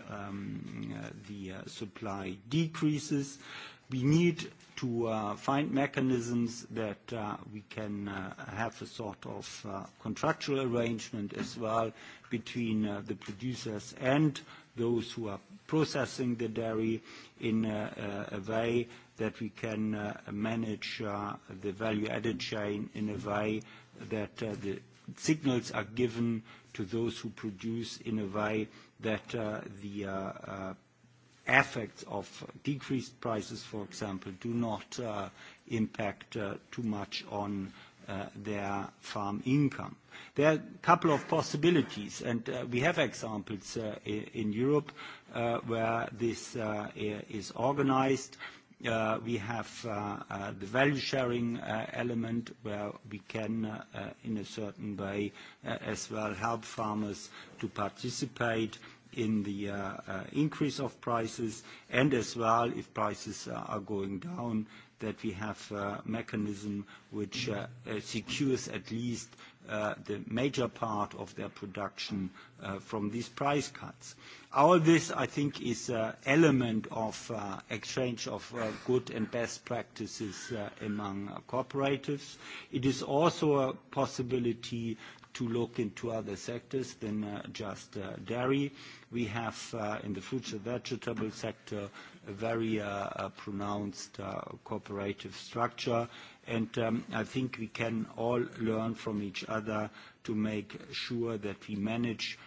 supply decreases we need to find mechanisms that we can have a sort of contractual arrangement as well between the producers and those who are processing the dairy in a, way that we can manage the value-added chain in a way that the signals are given to those who produce in a way that the effects of decreased prices, for example, do not impact too much on their farm income. There are a couple of possibilities, and we have examples in Europe where this is organized. we have the value-sharing element where we can, in a certain way, as well help farmers to participate in the increase of prices, and as well, if prices are going down, that we have a mechanism which secures at least the major part of their production from these price cuts. All this, I think, is an element of exchange of good and best practices among cooperatives. It is also a possibility to look into other sectors than just dairy. We have, in the fruits and vegetable sector, a very pronounced cooperative structure, and I think we can all learn from each other to make sure that we manage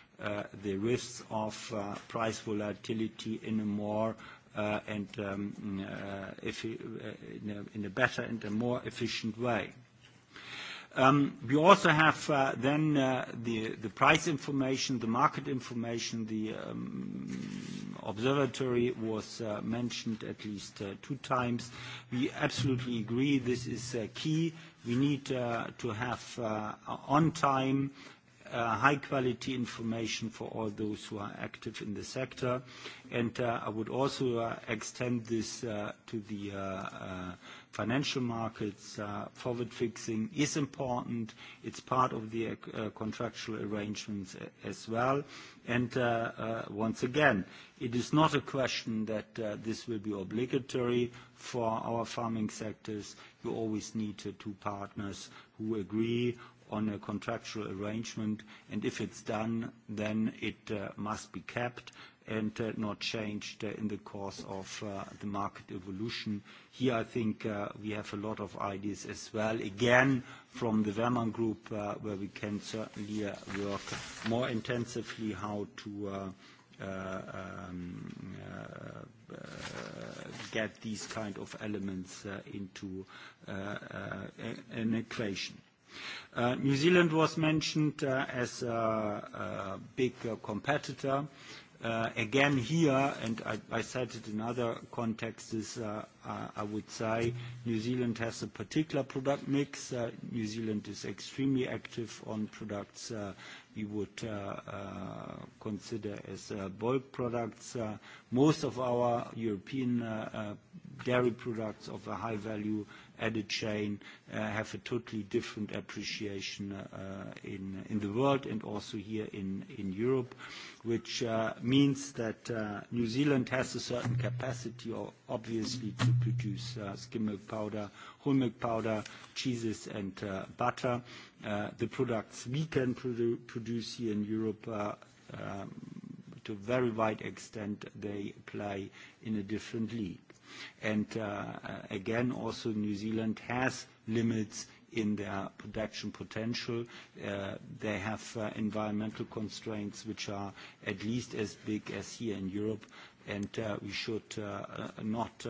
the risks of price volatility in a more and in a better and a more efficient way. We also have then the price information, the market information. The observatory was mentioned at least two times. We absolutely agree this is key. We need to have on time high-quality information for all those who are active in the sector. I would also extend this to the financial markets, forward fixing is important. It's part of the contractual arrangements as well. Once again, it is not a question that this will be obligatory for our farming sectors. You always need two partners who agree on a contractual arrangement, and if it's done, then it must be kept and not changed in the course of the market evolution. Here, I think we have a lot of ideas as well, again, from the Wehrmann Group, where we can certainly work more intensively how to get these kind of elements into an equation. New Zealand was mentioned as a big competitor. Again, here, and I said it in other contexts, I would say New Zealand has a particular product mix. New Zealand is extremely active on products we would consider as bulk products. Most of our European dairy products of a high value added chain have a totally different appreciation in the world and also here in Europe, which means that New Zealand has a certain capacity, obviously, to produce skim milk powder, whole milk powder, cheeses, and butter. The products we can produce here in Europe to a very wide extent, they play in a different league. And again, also New Zealand has limits in their production potential. They have environmental constraints which are at least as big as here in Europe, and we should not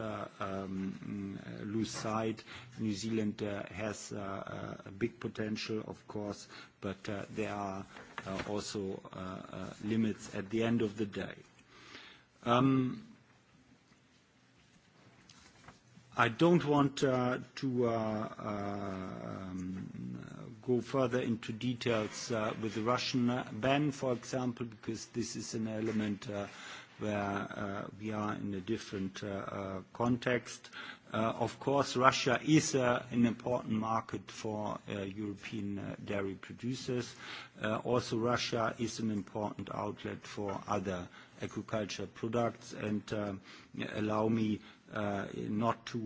lose sight. New Zealand has a big potential, of course, but there are also limits at the end of the day. I don't want to go further into details with the Russian ban, for example, because this is an element where we are in a different context. Of course, Russia is an important market for European dairy producers. Also, Russia is an important outlet for other agriculture products. And allow me not to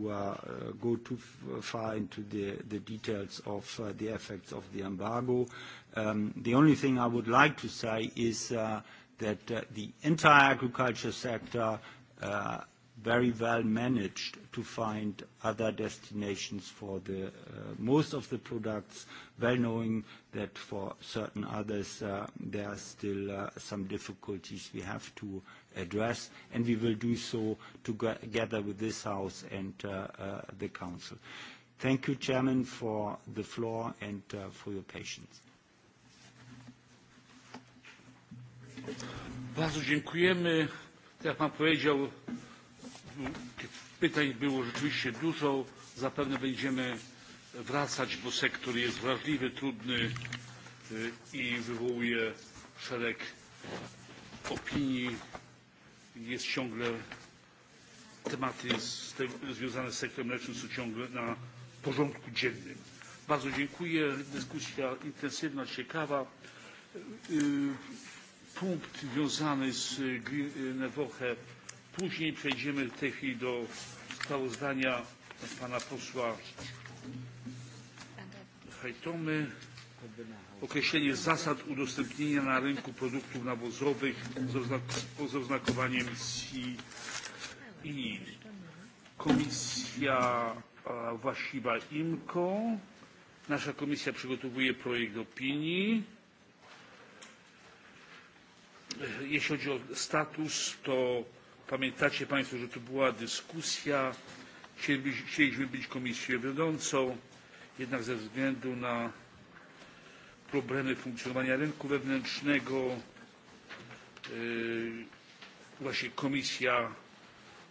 go too far into the details of the effects of the embargo. The only thing I would like to say is that the entire agriculture sector very well managed to find other destinations for the most of the products, well knowing that for certain others, there are still some difficulties we have to address, and we will do so together with this House and the Council. Thank you, Chairman, for the floor and for your patience. Bardzo dziękujemy. Jak pan powiedział, pytań było rzeczywiście dużo. Zapewne będziemy wracać, bo sektor jest wrażliwy, trudny i wywołuje szereg opinii jest ciągle tematy związane z sektorem mlecznym są ciągle na porządku dziennym. Bardzo dziękuję. Dyskusja intensywna, ciekawa. Punkt związany z Nevoche. Później przejdziemy w tej chwili do sprawozdania pana posła Hajtomy określenie zasad udostępnienia na rynku produktów nawozowych z oznakowaniem CE. Komisja właściwa IMCO. Nasza komisja przygotowuje projekt opinii. Jeśli chodzi o status, to pamiętacie Państwo, że to była dyskusja. Chcieliśmy być komisją wiodącą, jednak ze względu na problemy funkcjonowania rynku wewnętrznego. Właśnie komisja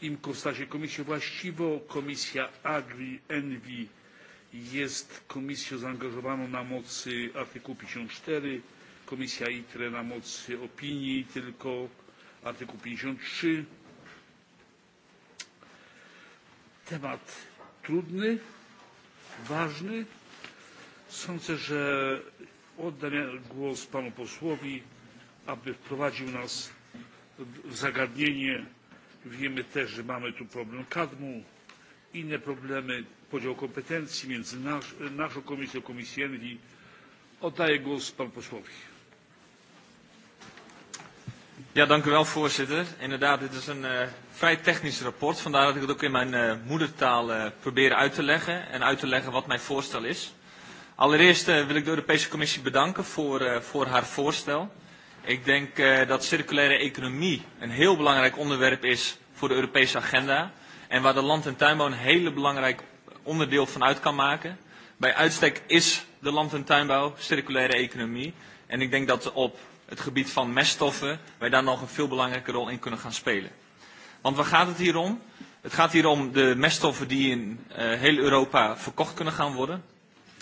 IMCO stała się komisją właściwą, komisja AGRI, ENVI jest komisją zaangażowaną na mocy artykułu 54, komisja ITRE na mocy opinii tylko artykuł 53. Temat trudny, ważny. Sądzę, że Oddam głos panu posłowi, aby wprowadził nas w zagadnienie. Wiemy też, że mamy tu problem kadmu, inne problemy, podział kompetencji między naszą komisją, a komisją Envi. Oddaję głos panu posłowi. Ja, dank u wel, voorzitter. Inderdaad, dit is een uh, vrij technisch rapport. Vandaar dat ik het ook in mijn uh, moedertaal uh, probeer uit te leggen. En uit te leggen wat mijn voorstel is. Allereerst uh, wil ik de Europese Commissie bedanken voor, uh, voor haar voorstel. Ik denk uh, dat circulaire economie een heel belangrijk onderwerp is voor de Europese agenda. En waar de land- en tuinbouw een hele belangrijk onderdeel van uit kan maken. Bij uitstek is de land- en tuinbouw circulaire economie. En ik denk dat op het gebied van meststoffen wij daar nog een veel belangrijke rol in kunnen gaan spelen. Want waar gaat het hier om? Het gaat hier om de meststoffen die in uh, heel Europa verkocht kunnen gaan worden.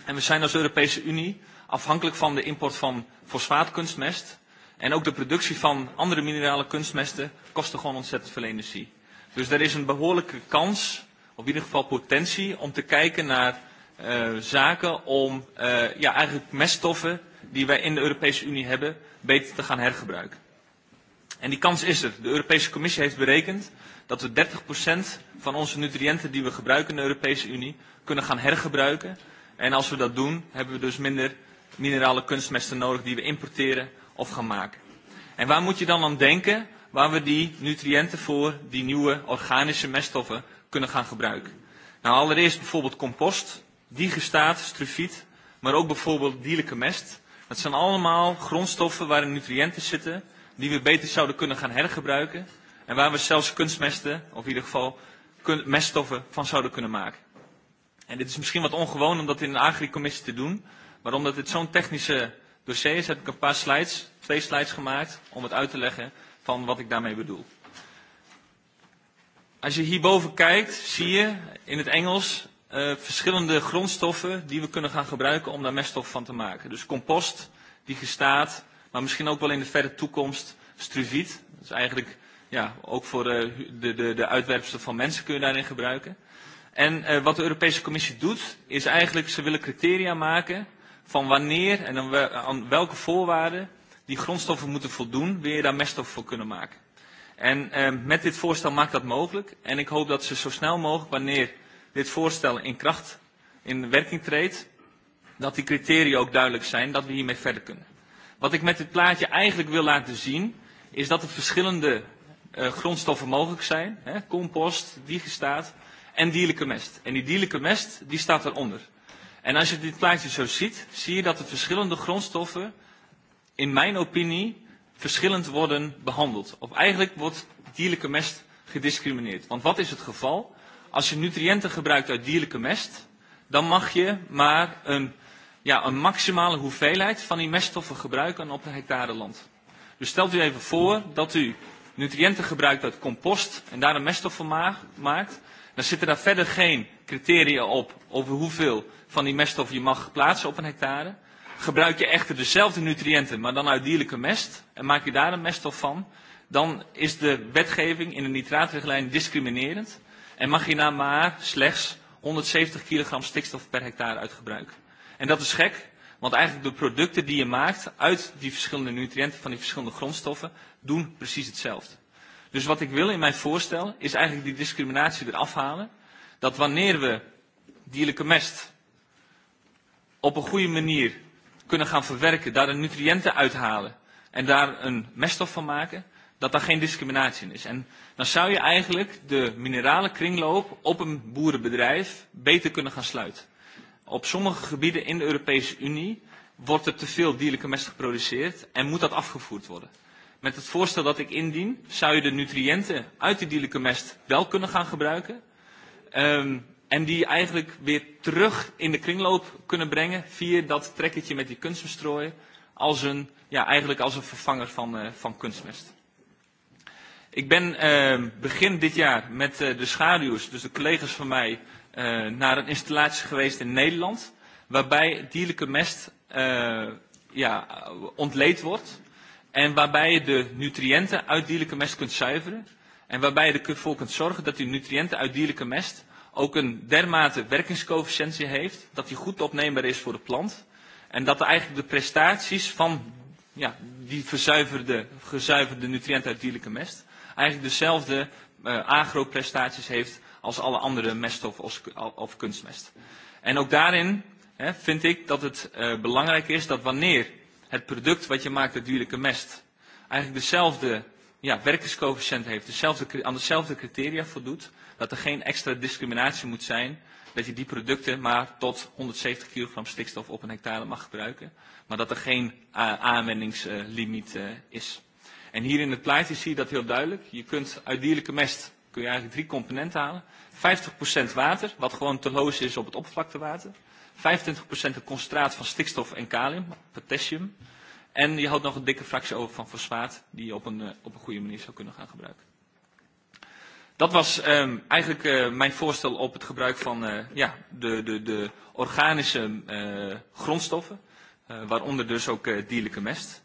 En we zijn als Europese Unie afhankelijk van de import van fosfaatkunstmest. En ook de productie van andere minerale kunstmesten kostte gewoon ontzettend veel energie. Dus er is een behoorlijke kans, of in ieder geval potentie, om te kijken naar uh, zaken om uh, ja, eigenlijk meststoffen die wij in de Europese Unie hebben, beter te gaan hergebruiken. En die kans is er. De Europese Commissie heeft berekend dat we 30% van onze nutriënten die we gebruiken in de Europese Unie kunnen gaan hergebruiken En als we dat doen, hebben we dus minder minerale kunstmesten nodig die we importeren of gaan maken. En waar moet je dan aan denken waar we die nutriënten voor die nieuwe organische meststoffen kunnen gaan gebruiken? Nou, allereerst bijvoorbeeld compost, digestaat, strufiet, maar ook bijvoorbeeld dierlijke mest. Dat zijn allemaal grondstoffen waarin nutriënten zitten die we beter zouden kunnen gaan hergebruiken en waar we zelfs kunstmesten, of in ieder geval meststoffen van zouden kunnen maken. En dit is misschien wat ongewoon om dat in een agri-commissie te doen. Maar omdat dit zo'n technische dossier is, heb ik een paar slides, twee slides gemaakt om het uit te leggen van wat ik daarmee bedoel. Als je hierboven kijkt, zie je in het Engels uh, verschillende grondstoffen die we kunnen gaan gebruiken om daar meststof van te maken. Dus compost, die gestaat, maar misschien ook wel in de verre toekomst struviet. Dat is eigenlijk ja, ook voor uh, de, de, de uitwerpsten van mensen kun je daarin gebruiken. En uh, wat de Europese Commissie doet, is eigenlijk, ze willen criteria maken van wanneer en aan, wel, aan welke voorwaarden die grondstoffen moeten voldoen, wil je daar meststof voor kunnen maken. En uh, met dit voorstel maakt dat mogelijk. En ik hoop dat ze zo snel mogelijk, wanneer dit voorstel in kracht in werking treedt, dat die criteria ook duidelijk zijn, dat we hiermee verder kunnen. Wat ik met dit plaatje eigenlijk wil laten zien, is dat er verschillende uh, grondstoffen mogelijk zijn. Hè, compost, digestaat, en dierlijke mest. En die dierlijke mest die staat eronder. En als je dit plaatje zo ziet, zie je dat de verschillende grondstoffen, in mijn opinie, verschillend worden behandeld. Of eigenlijk wordt dierlijke mest gediscrimineerd. Want wat is het geval? Als je nutriënten gebruikt uit dierlijke mest, dan mag je maar een, ja, een maximale hoeveelheid van die meststoffen gebruiken op een hectare land. Dus stelt u even voor dat u nutriënten gebruikt uit compost en daar een meststof van maakt, dan zitten daar verder geen criteria op over hoeveel van die meststof je mag plaatsen op een hectare. Gebruik je echter dezelfde nutriënten, maar dan uit dierlijke mest en maak je daar een meststof van, dan is de wetgeving in de nitraatrichtlijn discriminerend en mag je na maar slechts 170 kilogram stikstof per hectare uit gebruiken. En dat is gek, Want eigenlijk de producten die je maakt uit die verschillende nutriënten van die verschillende grondstoffen doen precies hetzelfde. Dus wat ik wil in mijn voorstel is eigenlijk die discriminatie eraf halen. Dat wanneer we dierlijke mest op een goede manier kunnen gaan verwerken, daar de nutriënten uithalen en daar een meststof van maken, dat daar geen discriminatie in is. En dan zou je eigenlijk de mineralen kringloop op een boerenbedrijf beter kunnen gaan sluiten. Op sommige gebieden in de Europese Unie wordt er te veel dierlijke mest geproduceerd en moet dat afgevoerd worden. Met het voorstel dat ik indien, zou je de nutriënten uit de dierlijke mest wel kunnen gaan gebruiken. Um, en die eigenlijk weer terug in de kringloop kunnen brengen via dat trekkertje met die kunstmestrooien. Als een, ja, eigenlijk als een vervanger van, uh, van kunstmest. Ik ben uh, begin dit jaar met uh, de schaduws, dus de collega's van mij, uh, naar een installatie geweest in Nederland waarbij dierlijke mest uh, ja, ontleed wordt en waarbij je de nutriënten uit dierlijke mest kunt zuiveren en waarbij je ervoor kunt zorgen dat die nutriënten uit dierlijke mest ook een dermate werkingscoëfficiëntie heeft, dat die goed opneembaar is voor de plant en dat eigenlijk de prestaties van ja, die verzuiverde, gezuiverde nutriënten uit dierlijke mest eigenlijk dezelfde uh, agroprestaties heeft als alle andere meststoffen of, of kunstmest. En ook daarin hè, vind ik dat het uh, belangrijk is dat wanneer het product wat je maakt uit dierlijke mest eigenlijk dezelfde ja, werkingscoëfficiënt heeft, dezelfde, aan dezelfde criteria voldoet, dat er geen extra discriminatie moet zijn dat je die producten maar tot 170 kilogram stikstof op een hectare mag gebruiken, maar dat er geen aanwendingslimiet is. En hier in het plaatje zie je dat heel duidelijk. Je kunt uit dierlijke mest kun je eigenlijk drie componenten halen. 50% water, wat gewoon te loos is op het oppervlaktewater. 25% de concentraat van stikstof en kalium, potassium. En je houdt nog een dikke fractie over van fosfaat, die je op een, op een goede manier zou kunnen gaan gebruiken. Dat was um, eigenlijk uh, mijn voorstel op het gebruik van uh, ja, de, de, de organische uh, grondstoffen, uh, waaronder dus ook uh, dierlijke mest.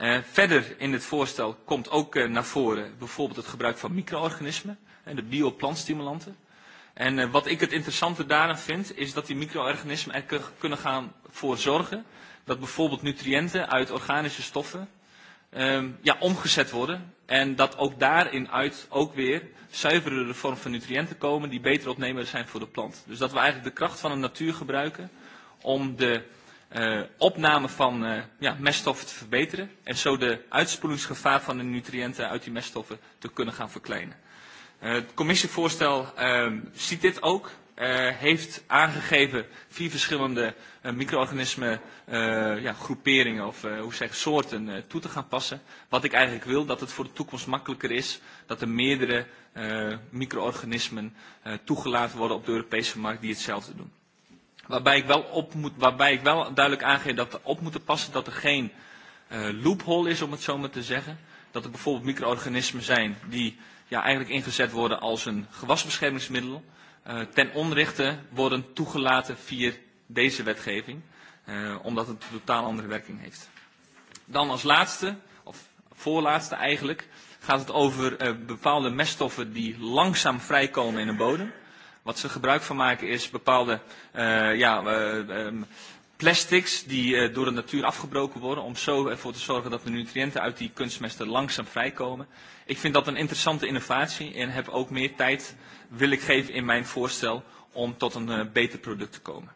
Uh, verder in het voorstel komt ook uh, naar voren bijvoorbeeld het gebruik van micro-organismen, de bioplantstimulanten. En uh, wat ik het interessante daaraan vind, is dat die micro-organismen er kunnen gaan voor zorgen dat bijvoorbeeld nutriënten uit organische stoffen um, ja, omgezet worden. En dat ook daarin uit ook weer zuiverere vormen van nutriënten komen die beter opneembaar zijn voor de plant. Dus dat we eigenlijk de kracht van de natuur gebruiken om de uh, opname van uh, ja, meststoffen te verbeteren. En zo de uitspoelingsgevaar van de nutriënten uit die meststoffen te kunnen gaan verkleinen. Het commissievoorstel ziet dit ook, heeft aangegeven vier verschillende micro-organismen ja, groeperingen of hoe zeg, soorten toe te gaan passen. Wat ik eigenlijk wil, dat het voor de toekomst makkelijker is dat er meerdere micro-organismen toegelaten worden op de Europese markt die hetzelfde doen. Waarbij ik wel, op moet, waarbij ik wel duidelijk aangeef dat we op moeten passen dat er geen uh, loophole is, om het zo maar te zeggen. Dat er bijvoorbeeld micro-organismen zijn die ja, eigenlijk ingezet worden als een gewasbeschermingsmiddel. Uh, ten onrechte worden toegelaten via deze wetgeving, uh, omdat het een totaal andere werking heeft. Dan als laatste, of voorlaatste eigenlijk, gaat het over uh, bepaalde meststoffen die langzaam vrijkomen in de bodem. Wat ze gebruik van maken is bepaalde uh, ja, uh, uh, plastics die uh, door de natuur afgebroken worden... om zo ervoor te zorgen dat de nutriënten uit die kunstmesten langzaam vrijkomen. Ik vind dat een interessante innovatie en heb ook meer tijd wil ik geven in mijn voorstel... om tot een uh, beter product te komen.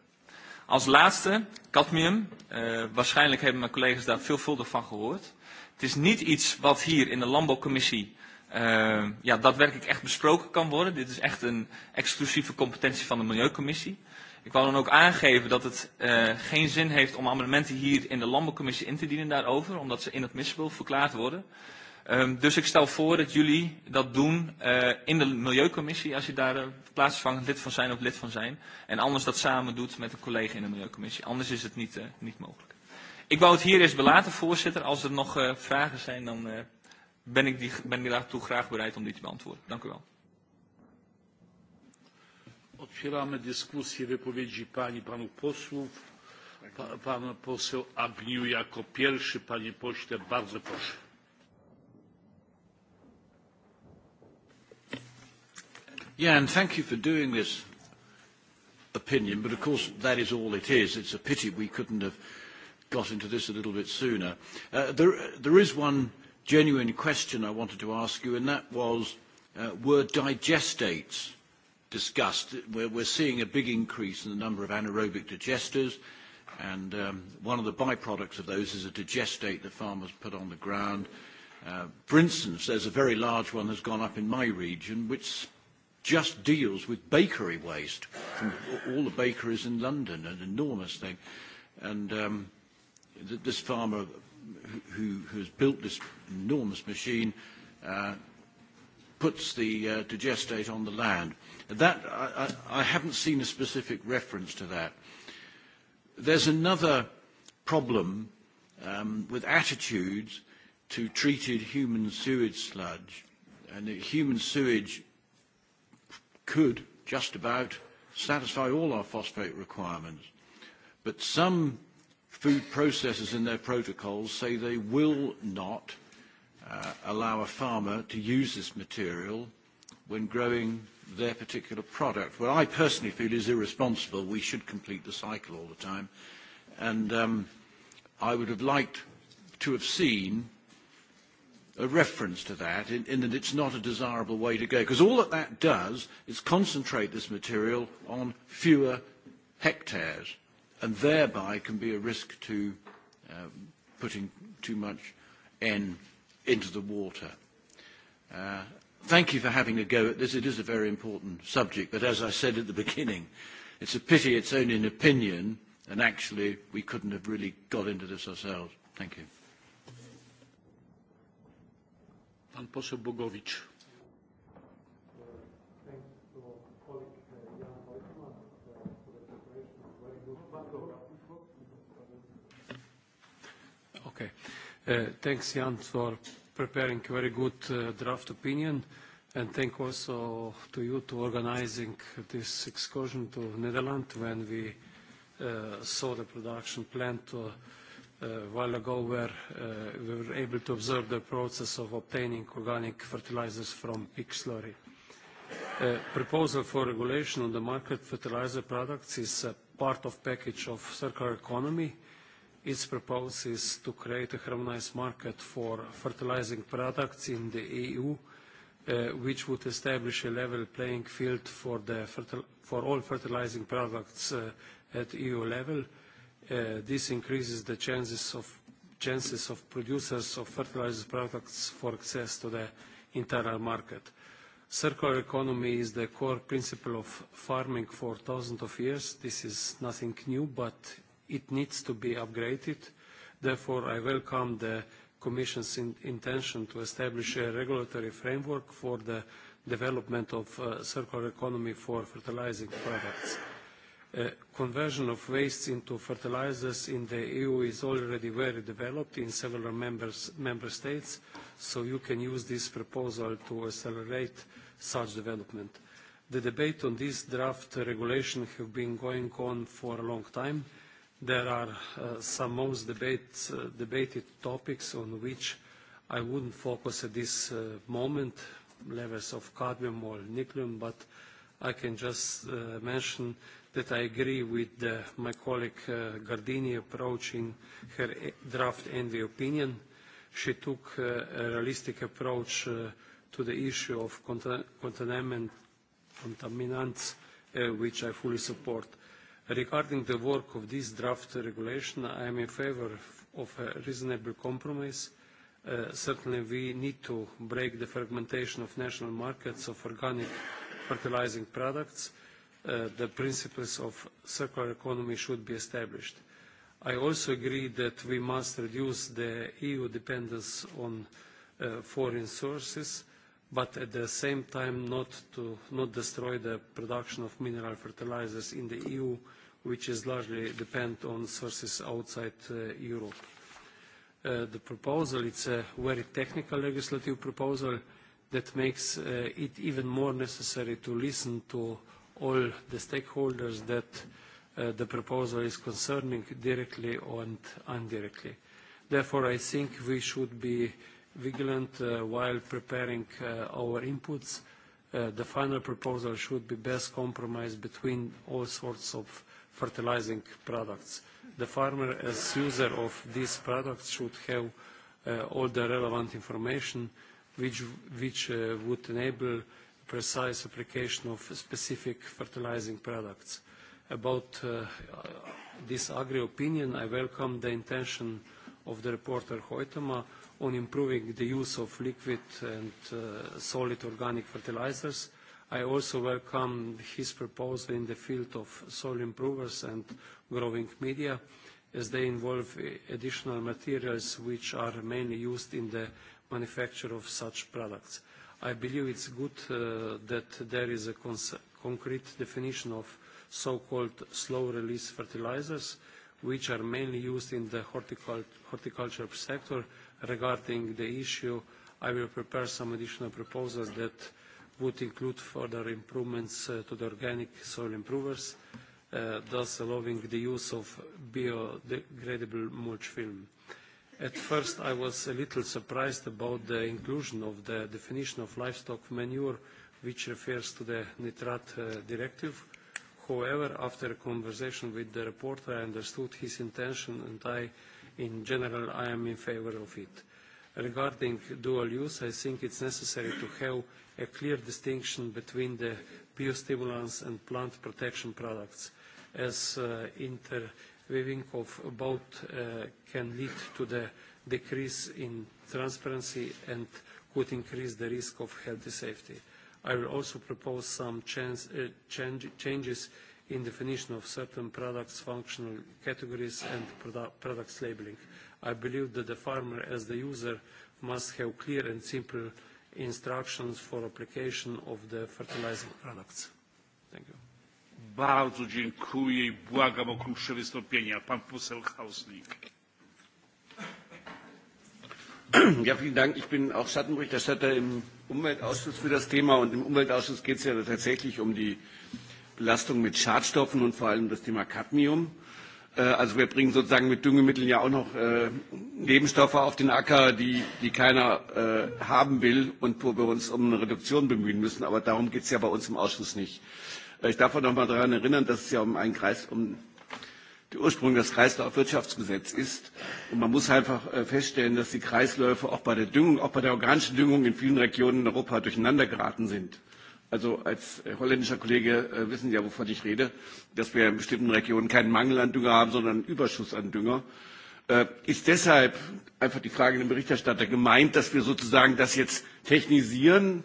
Als laatste, cadmium. Uh, waarschijnlijk hebben mijn collega's daar veelvuldig van gehoord. Het is niet iets wat hier in de landbouwcommissie uh, ja, daadwerkelijk echt besproken kan worden. Dit is echt een exclusieve competentie van de Milieucommissie. Ik wou dan ook aangeven dat het uh, geen zin heeft om amendementen hier in de landbouwcommissie in te dienen daarover, omdat ze inadmissible verklaard worden. Um, dus ik stel voor dat jullie dat doen uh, in de milieucommissie, als je daar uh, plaatsvangend lid van zijn of lid van zijn. En anders dat samen doet met een collega in de milieucommissie. Anders is het niet, uh, niet mogelijk. Ik wou het hier eens belaten, voorzitter. Als er nog uh, vragen zijn, dan uh, ben die, ben ik daartoe graag bereid om die te beantwoorden. Dank u wel. Otwieramy dyskusję wypowiedzi pań i panów posłów. Pan poseł Agniu jako pierwszy. Panie pośle, bardzo proszę. Yeah, and thank you for doing this opinion, but of course that is all it is. It's a pity we couldn't have got into this a little bit sooner. Uh, there, there is one genuine question I wanted to ask you, and that was, uh, were digestates discussed, we're, we're seeing a big increase in the number of anaerobic digesters, and um, one of the byproducts of those is a digestate that farmers put on the ground. Uh, for instance, there's a very large one that's gone up in my region, which just deals with bakery waste from all the bakeries in London, an enormous thing. And um, th- this farmer who, who has built this enormous machine uh, puts the uh, digestate on the land. That, I, I, I haven't seen a specific reference to that. There's another problem um, with attitudes to treated human sewage sludge. And that human sewage could just about satisfy all our phosphate requirements. But some food processors in their protocols say they will not allow a farmer to use this material when growing their particular product. What I personally feel is irresponsible. We should complete the cycle all the time. And um, I would have liked to have seen a reference to that in, in that it's not a desirable way to go. Because all that that does is concentrate this material on fewer hectares and thereby can be a risk to um, putting too much N into the water. Uh, thank you for having a go at this. It is a very important subject, but as I said at the beginning, it's a pity it's only an opinion, and actually we couldn't have really got into this ourselves. Thank you. Pan poseł Bogowicz. Thanks, Jan, for preparing a very good draft opinion, and thank also to you to organizing this excursion to Netherlands when we saw the production plant a while ago, where we were able to observe the process of obtaining organic fertilizers from pig slurry. Proposal for regulation on the market fertilizer products is a part of package of circular economy, Its proposal is to create a harmonized market for fertilizing products in the EU, which would establish a level playing field for the for all fertilizing products at EU level. This increases the chances of chances of producers of fertilizer products for access to the internal market. Circular economy is the core principle of farming for thousands of years. This is nothing new, but it needs to be upgraded. Therefore, I welcome the Commission's intention to establish a regulatory framework for the development of circular economy for fertilizing products. Conversion of wastes into fertilizers in the EU is already very developed in several member states, so you can use this proposal to accelerate such development. The debate on this draft regulation have been going on for a long time, There are some most debated topics on which I wouldn't focus at this moment, levels of cadmium or nickel, but I can just mention that I agree with my colleague Gardini approach in her draft and the opinion. She took a realistic approach to the issue of contaminants, which I fully support. Regarding the work of this draft regulation, I am in favor of a reasonable compromise. Certainly, we need to break the fragmentation of national markets of organic fertilizing products. The principles of circular economy should be established. I also agree that we must reduce the EU dependence on foreign sources but at the same time not to not destroy the production of mineral fertilizers in the EU, which is largely dependent on sources outside Europe. The proposal, it's a very technical legislative proposal that makes it even more necessary to listen to all the stakeholders that the proposal is concerning directly and indirectly. Therefore, I think we should be vigilant while preparing our inputs. The final proposal should be best compromised between all sorts of fertilizing products. The farmer, as user of these products, should have all the relevant information which would enable precise application of specific fertilizing products. About this agri opinion, I welcome the intention of the reporter Huitema on improving the use of liquid and solid organic fertilizers. I also welcome his proposal in the field of soil improvers and growing media, as they involve additional materials which are mainly used in the manufacture of such products. I believe it's good that there is a concrete definition of so-called slow-release fertilizers, which are mainly used in the horticulture sector, regarding the issue, I will prepare some additional proposals that would include further improvements to the organic soil improvers, thus allowing the use of biodegradable mulch film. At first, I was a little surprised about the inclusion of the definition of livestock manure, which refers to the nitrate directive. However, after a conversation with the reporter, I understood his intention, and I in general, I am in favor of it. Regarding dual use, I think it's necessary to have a clear distinction between the biostimulants and plant protection products, as interweaving of both can lead to the decrease in transparency and could increase the risk of healthy safety. I will also propose some changes in definition of certain products, functional categories, and products labeling. I believe that the farmer, as the user, must have clear and simple instructions for application of the fertilizer products. Thank you. Bardzo dziękuję i błagam o krótsze wystąpienia. Pan poseł Hausnik. Ja, vielen Dank. Ich bin auch Schattenberichterstatter im Umweltausschuss für das Thema und im Umweltausschuss geht es ja tatsächlich um die Belastung mit Schadstoffen und vor allem das Thema Cadmium. Also wir bringen sozusagen mit Düngemitteln ja auch noch äh, Nebenstoffe auf den Acker, die, die keiner äh, haben will und wo wir uns um eine Reduktion bemühen müssen. Aber darum geht es ja bei uns im Ausschuss nicht. ich darf auch noch mal daran erinnern, dass es ja um einen Kreis, um der Ursprung des Kreislaufwirtschaftsgesetzes ist. Und man muss einfach feststellen, dass die Kreisläufe auch bei der Düngung, auch bei der organischen Düngung in vielen Regionen in Europa durcheinander geraten sind. Also als holländischer Kollege wissen Sie ja, wovon ich rede, dass wir in bestimmten Regionen keinen Mangel an Dünger haben, sondern einen Überschuss an Dünger. Ist deshalb einfach die Frage dem Berichterstatter gemeint, dass wir sozusagen das jetzt technisieren,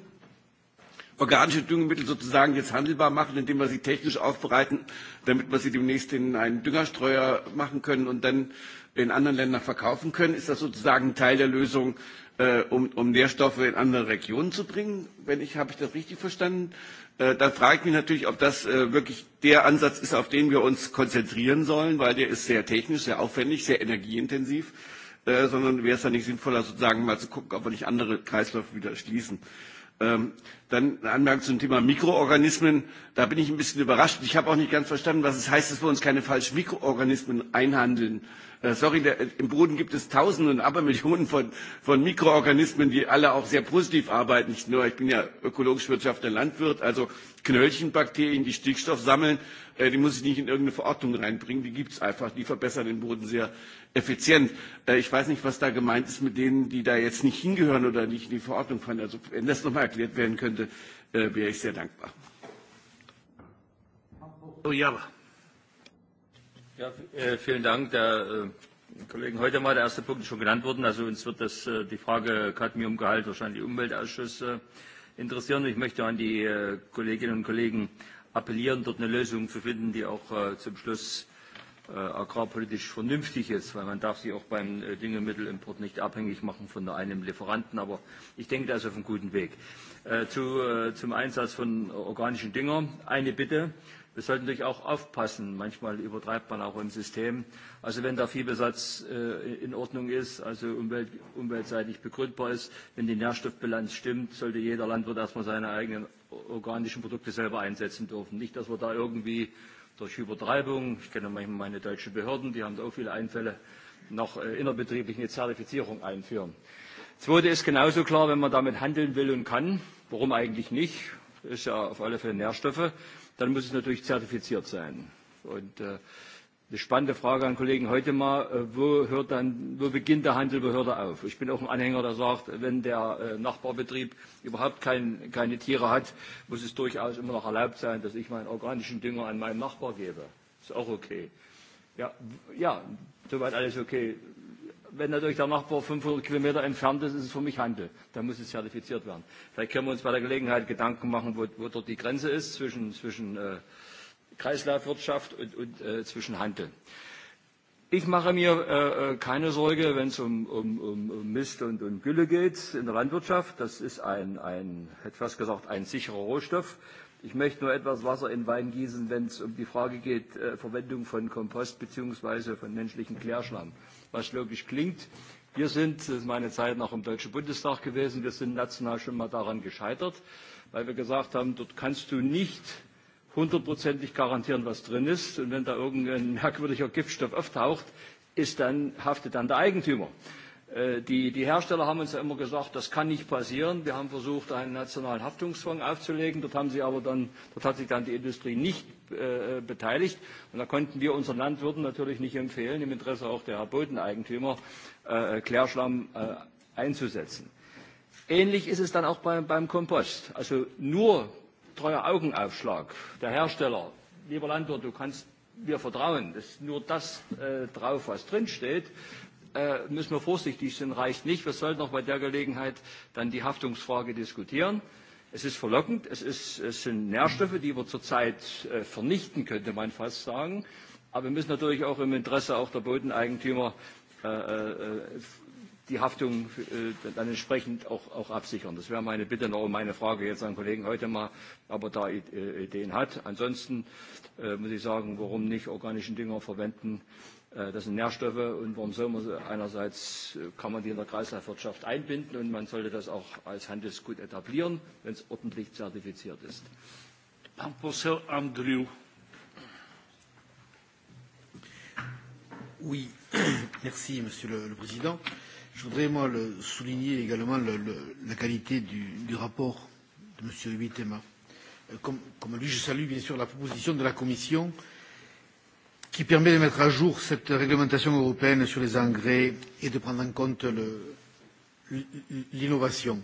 organische Düngemittel sozusagen jetzt handelbar machen, indem wir sie technisch aufbereiten, damit wir sie demnächst in einen Düngerstreuer machen können und dann in anderen Ländern verkaufen können? Ist das sozusagen Teil der Lösung, um, um Nährstoffe in andere Regionen zu bringen, wenn ich, habe ich das richtig verstanden. Da frage ich mich natürlich, ob das wirklich der Ansatz ist, auf den wir uns konzentrieren sollen, weil der ist sehr technisch, sehr aufwendig, sehr energieintensiv, sondern wäre es dann nicht sinnvoller, sozusagen mal zu gucken, ob wir nicht andere Kreisläufe wieder schließen. Dann eine Anmerkung zum Thema Mikroorganismen. Da bin ich ein bisschen überrascht. Ich habe auch nicht ganz verstanden, was es heißt, dass wir uns keine falschen Mikroorganismen einhandeln. sorry, im Boden gibt es Tausende und Abermillionen von, von Mikroorganismen, die alle auch sehr positiv arbeiten. Nicht nur, ich bin ja ökologisch wirtschaftlicher Landwirt, also Knöllchenbakterien, die Stickstoff sammeln, die muss ich nicht in irgendeine Verordnung reinbringen. Die gibt es einfach. Die verbessern den Boden sehr effizient. Ich weiß nicht, was da gemeint ist mit denen, die da jetzt nicht hingehören oder nicht in die Verordnung fallen. Also wenn das nochmal erklärt werden könnte, wäre ich sehr dankbar. Ja, vielen Dank. Der Kollegen heute mal der erste Punkt ist schon genannt worden. Also uns wird das, die Frage Cadmiumgehalt wahrscheinlich Umweltausschuss interessieren. Ich möchte an die Kolleginnen und Kollegen appellieren, dort eine Lösung zu finden, die auch zum Schluss agrarpolitisch vernünftig ist, weil man darf sich auch beim Düngemittelimport nicht abhängig machen von einem Lieferanten. Aber ich denke, da ist auf einem guten Weg. zum Einsatz von organischen Dünger eine Bitte. Wir sollten natürlich auch aufpassen. Manchmal übertreibt man auch im System. Also wenn der Viehbesatz in Ordnung ist, also umweltseitig begründbar ist, wenn die Nährstoffbilanz stimmt, sollte jeder Landwirt erstmal seine eigenen organischen Produkte selber einsetzen dürfen. Nicht, dass wir da irgendwie durch Übertreibung. Ich kenne manchmal meine deutschen Behörden, die haben da auch viele Einfälle, noch innerbetrieblich eine Zertifizierung einführen. Das Zweite ist genauso klar, wenn man damit handeln will und kann, warum eigentlich nicht, ist ja auf alle Fälle Nährstoffe, dann muss es natürlich zertifiziert sein. Und eine spannende Frage an Kollegen heute mal, wo, hört dann, wo beginnt der Handel, wo hört er auf? Ich bin auch ein Anhänger, der sagt, wenn der Nachbarbetrieb überhaupt kein, keine Tiere hat, muss es durchaus immer noch erlaubt sein, dass ich meinen organischen Dünger an meinen Nachbar gebe. Ist auch okay. Ja, ja soweit alles okay. Wenn natürlich der Nachbar 500 Kilometer entfernt ist, ist es für mich Handel. Dann muss es zertifiziert werden. Vielleicht können wir uns bei der Gelegenheit Gedanken machen, wo, wo dort die Grenze ist zwischen, zwischen äh, Kreislaufwirtschaft und, und äh, zwischen Handel. Ich mache mir äh, keine Sorge, wenn es um, um, um Mist und, Gülle geht in der Landwirtschaft. Das ist ein, ein, gesagt, ein sicherer Rohstoff. Ich möchte nur etwas Wasser in Wein gießen, wenn es um die Frage geht, äh, Verwendung von Kompost bzw. von menschlichen Klärschlamm. Was logisch klingt, wir sind, das ist meine Zeit noch im Deutschen Bundestag gewesen, wir sind national schon mal daran gescheitert, weil wir gesagt haben, dort kannst du nicht hundertprozentig garantieren, was drin ist. Und wenn da irgendein merkwürdiger Giftstoff auftaucht, ist dann, haftet dann der Eigentümer. Die, die Hersteller haben uns ja immer gesagt, das kann nicht passieren. Wir haben versucht, einen nationalen Haftungsfonds aufzulegen. Dort, haben sie aber dann, dort hat sich dann die Industrie nicht äh, beteiligt. Und da konnten wir unseren Landwirten natürlich nicht empfehlen, im Interesse auch der Bodeneigentümer, äh, Klärschlamm äh, einzusetzen. Ähnlich ist es dann auch beim, beim Kompost. Also nur treuer Augenaufschlag der Hersteller. Lieber Landwirt, du kannst mir vertrauen, dass nur das äh, drauf, was drinsteht, äh, müssen wir vorsichtig sein, reicht nicht. Wir sollten auch bei der Gelegenheit dann die Haftungsfrage diskutieren. Es ist verlockend, es, ist, es sind Nährstoffe, die wir zurzeit äh, vernichten, könnte man fast sagen. Aber wir müssen natürlich auch im Interesse auch der Bodeneigentümer äh, äh, die Haftung dann entsprechend auch, absichern. Das wäre meine Bitte noch und meine Frage jetzt an den Kollegen heute mal, ob er da Ideen hat. Ansonsten muss ich sagen, warum nicht organischen Dünger verwenden? Das sind Nährstoffe und warum soll man sie einerseits kann man die in der Kreislaufwirtschaft einbinden und man sollte das auch als Handelsgut etablieren, wenn es ordentlich zertifiziert ist. Andrew. Oui, merci Monsieur le, Président. Euh, Je voudrais, moi, le, souligner également le, le, la qualité du, du rapport de M. Huitema. Comme, comme lui, je salue bien sûr la proposition de la Commission qui permet de mettre à jour cette réglementation européenne sur les engrais et de prendre en compte l'innovation.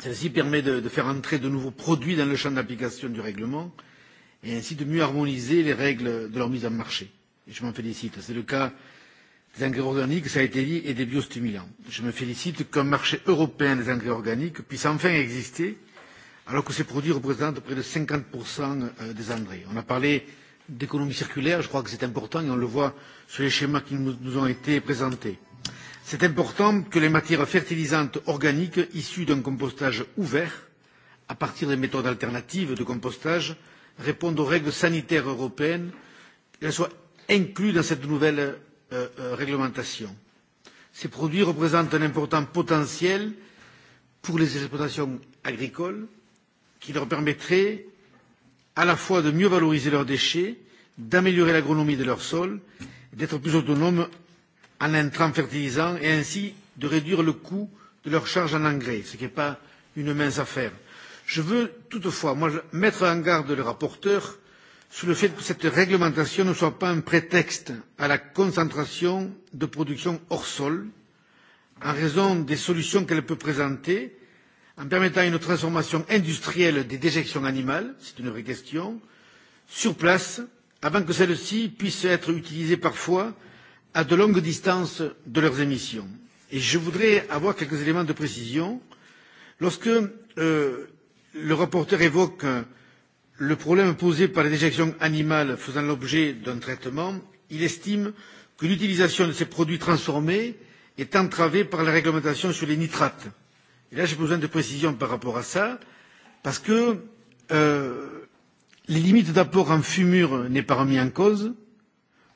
Celle-ci permet de, de faire entrer de nouveaux produits dans le champ d'application du règlement et ainsi de mieux harmoniser les règles de leur mise en marché. Et je m'en félicite. C'est le cas euh, des engrais organiques, ça a été dit, et des biostimulants. Je me félicite qu'un marché européen des engrais organiques puisse enfin exister, alors que ces produits représentent près de 50% des engrais. On a parlé d'économie circulaire, je crois que c'est important, et on le voit sur les schémas qui nous ont été présentés. C'est important que les matières fertilisantes organiques issues d'un compostage ouvert, à partir des méthodes alternatives de compostage, répondent aux règles sanitaires européennes, qu'elles soient incluses dans cette nouvelle réglementation. Ces produits représentent un important potentiel pour les exploitations agricoles qui leur permettrait à la fois de mieux valoriser leurs déchets, d'améliorer l'agronomie de leur sol, d'être plus autonomes en intrants fertilisants et ainsi de réduire le coût de leur charge en engrais, ce qui n'est pas une mince affaire. Je veux toutefois mettre en garde le rapporteur sur le fait que cette réglementation ne soit pas un prétexte à la concentration de production hors sol, en raison des solutions qu'elle peut présenter, en permettant une transformation industrielle des déjections animales c'est une vraie question sur place, avant que celles ci puissent être utilisées parfois à de longues distances de leurs émissions. Et je voudrais avoir quelques éléments de précision. Lorsque le rapporteur évoque le problème posé par les déjections animales faisant l'objet d'un traitement, il estime que l'utilisation de ces produits transformés est entravée par la réglementation sur les nitrates. Et là, j'ai besoin de précisions par rapport à ça, parce que euh, les limites d'apport en fumure n'est pas remis en cause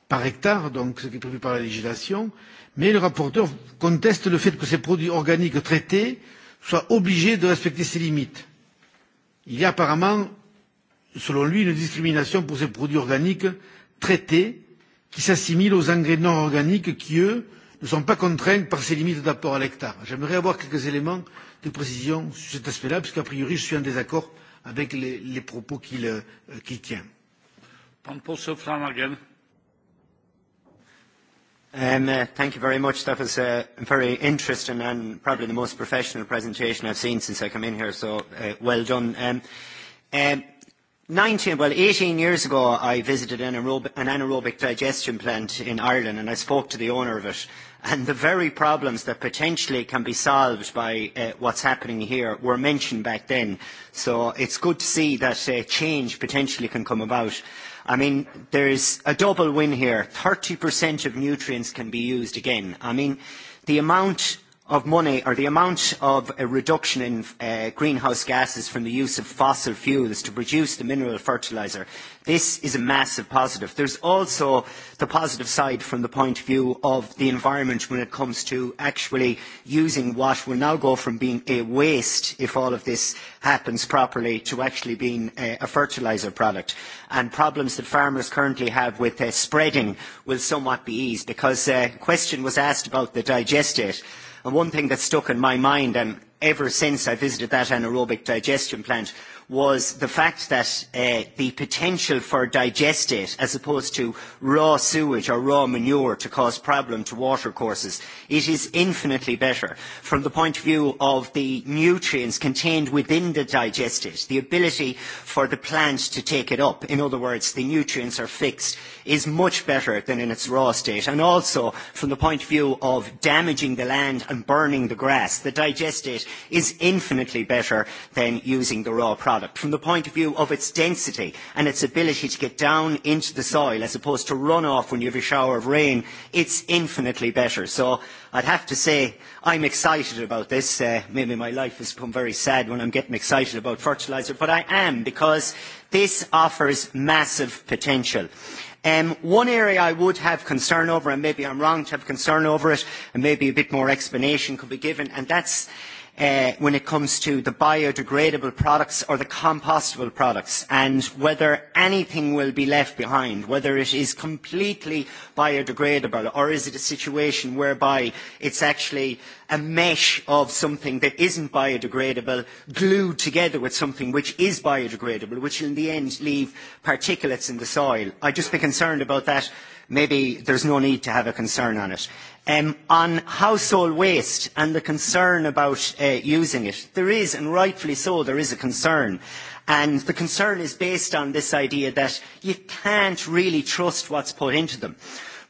par hectare, donc ce qui est prévu par la législation, mais le rapporteur conteste le fait que ces produits organiques traités soient obligés de respecter ces limites. Il y a apparemment selon lui, une discrimination pour ces produits organiques traités qui s'assimilent aux engrais non organiques qui, eux, ne sont pas contraints par ces limites d'apport à l'hectare. J'aimerais avoir quelques éléments de précision sur cet aspect-là, puisqu'a priori, je suis en désaccord avec les, les propos qu'il euh, qu tient. Um, uh, thank you very much. That was a very interesting and probably the most professional presentation I've seen since I in here, so uh, well done. Um, um, 19, well, 18 years ago, I visited an, aerobic, an anaerobic digestion plant in Ireland and I spoke to the owner of it. And the very problems that potentially can be solved by uh, what's happening here were mentioned back then. So it's good to see that uh, change potentially can come about. I mean, there's a double win here. 30% of nutrients can be used again. I mean, the amount of money or the amount of a reduction in uh, greenhouse gases from the use of fossil fuels to produce the mineral fertiliser. This is a massive positive. There's also the positive side from the point of view of the environment when it comes to actually using what will now go from being a waste, if all of this happens properly, to actually being a, a fertiliser product. And problems that farmers currently have with uh, spreading will somewhat be eased because a question was asked about the digestate one thing that stuck in my mind, and ever since I visited that anaerobic digestion plant was the fact that uh, the potential for digestate as opposed to raw sewage or raw manure to cause problem to water courses, it is infinitely better from the point of view of the nutrients contained within the digestate, the ability for the plant to take it up. In other words, the nutrients are fixed is much better than in its raw state. And also from the point of view of damaging the land and burning the grass, the digestate is infinitely better than using the raw product product from the point of view of its density and its ability to get down into the soil as opposed to run off when you have a shower of rain, it's infinitely better. So I'd have to say I'm excited about this. Uh, maybe my life has become very sad when I'm getting excited about fertiliser, but I am because this offers massive potential. Um, one area I would have concern over, and maybe I'm wrong to have concern over it, and maybe a bit more explanation could be given, and that's when it comes to the biodegradable products or the compostable products and whether anything will be left behind, whether it is completely biodegradable or is it a situation whereby it's actually a mesh of something that isn't biodegradable glued together with something which is biodegradable, which in the end leave particulates in the soil. I'd just be concerned about that. Maybe there's no need to have a concern on it on household waste and the concern about using it. There is, and rightfully so, there is a concern. And the concern is based on this idea that you can't really trust what's put into them.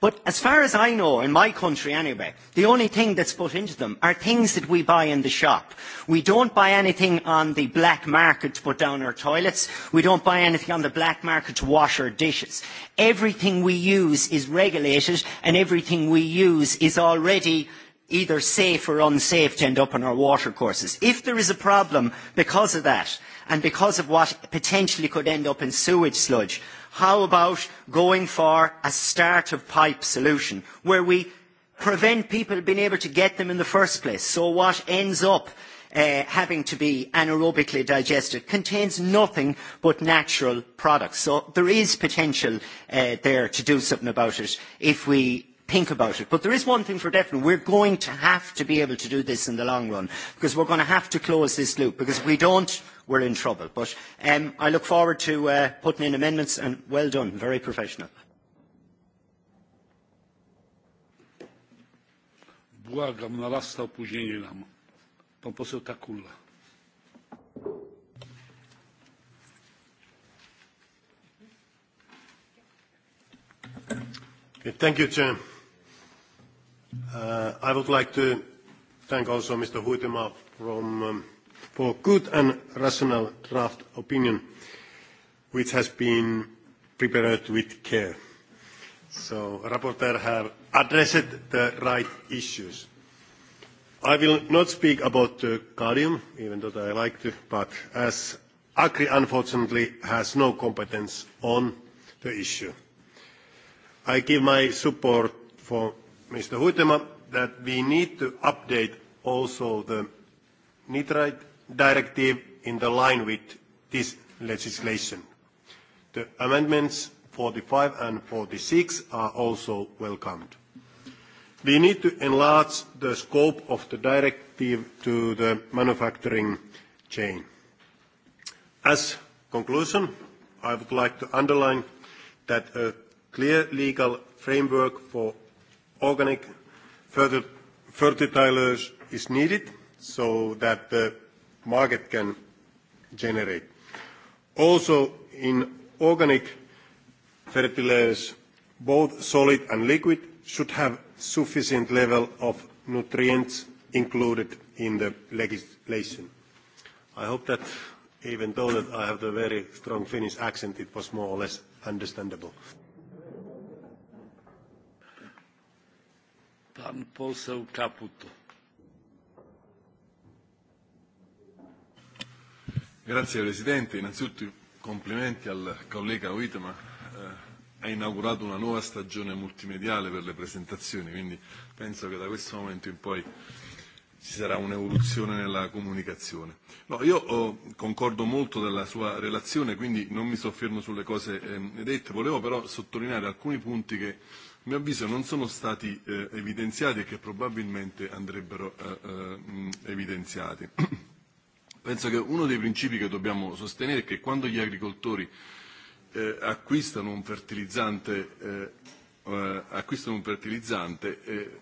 But as far as I know, in my country anyway, the only thing that's put into them are things that we buy in the shop. We don't buy anything on the black market to put down our toilets. We don't buy anything on the black market to wash our dishes. Everything we use is regulated and everything we use is already either safe or unsafe to end up in our water courses. If there is a problem because of that, and because of what potentially could end up in sewage sludge, How about going for a start of pipe solution where we prevent people being able to get them in the first place? So what ends up uh, having to be anaerobically digested contains nothing but natural products. So there is potential uh, there to do something about it if we think about it. But there is one thing for definite. We're going to have to be able to do this in the long run because we're going to have to close this loop because if we don't, we're in trouble. But um, I look forward to uh, putting in amendments and well done. Very professional. Błagam, narasta opóźnienie nam. Pan poseł Takula. Thank you, Chair. I would like to thank also Mr. Huitema from for good and rational draft opinion, which has been prepared with care. So Rapporteur have addressed the right issues. I will not speak about uh, even though I like to, but as Agri unfortunately has no competence on the issue. I give my support for Mr. Huitema that we need to update also the nitrate directive in the line with this legislation. The amendments 45 and 46 are also welcomed. We need to enlarge the scope of the directive to the manufacturing chain. As conclusion, I would like to underline that a clear legal framework for organic fertilizers is needed so that the market can generate. Also, in organic fertilizers, both solid and liquid should have sufficient level of nutrients included in the legislation. I hope that even though that I have a very strong Finnish accent, it was more or less understandable. Signor Grazie Presidente, innanzitutto complimenti al collega Uitema, eh, ha inaugurato una nuova stagione multimediale per le presentazioni, quindi penso che da questo momento in poi ci sarà un'evoluzione nella comunicazione. No, io oh, concordo molto della sua relazione, quindi non mi soffermo sulle cose eh, dette, volevo però sottolineare alcuni punti che mio avviso non sono stati eh, evidenziati e che probabilmente andrebbero eh, eh, evidenziati. Penso che uno dei principi che dobbiamo sostenere è che quando gli agricoltori eh, acquistano un fertilizzante, eh, eh, acquistano un fertilizzante eh,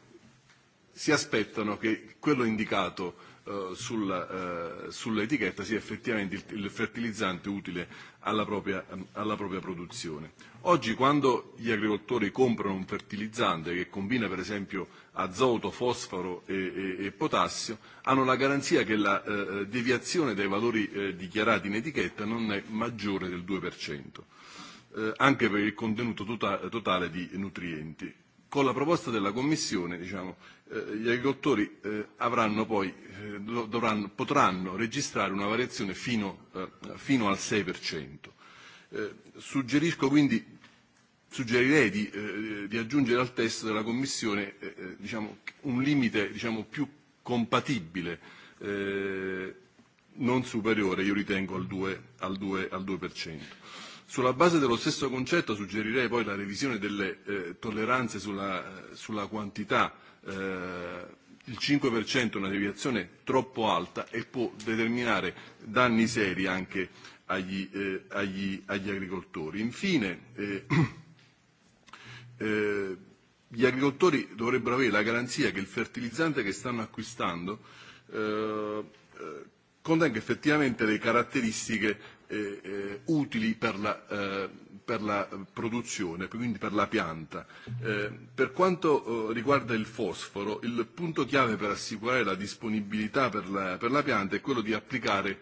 si aspettano che quello indicato sulla, sull'etichetta sia effettivamente il, fertilizzante utile alla propria, alla propria produzione. Oggi quando gli agricoltori comprano un fertilizzante che combina per esempio azoto, fosforo e, e, e potassio, hanno la garanzia che la eh, deviazione dai valori eh, dichiarati in etichetta non è maggiore del 2%, eh, anche per il contenuto totale di nutrienti. Con la proposta della Commissione diciamo, gli agricoltori eh, avranno poi, eh, dovranno, potranno registrare una variazione fino, eh, fino al 6%. Eh, Suggerisco quindi suggerirei di, eh, di aggiungere al testo della Commissione eh, diciamo, un limite diciamo, più compatibile, eh, non superiore, io ritengo, al 2%. Al 2, al 2%. Sulla base dello stesso concetto suggerirei poi la revisione delle eh, tolleranze sulla, sulla quantità eh, il 5% è una deviazione troppo alta e può determinare danni seri anche agli, eh, agli, agli agricoltori. Infine, eh, eh, gli agricoltori dovrebbero avere la garanzia che il fertilizzante che stanno acquistando eh, contenga effettivamente le caratteristiche eh, eh, utili per la eh, per la produzione, quindi per la pianta. Eh, per quanto eh, riguarda il fosforo, il punto chiave per assicurare la disponibilità per la, per la pianta è quello di applicare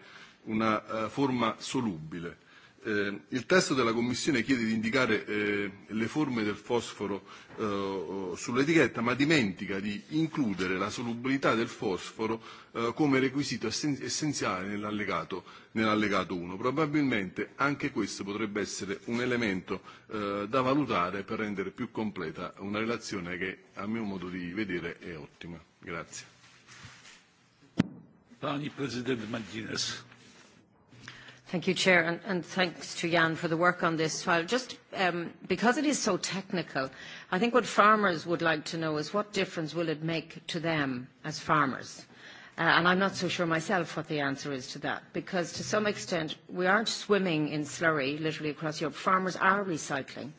una forma solubile Eh, il testo della Commissione chiede di indicare eh, le forme del fosforo eh, sull'etichetta, ma dimentica di includere la solubilità del fosforo eh, come requisito essenziale nell'allegato, nell'allegato 1. Probabilmente anche questo potrebbe essere un elemento eh, da valutare per rendere più completa una relazione che, a mio modo di vedere, è ottima. Grazie. Pani Presidente Maginas. Thank you, Chair, and, and thanks to Jan for the work on this file. Just um, because it is so technical, I think what farmers would like to know is what difference will it make to them as farmers? Uh, and I'm not so sure myself what the answer is to that, because to some extent we aren't swimming in slurry literally across Europe. Farmers are recycling,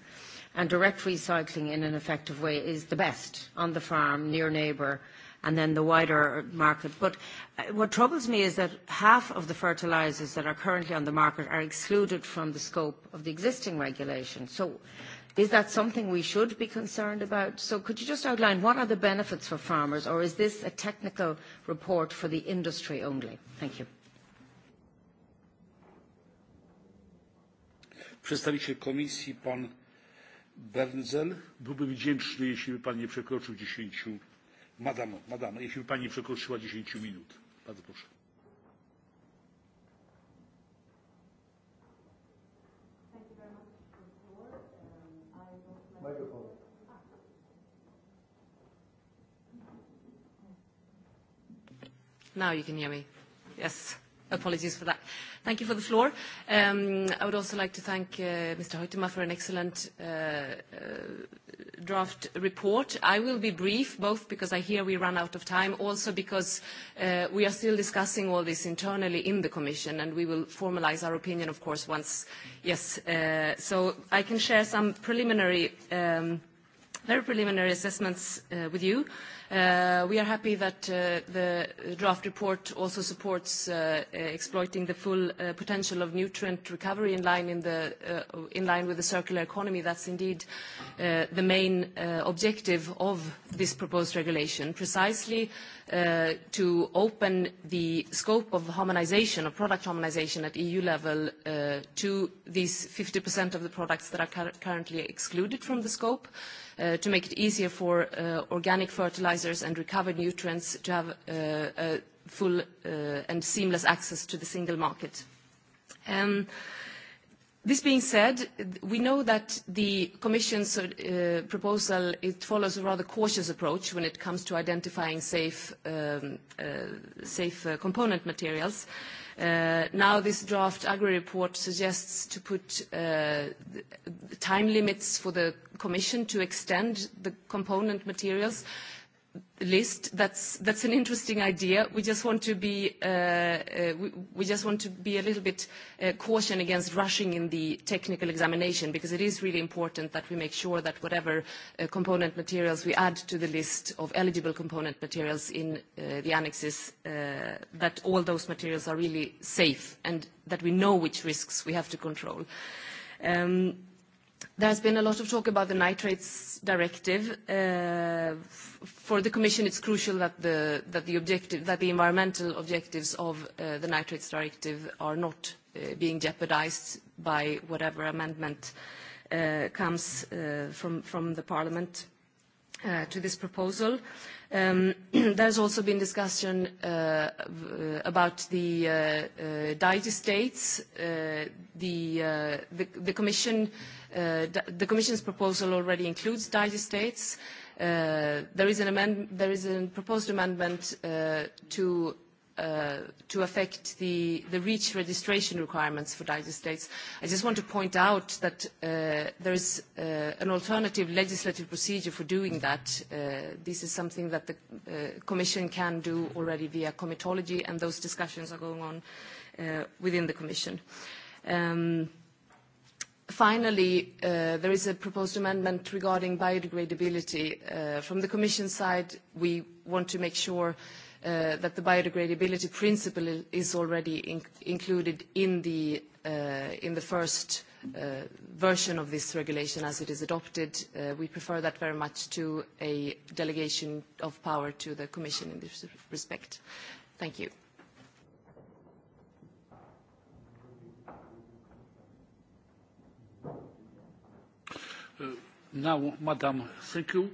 and direct recycling in an effective way is the best on the farm, near neighbour, and then the wider market. But what troubles me is that half of the fertilisers that are currently on the market are excluded from the scope of the existing regulation. So is that something we should be concerned about? So could you just outline what are the benefits for farmers, or is this a technical report for the industry only? Thank you. Przedstawiciel Komisji, pan Bernzel. Byłbym wdzięczny, jeśli by pan nie przekroczył 10 Madam, madam, jeśli pani przekroczyła 10 minut. Bardzo proszę. Microphone. Now you can hear me. Yes. Apologies for that. Thank you for the floor. I would also like to thank Mr. Huitema for an excellent draft report. I will be brief, both because I hear we run out of time, also because we are still discussing all this internally in the Commission, and we will formalise our opinion, of course, once. Yes, so I can share some preliminary very preliminary assessments with you. We are happy that the draft report also supports exploiting the full potential of nutrient recovery in line with the circular economy. That's indeed the main objective of this proposed regulation, precisely to open the scope of harmonisation of product harmonisation at EU level to these 50% of the products that are currently excluded from the scope, to make it easier for organic fertilizers and recovered nutrients to have a full and seamless access to the single market. This being said, we know that the Commission's proposal, it follows a rather cautious approach when it comes to identifying safe component materials. Now this draft Agri report suggests to put time limits for the Commission to extend the component materials list. That's that's an interesting idea. We just want to be we just want to be a little bit caution against rushing in the technical examination, because it is really important that we make sure that whatever component materials we add to the list of eligible component materials in the annexes, that all those materials are really safe and that we know which risks we have to control. Um There has been a lot of talk about the Nitrates Directive. For the Commission, it's crucial that the environmental objectives of the Nitrates Directive are not being jeopardized by whatever amendment comes from the Parliament to this proposal. There's also been discussion about the DIGE states. The Commission's proposal already includes DIGE states. There is a proposed amendment to to affect the, the REACH registration requirements for United States. I just want to point out that there is an alternative legislative procedure for doing that. this is something that the Commission can do already via comitology, and those discussions are going on within the Commission. Finally, there is a proposed amendment regarding biodegradability. From the Commission side, we want to make sure that the biodegradability principle is already included in the first version of this regulation as it is adopted. We prefer that very much to a delegation of power to the Commission in this respect. Thank you. Now, Madam, thank you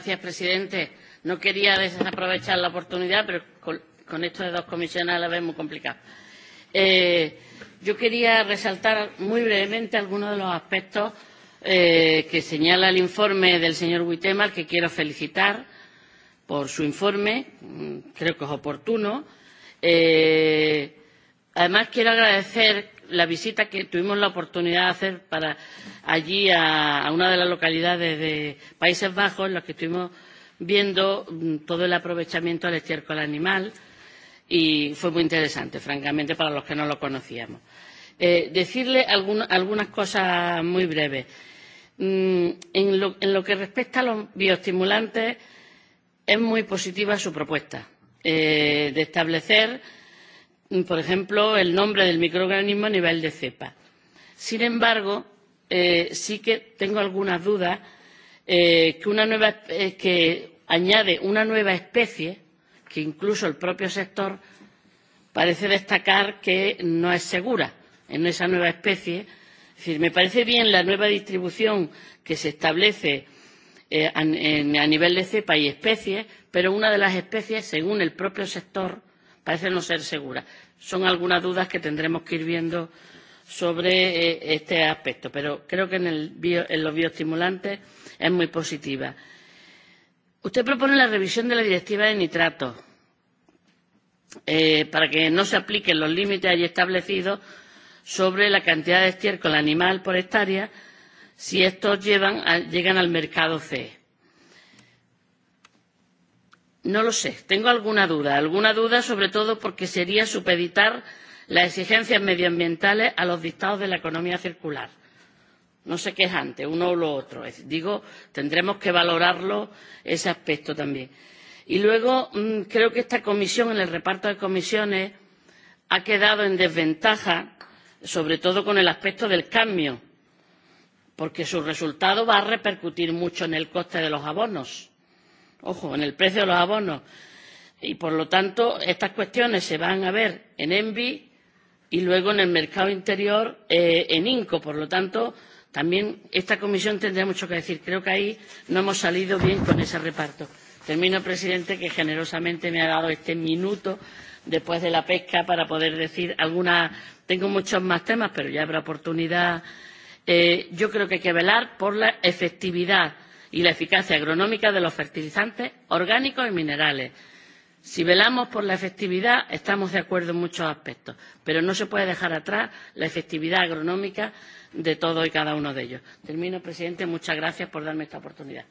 señor presidente. No quería desaprovechar la oportunidad, pero con, esto de dos comisiones la veo muy complicado. yo quería resaltar muy brevemente algunos de los aspectos que señala el informe del señor Huitema, al que quiero felicitar por su informe. Creo que es oportuno. además, quiero agradecer la visita que tuvimos la oportunidad de hacer para allí a, a una de las localidades de Países Bajos, en las que estuvimos viendo todo el aprovechamiento del estiércol animal y fue muy interesante, francamente, para los que no lo conocíamos. Eh, decirle algún, algunas cosas muy breves. Mm, en, lo, en lo que respecta a los bioestimulantes, es muy positiva su propuesta eh, de establecer por ejemplo, el nombre del microorganismo a nivel de cepa. Sin embargo, sí que tengo algunas dudas que, una nueva, que añade una nueva especie, que incluso el propio sector parece destacar que no es segura en esa nueva especie. Es decir, me parece bien la nueva distribución que se establece eh, a, en, a nivel de cepa y especies, pero una de las especies, según el propio sector, parece no ser segura son algunas dudas que tendremos que ir viendo sobre eh, este aspecto, pero creo que en, el bio, en los bioestimulantes es muy positiva. Usted propone la revisión de la directiva de nitratos eh, para que no se apliquen los límites allí establecidos sobre la cantidad de estiércol animal por hectárea si estos llevan a, llegan al mercado CE. No lo sé, tengo alguna duda, alguna duda sobre todo porque sería supeditar las exigencias medioambientales a los dictados de la economía circular. No sé qué es antes, uno o lo otro. Digo, tendremos que valorarlo ese aspecto también. Y luego creo que esta comisión, en el reparto de comisiones, ha quedado en desventaja, sobre todo con el aspecto del cambio, porque su resultado va a repercutir mucho en el coste de los abonos ojo, en el precio de los abonos. Y por lo tanto, estas cuestiones se van a ver en ENVI y luego en el mercado interior eh, en INCO. Por lo tanto, también esta comisión tendrá mucho que decir. Creo que ahí no hemos salido bien con ese reparto. Termino, presidente, que generosamente me ha dado este minuto después de la pesca para poder decir alguna. Tengo muchos más temas, pero ya habrá oportunidad. Eh, yo creo que hay que velar por la efectividad y la eficacia agronómica de los fertilizantes orgánicos y minerales. Si velamos por la efectividad, estamos de acuerdo en muchos aspectos, pero no se puede dejar atrás la efectividad agronómica de todos y cada uno de ellos. Termino, presidente. Muchas gracias por darme esta oportunidad.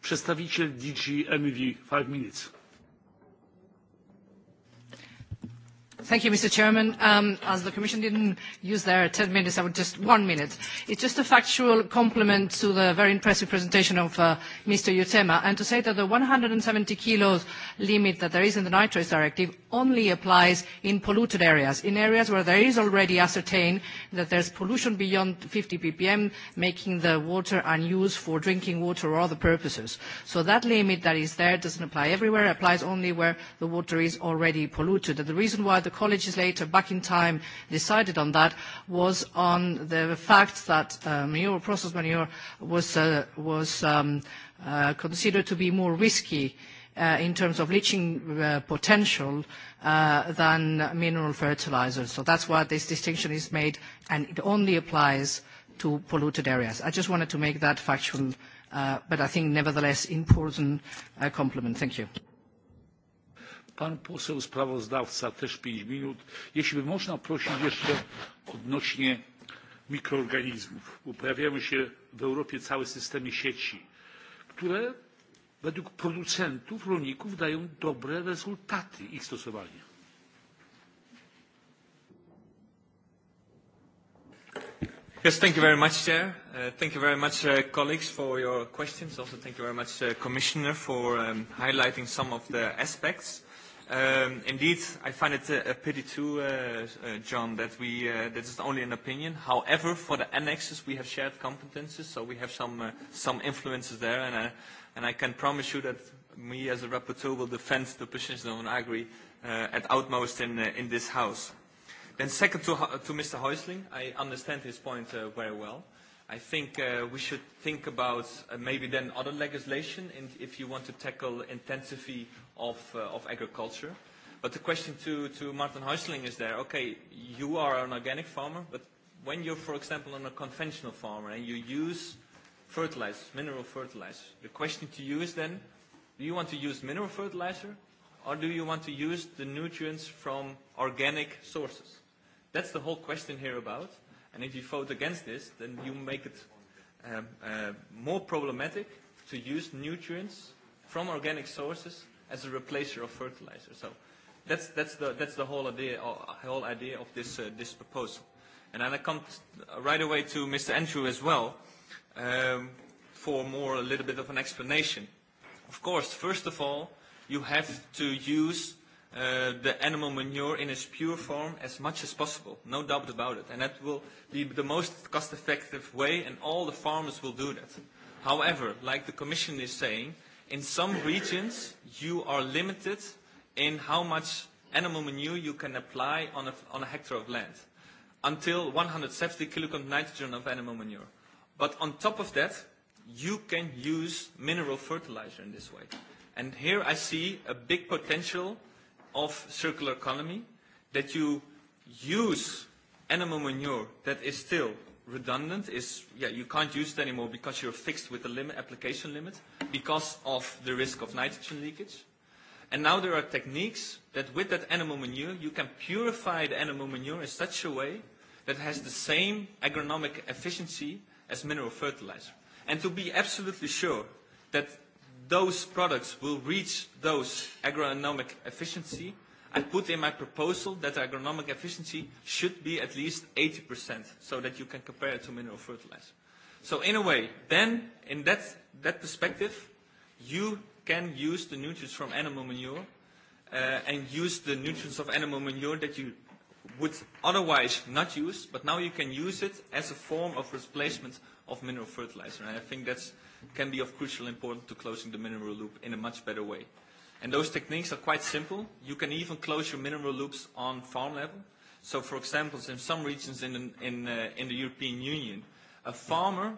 DG MV, five minutes. Thank you, Mr. Chairman. Um, as the Commission didn't use their 10 minutes, I would just one minute. It's just a factual compliment to the very impressive presentation of uh, Mr. Yutema and to say that the 170 kilos limit that there is in the nitrates directive only applies in polluted areas, in areas where there is already ascertained that there's pollution beyond 50 ppm, making the water unused for drinking water or other purposes. So that limit that is there doesn't apply everywhere, applies only where the water is already polluted. And the reason why the the co-legislator back in time decided on that was on the fact that manure, processed manure was, uh, was um, uh, considered to be more risky uh, in terms of leaching uh, potential uh, than mineral fertilizers. So that's why this distinction is made, and it only applies to polluted areas. I just wanted to make that factual, uh, but I think nevertheless important uh, compliment. Thank you. Pan poseł sprawozdawca też pięć minut. Jeśli by można prosić jeszcze odnośnie mikroorganizmów, bo pojawiają się w Europie całe systemy sieci, które według producentów, rolników dają dobre rezultaty ich stosowania. Yes, thank you very much, Chair. Uh, thank you very much, uh, colleagues, for your questions. Also, thank you very much, uh, Commissioner, for um, highlighting some of the aspects. Um, indeed, I find it a, a pity too, uh, uh, John, that we uh, that is only an opinion. However, for the annexes, we have shared competences, so we have some uh, some influences there, and I, and I can promise you that me as a rapporteur will defend the position of agri uh, at utmost in uh, in this house. Then, second to to Mr. Heusling, I understand his point uh, very well. I think uh, we should think about uh, maybe then other legislation in, if you want to tackle intensity of, uh, of agriculture. But the question to, to Martin Heusling is there, okay, you are an organic farmer, but when you're, for example, on a conventional farmer and you use fertilizers, mineral fertilizers, the question to you is then, do you want to use mineral fertilizer or do you want to use the nutrients from organic sources? That's the whole question here about. And if you vote against this, then you make it um, uh, more problematic to use nutrients from organic sources as a replacer of fertilizer. So that's, that's, the, that's the whole idea, whole idea of this, uh, this proposal. And then I come right away to Mr. Andrew as well um, for more a little bit of an explanation. Of course, first of all, you have to use uh, the animal manure in its pure form as much as possible, no doubt about it. And that will be the most cost-effective way, and all the farmers will do that. However, like the Commission is saying, in some regions, you are limited in how much animal manure you can apply on a, on a hectare of land until 170 kilograms nitrogen of animal manure. But on top of that, you can use mineral fertilizer in this way. And here I see a big potential of circular economy that you use animal manure that is still redundant is yeah you can't use it anymore because you're fixed with the limit, application limit because of the risk of nitrogen leakage. And now there are techniques that with that animal manure you can purify the animal manure in such a way that it has the same agronomic efficiency as mineral fertilizer. And to be absolutely sure that those products will reach those agronomic efficiency, I put in my proposal that the agronomic efficiency should be at least 80% so that you can compare it to mineral fertilizer. So in a way, then in that, that perspective, you can use the nutrients from animal manure uh, and use the nutrients of animal manure that you would otherwise not use, but now you can use it as a form of replacement of mineral fertilizer. And I think that can be of crucial importance to closing the mineral loop in a much better way. And those techniques are quite simple. You can even close your mineral loops on farm level. So, for example, in some regions in the, in, uh, in the European Union, a farmer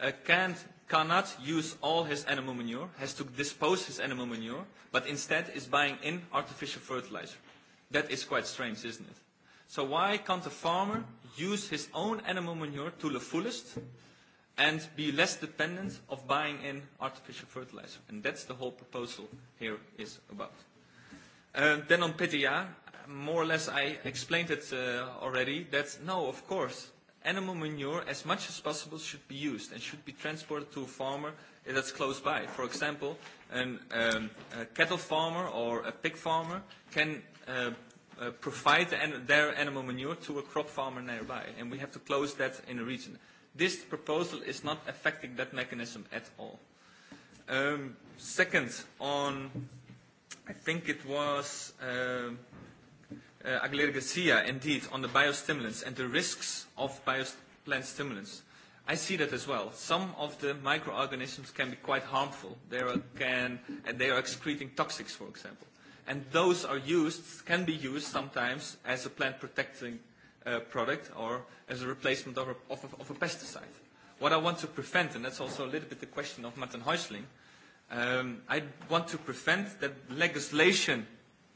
uh, can't, cannot use all his animal manure, has to dispose his animal manure, but instead is buying in artificial fertilizer. That is quite strange, isn't it? So why can't a farmer use his own animal manure to the fullest and be less dependent of buying in artificial fertilizer. And that's the whole proposal here is about. Uh, then on PTA, more or less I explained it uh, already, that no, of course, animal manure as much as possible should be used and should be transported to a farmer that's close by. For example, an, um, a cattle farmer or a pig farmer can uh, provide the an their animal manure to a crop farmer nearby, and we have to close that in the region. This proposal is not affecting that mechanism at all. Um, second, on I think it was uh, uh, Aguilera Garcia, indeed, on the biostimulants and the risks of bioplant stimulants. I see that as well. Some of the microorganisms can be quite harmful. They are, can, and they are excreting toxics, for example and those are used, can be used sometimes as a plant protecting uh, product or as a replacement of a, of, a, of a pesticide. What I want to prevent, and that's also a little bit the question of Martin Heusling, um, I want to prevent that legislation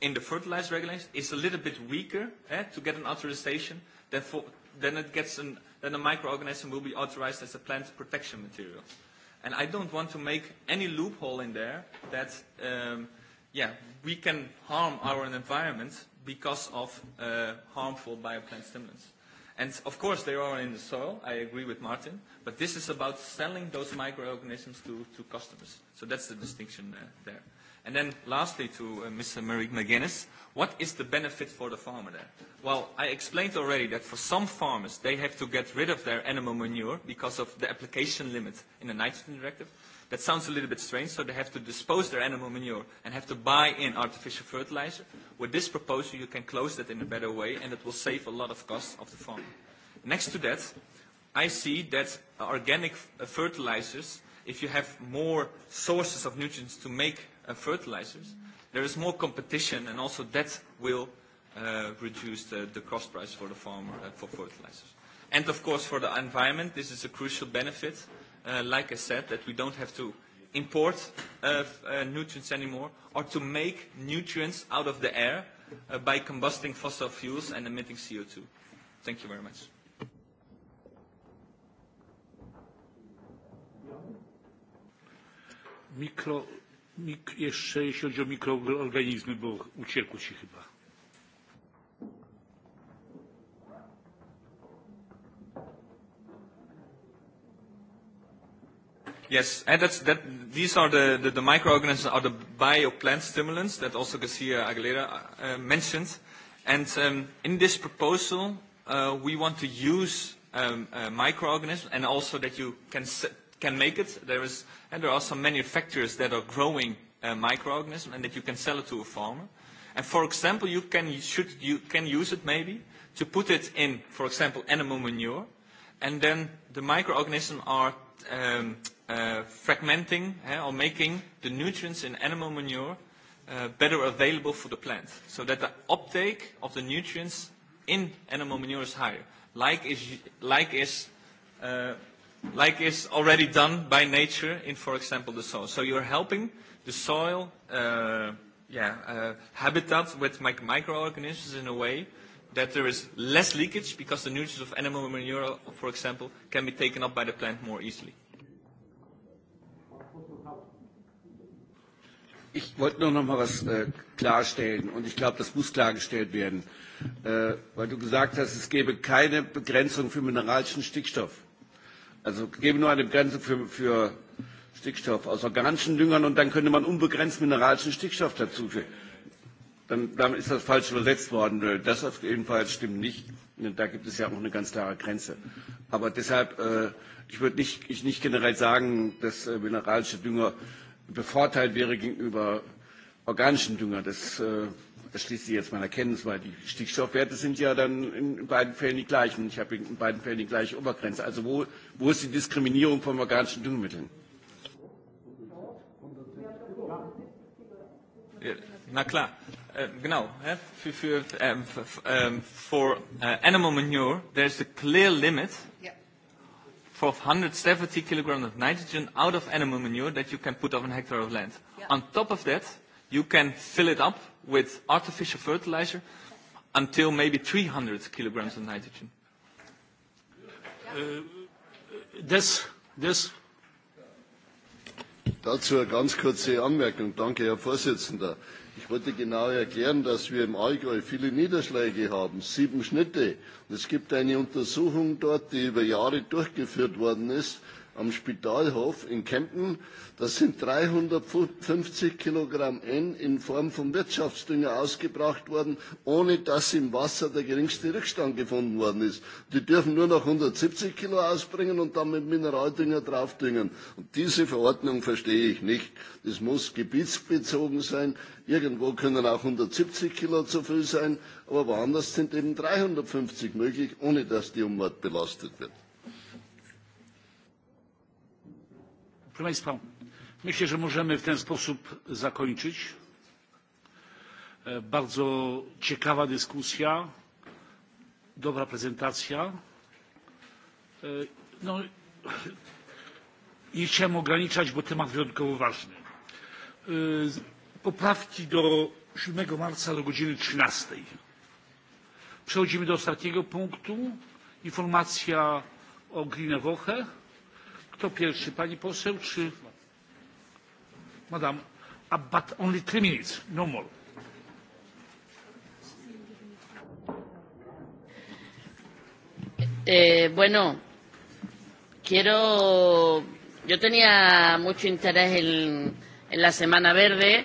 in the fertilizer regulation is a little bit weaker eh, to get an authorization than, for, then it gets an, then a microorganism will be authorized as a plant protection material. And I don't want to make any loophole in there that um, – yeah, we can harm our environment because of uh, harmful bioplant stimulants. And of course they are in the soil, I agree with Martin, but this is about selling those microorganisms to, to customers. So that's the distinction uh, there. And then lastly to uh, Mr. Marie McGuinness, what is the benefit for the farmer there? Well, I explained already that for some farmers, they have to get rid of their animal manure because of the application limit in the nitrogen directive. That sounds a little bit strange, so they have to dispose their animal manure and have to buy in artificial fertilizer. With this proposal, you can close that in a better way, and it will save a lot of costs of the farm. Next to that, I see that organic fertilizers, if you have more sources of nutrients to make uh, fertilizers, there is more competition, and also that will uh, reduce the, the cost price for the farmer uh, for fertilizers. And of course, for the environment, this is a crucial benefit like I said, that we don't have to import uh, uh, nutrients anymore or to make nutrients out of the air uh, by combusting fossil fuels and emitting CO2. Thank you very much. Mikro, mik, jeszcze jeśli chodzi o mikroorganizmy, bo uciekło ci chyba. Yes, and that's, that, these are the, the, the microorganisms are the bioplant stimulants that also Garcia Aguilera uh, mentioned. And um, in this proposal, uh, we want to use um, uh, microorganisms and also that you can, can make it. There, is, and there are some manufacturers that are growing uh, microorganisms and that you can sell it to a farmer. And for example, you can, you should, you can use it maybe to put it in, for example, animal manure. And then the microorganisms are um, uh, fragmenting uh, or making the nutrients in animal manure uh, better available for the plant so that the uptake of the nutrients in animal manure is higher, like is, like is, uh, like is already done by nature in, for example, the soil. So you're helping the soil uh, yeah, uh, habitat with microorganisms in a way that there is less leakage because the nutrients of animal manure, for example, can be taken up by the plant more easily. Ich wollte nur noch mal was äh, klarstellen und ich glaube, das muss klargestellt werden, äh, weil du gesagt hast, es gäbe keine Begrenzung für mineralischen Stickstoff. Also es gäbe nur eine Begrenzung für, für Stickstoff aus organischen Düngern und dann könnte man unbegrenzt mineralischen Stickstoff dazufügen dann, damit ist das falsch übersetzt worden. Das auf jeden Fall stimmt nicht. Da gibt es ja auch eine ganz klare Grenze. Aber deshalb, äh, ich würde nicht, ich nicht generell sagen, dass äh, mineralische Dünger bevorteilt wäre gegenüber organischen Dünger. Das äh, erschließt sich jetzt meiner Kenntnis, weil die Stickstoffwerte sind ja dann in beiden Fällen die gleichen. Ich habe in beiden Fällen die gleiche Obergrenze. Also wo, wo ist die Diskriminierung von organischen Düngemitteln? Na klar, genau, hè, Für, für, um, um, for uh, animal manure, there is a clear limit yeah. for 170 kilograms of nitrogen out of animal manure that you can put on a hectare of land. Yeah. On top of that, you can fill it up with artificial fertilizer until maybe 300 kilograms of nitrogen. Das, das. Dazu eine ganz kurze Anmerkung. Danke, Herr Vorsitzender. Ich wollte genau erklären, dass wir im Allgäu viele Niederschläge haben, sieben Schnitte. und Es gibt eine Untersuchung dort, die über Jahre durchgeführt worden ist am Spitalhof in Kempten. Das sind 350 Kilogramm N in Form von Wirtschaftsdünger ausgebracht worden, ohne dass im Wasser der geringste Rückstand gefunden worden ist. Die dürfen nur noch 170 Kilo ausbringen und dann mit Mineraldünger draufdüngen. Und diese Verordnung verstehe ich nicht. Das muss gebietsbezogen sein. Irgendwo können auch 170 Kilo zu viel sein, aber woanders sind eben 350 möglich, ohne dass die Umwelt belastet wird. Proszę Państwa, myślę, że możemy w ten sposób zakończyć. Bardzo ciekawa dyskusja, dobra prezentacja. No, nie chciałem ograniczać, bo temat wyjątkowo ważny. Poprawki do 7 marca do godziny trzynaście Przechodzimy do ostatniego punktu. Informacja o Woche. Kto pierwszy? Pani poseł czy... but only three minutes, no more. Eh, bueno, quiero. Yo tenía mucho interés en, en la Semana Verde.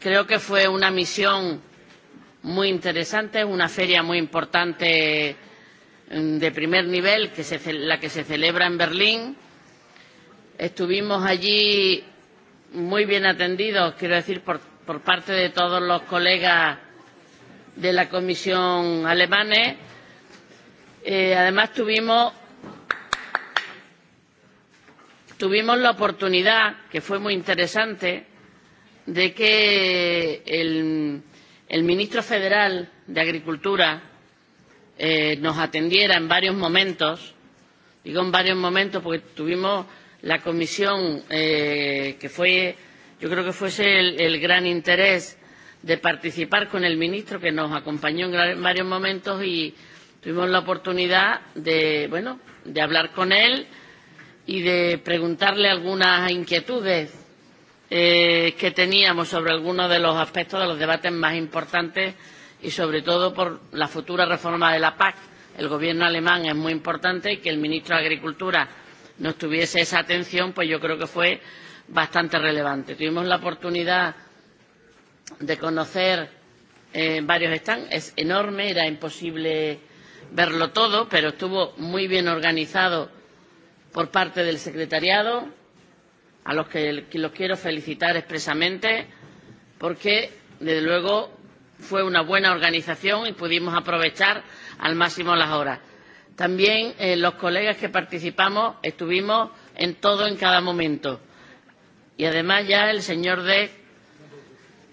Creo que fue una misión muy interesante, una feria muy importante de primer nivel, que se, la que se celebra en Berlín Estuvimos allí muy bien atendidos, quiero decir, por, por parte de todos los colegas de la Comisión alemanes. Eh, además tuvimos, tuvimos la oportunidad, que fue muy interesante, de que el, el ministro federal de Agricultura eh, nos atendiera en varios momentos, digo en varios momentos porque tuvimos la comisión, eh, que fue, yo creo que fuese el, el gran interés de participar con el ministro que nos acompañó en varios momentos y tuvimos la oportunidad de, bueno, de hablar con él y de preguntarle algunas inquietudes eh, que teníamos sobre algunos de los aspectos de los debates más importantes y sobre todo por la futura reforma de la PAC. El gobierno alemán es muy importante y que el ministro de Agricultura nos tuviese esa atención, pues yo creo que fue bastante relevante. Tuvimos la oportunidad de conocer eh, varios stands, es enorme, era imposible verlo todo, pero estuvo muy bien organizado por parte del secretariado, a los que los quiero felicitar expresamente, porque desde luego fue una buena organización y pudimos aprovechar al máximo las horas. También eh, los colegas que participamos estuvimos en todo, en cada momento. Y además ya el señor de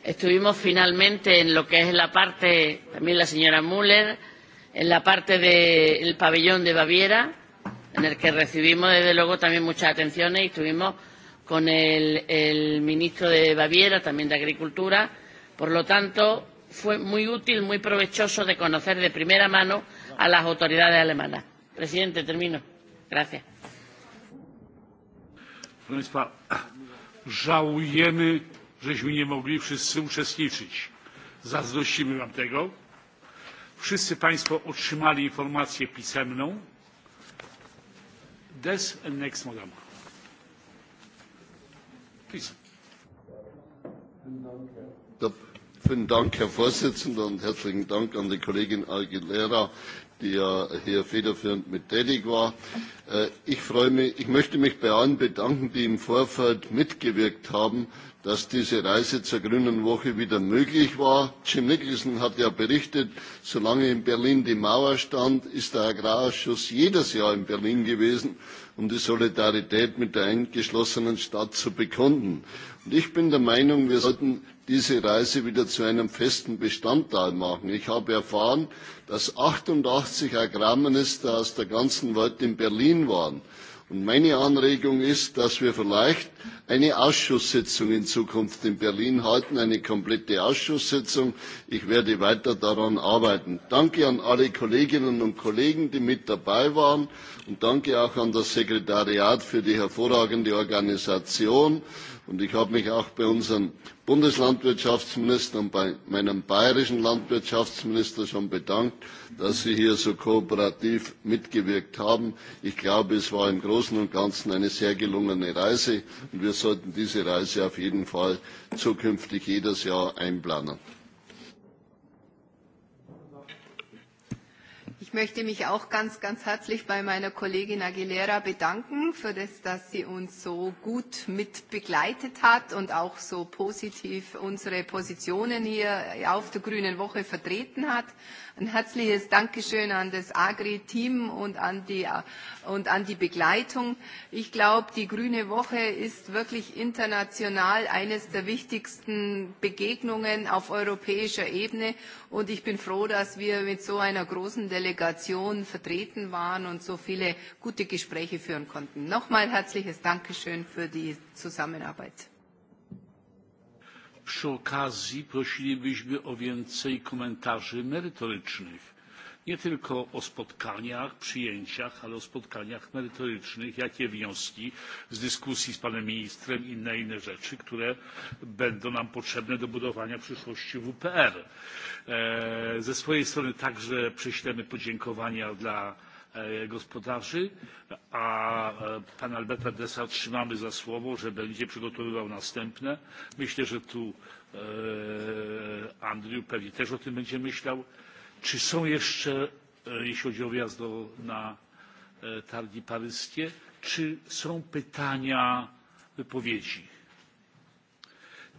estuvimos finalmente en lo que es la parte, también la señora Müller, en la parte del pabellón de Baviera, en el que recibimos desde luego también muchas atenciones y estuvimos con el, el ministro de Baviera, también de Agricultura. Por lo tanto, fue muy útil, muy provechoso de conocer de primera mano a las autoridades alemanas. Presidente, termino. Gracias. Państwa, żałujemy, żeśmy nie mogli wszyscy uczestniczyć. Zazdrościmy Wam tego. Wszyscy Państwo otrzymali informację pisemną. Des and next, madam. Please. Vielen Dank, Herr Vorsitzender, und herzlichen Dank an die Kollegin Aguilera die ja hier federführend mit tätig war. Ich, freue mich, ich möchte mich bei allen bedanken, die im Vorfeld mitgewirkt haben, dass diese Reise zur Grünen Woche wieder möglich war. Jim Nicholson hat ja berichtet, solange in Berlin die Mauer stand, ist der Agrarausschuss jedes Jahr in Berlin gewesen, um die Solidarität mit der eingeschlossenen Stadt zu bekunden. Und ich bin der Meinung, wir sollten diese Reise wieder zu einem festen Bestandteil machen. Ich habe erfahren, dass 88 Agrarminister aus der ganzen Welt in Berlin waren. Und meine Anregung ist, dass wir vielleicht eine Ausschusssitzung in Zukunft in Berlin halten, eine komplette Ausschusssitzung. Ich werde weiter daran arbeiten. Danke an alle Kolleginnen und Kollegen, die mit dabei waren. Und danke auch an das Sekretariat für die hervorragende Organisation. Und ich habe mich auch bei unserem Bundeslandwirtschaftsminister und bei meinem bayerischen Landwirtschaftsminister schon bedankt, dass sie hier so kooperativ mitgewirkt haben. Ich glaube, es war im Großen und Ganzen eine sehr gelungene Reise und wir sollten diese Reise auf jeden Fall zukünftig jedes Jahr einplanen. Ich möchte mich auch ganz, ganz herzlich bei meiner Kollegin Aguilera bedanken für das, dass sie uns so gut mit begleitet hat und auch so positiv unsere Positionen hier auf der Grünen Woche vertreten hat. Ein herzliches Dankeschön an das Agri-Team und, an die, und an die Begleitung. Ich glaube, die Grüne Woche ist wirklich international eines der wichtigsten Begegnungen auf europäischer Ebene. Und ich bin froh, dass wir mit so einer großen Delegation vertreten waren und so viele gute Gespräche führen konnten. Nochmal herzliches Dankeschön für die Zusammenarbeit przy okazji prosilibyśmy o więcej komentarzy merytorycznych nie tylko o spotkaniach przyjęciach ale o spotkaniach merytorycznych jakie wnioski z dyskusji z panem ministrem i na inne rzeczy które będą nam potrzebne do budowania przyszłości wpr. ze swojej strony także prześlemy podziękowania dla gospodarzy a pana alberta dessa trzymamy za słowo że będzie przygotowywał następne. myślę że tu andrew pewnie też o tym będzie myślał. czy są jeszcze jeśli chodzi o wjazd na targi paryskie czy są pytania wypowiedzi?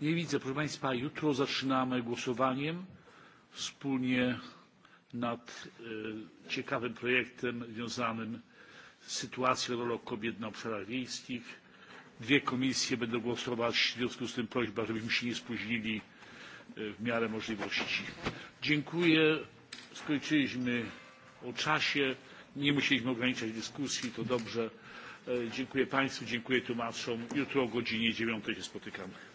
nie widzę. proszę państwa jutro zaczynamy głosowaniem wspólnie nad ciekawym projektem związanym z sytuacją rolą kobiet na obszarach wiejskich. Dwie komisje będą głosować, w związku z tym prośba, żebyśmy się nie spóźnili w miarę możliwości. Dziękuję. Skończyliśmy o czasie. Nie musieliśmy ograniczać dyskusji, to dobrze. Dziękuję Państwu, dziękuję tłumaczom. Jutro o godzinie 9 się spotykamy.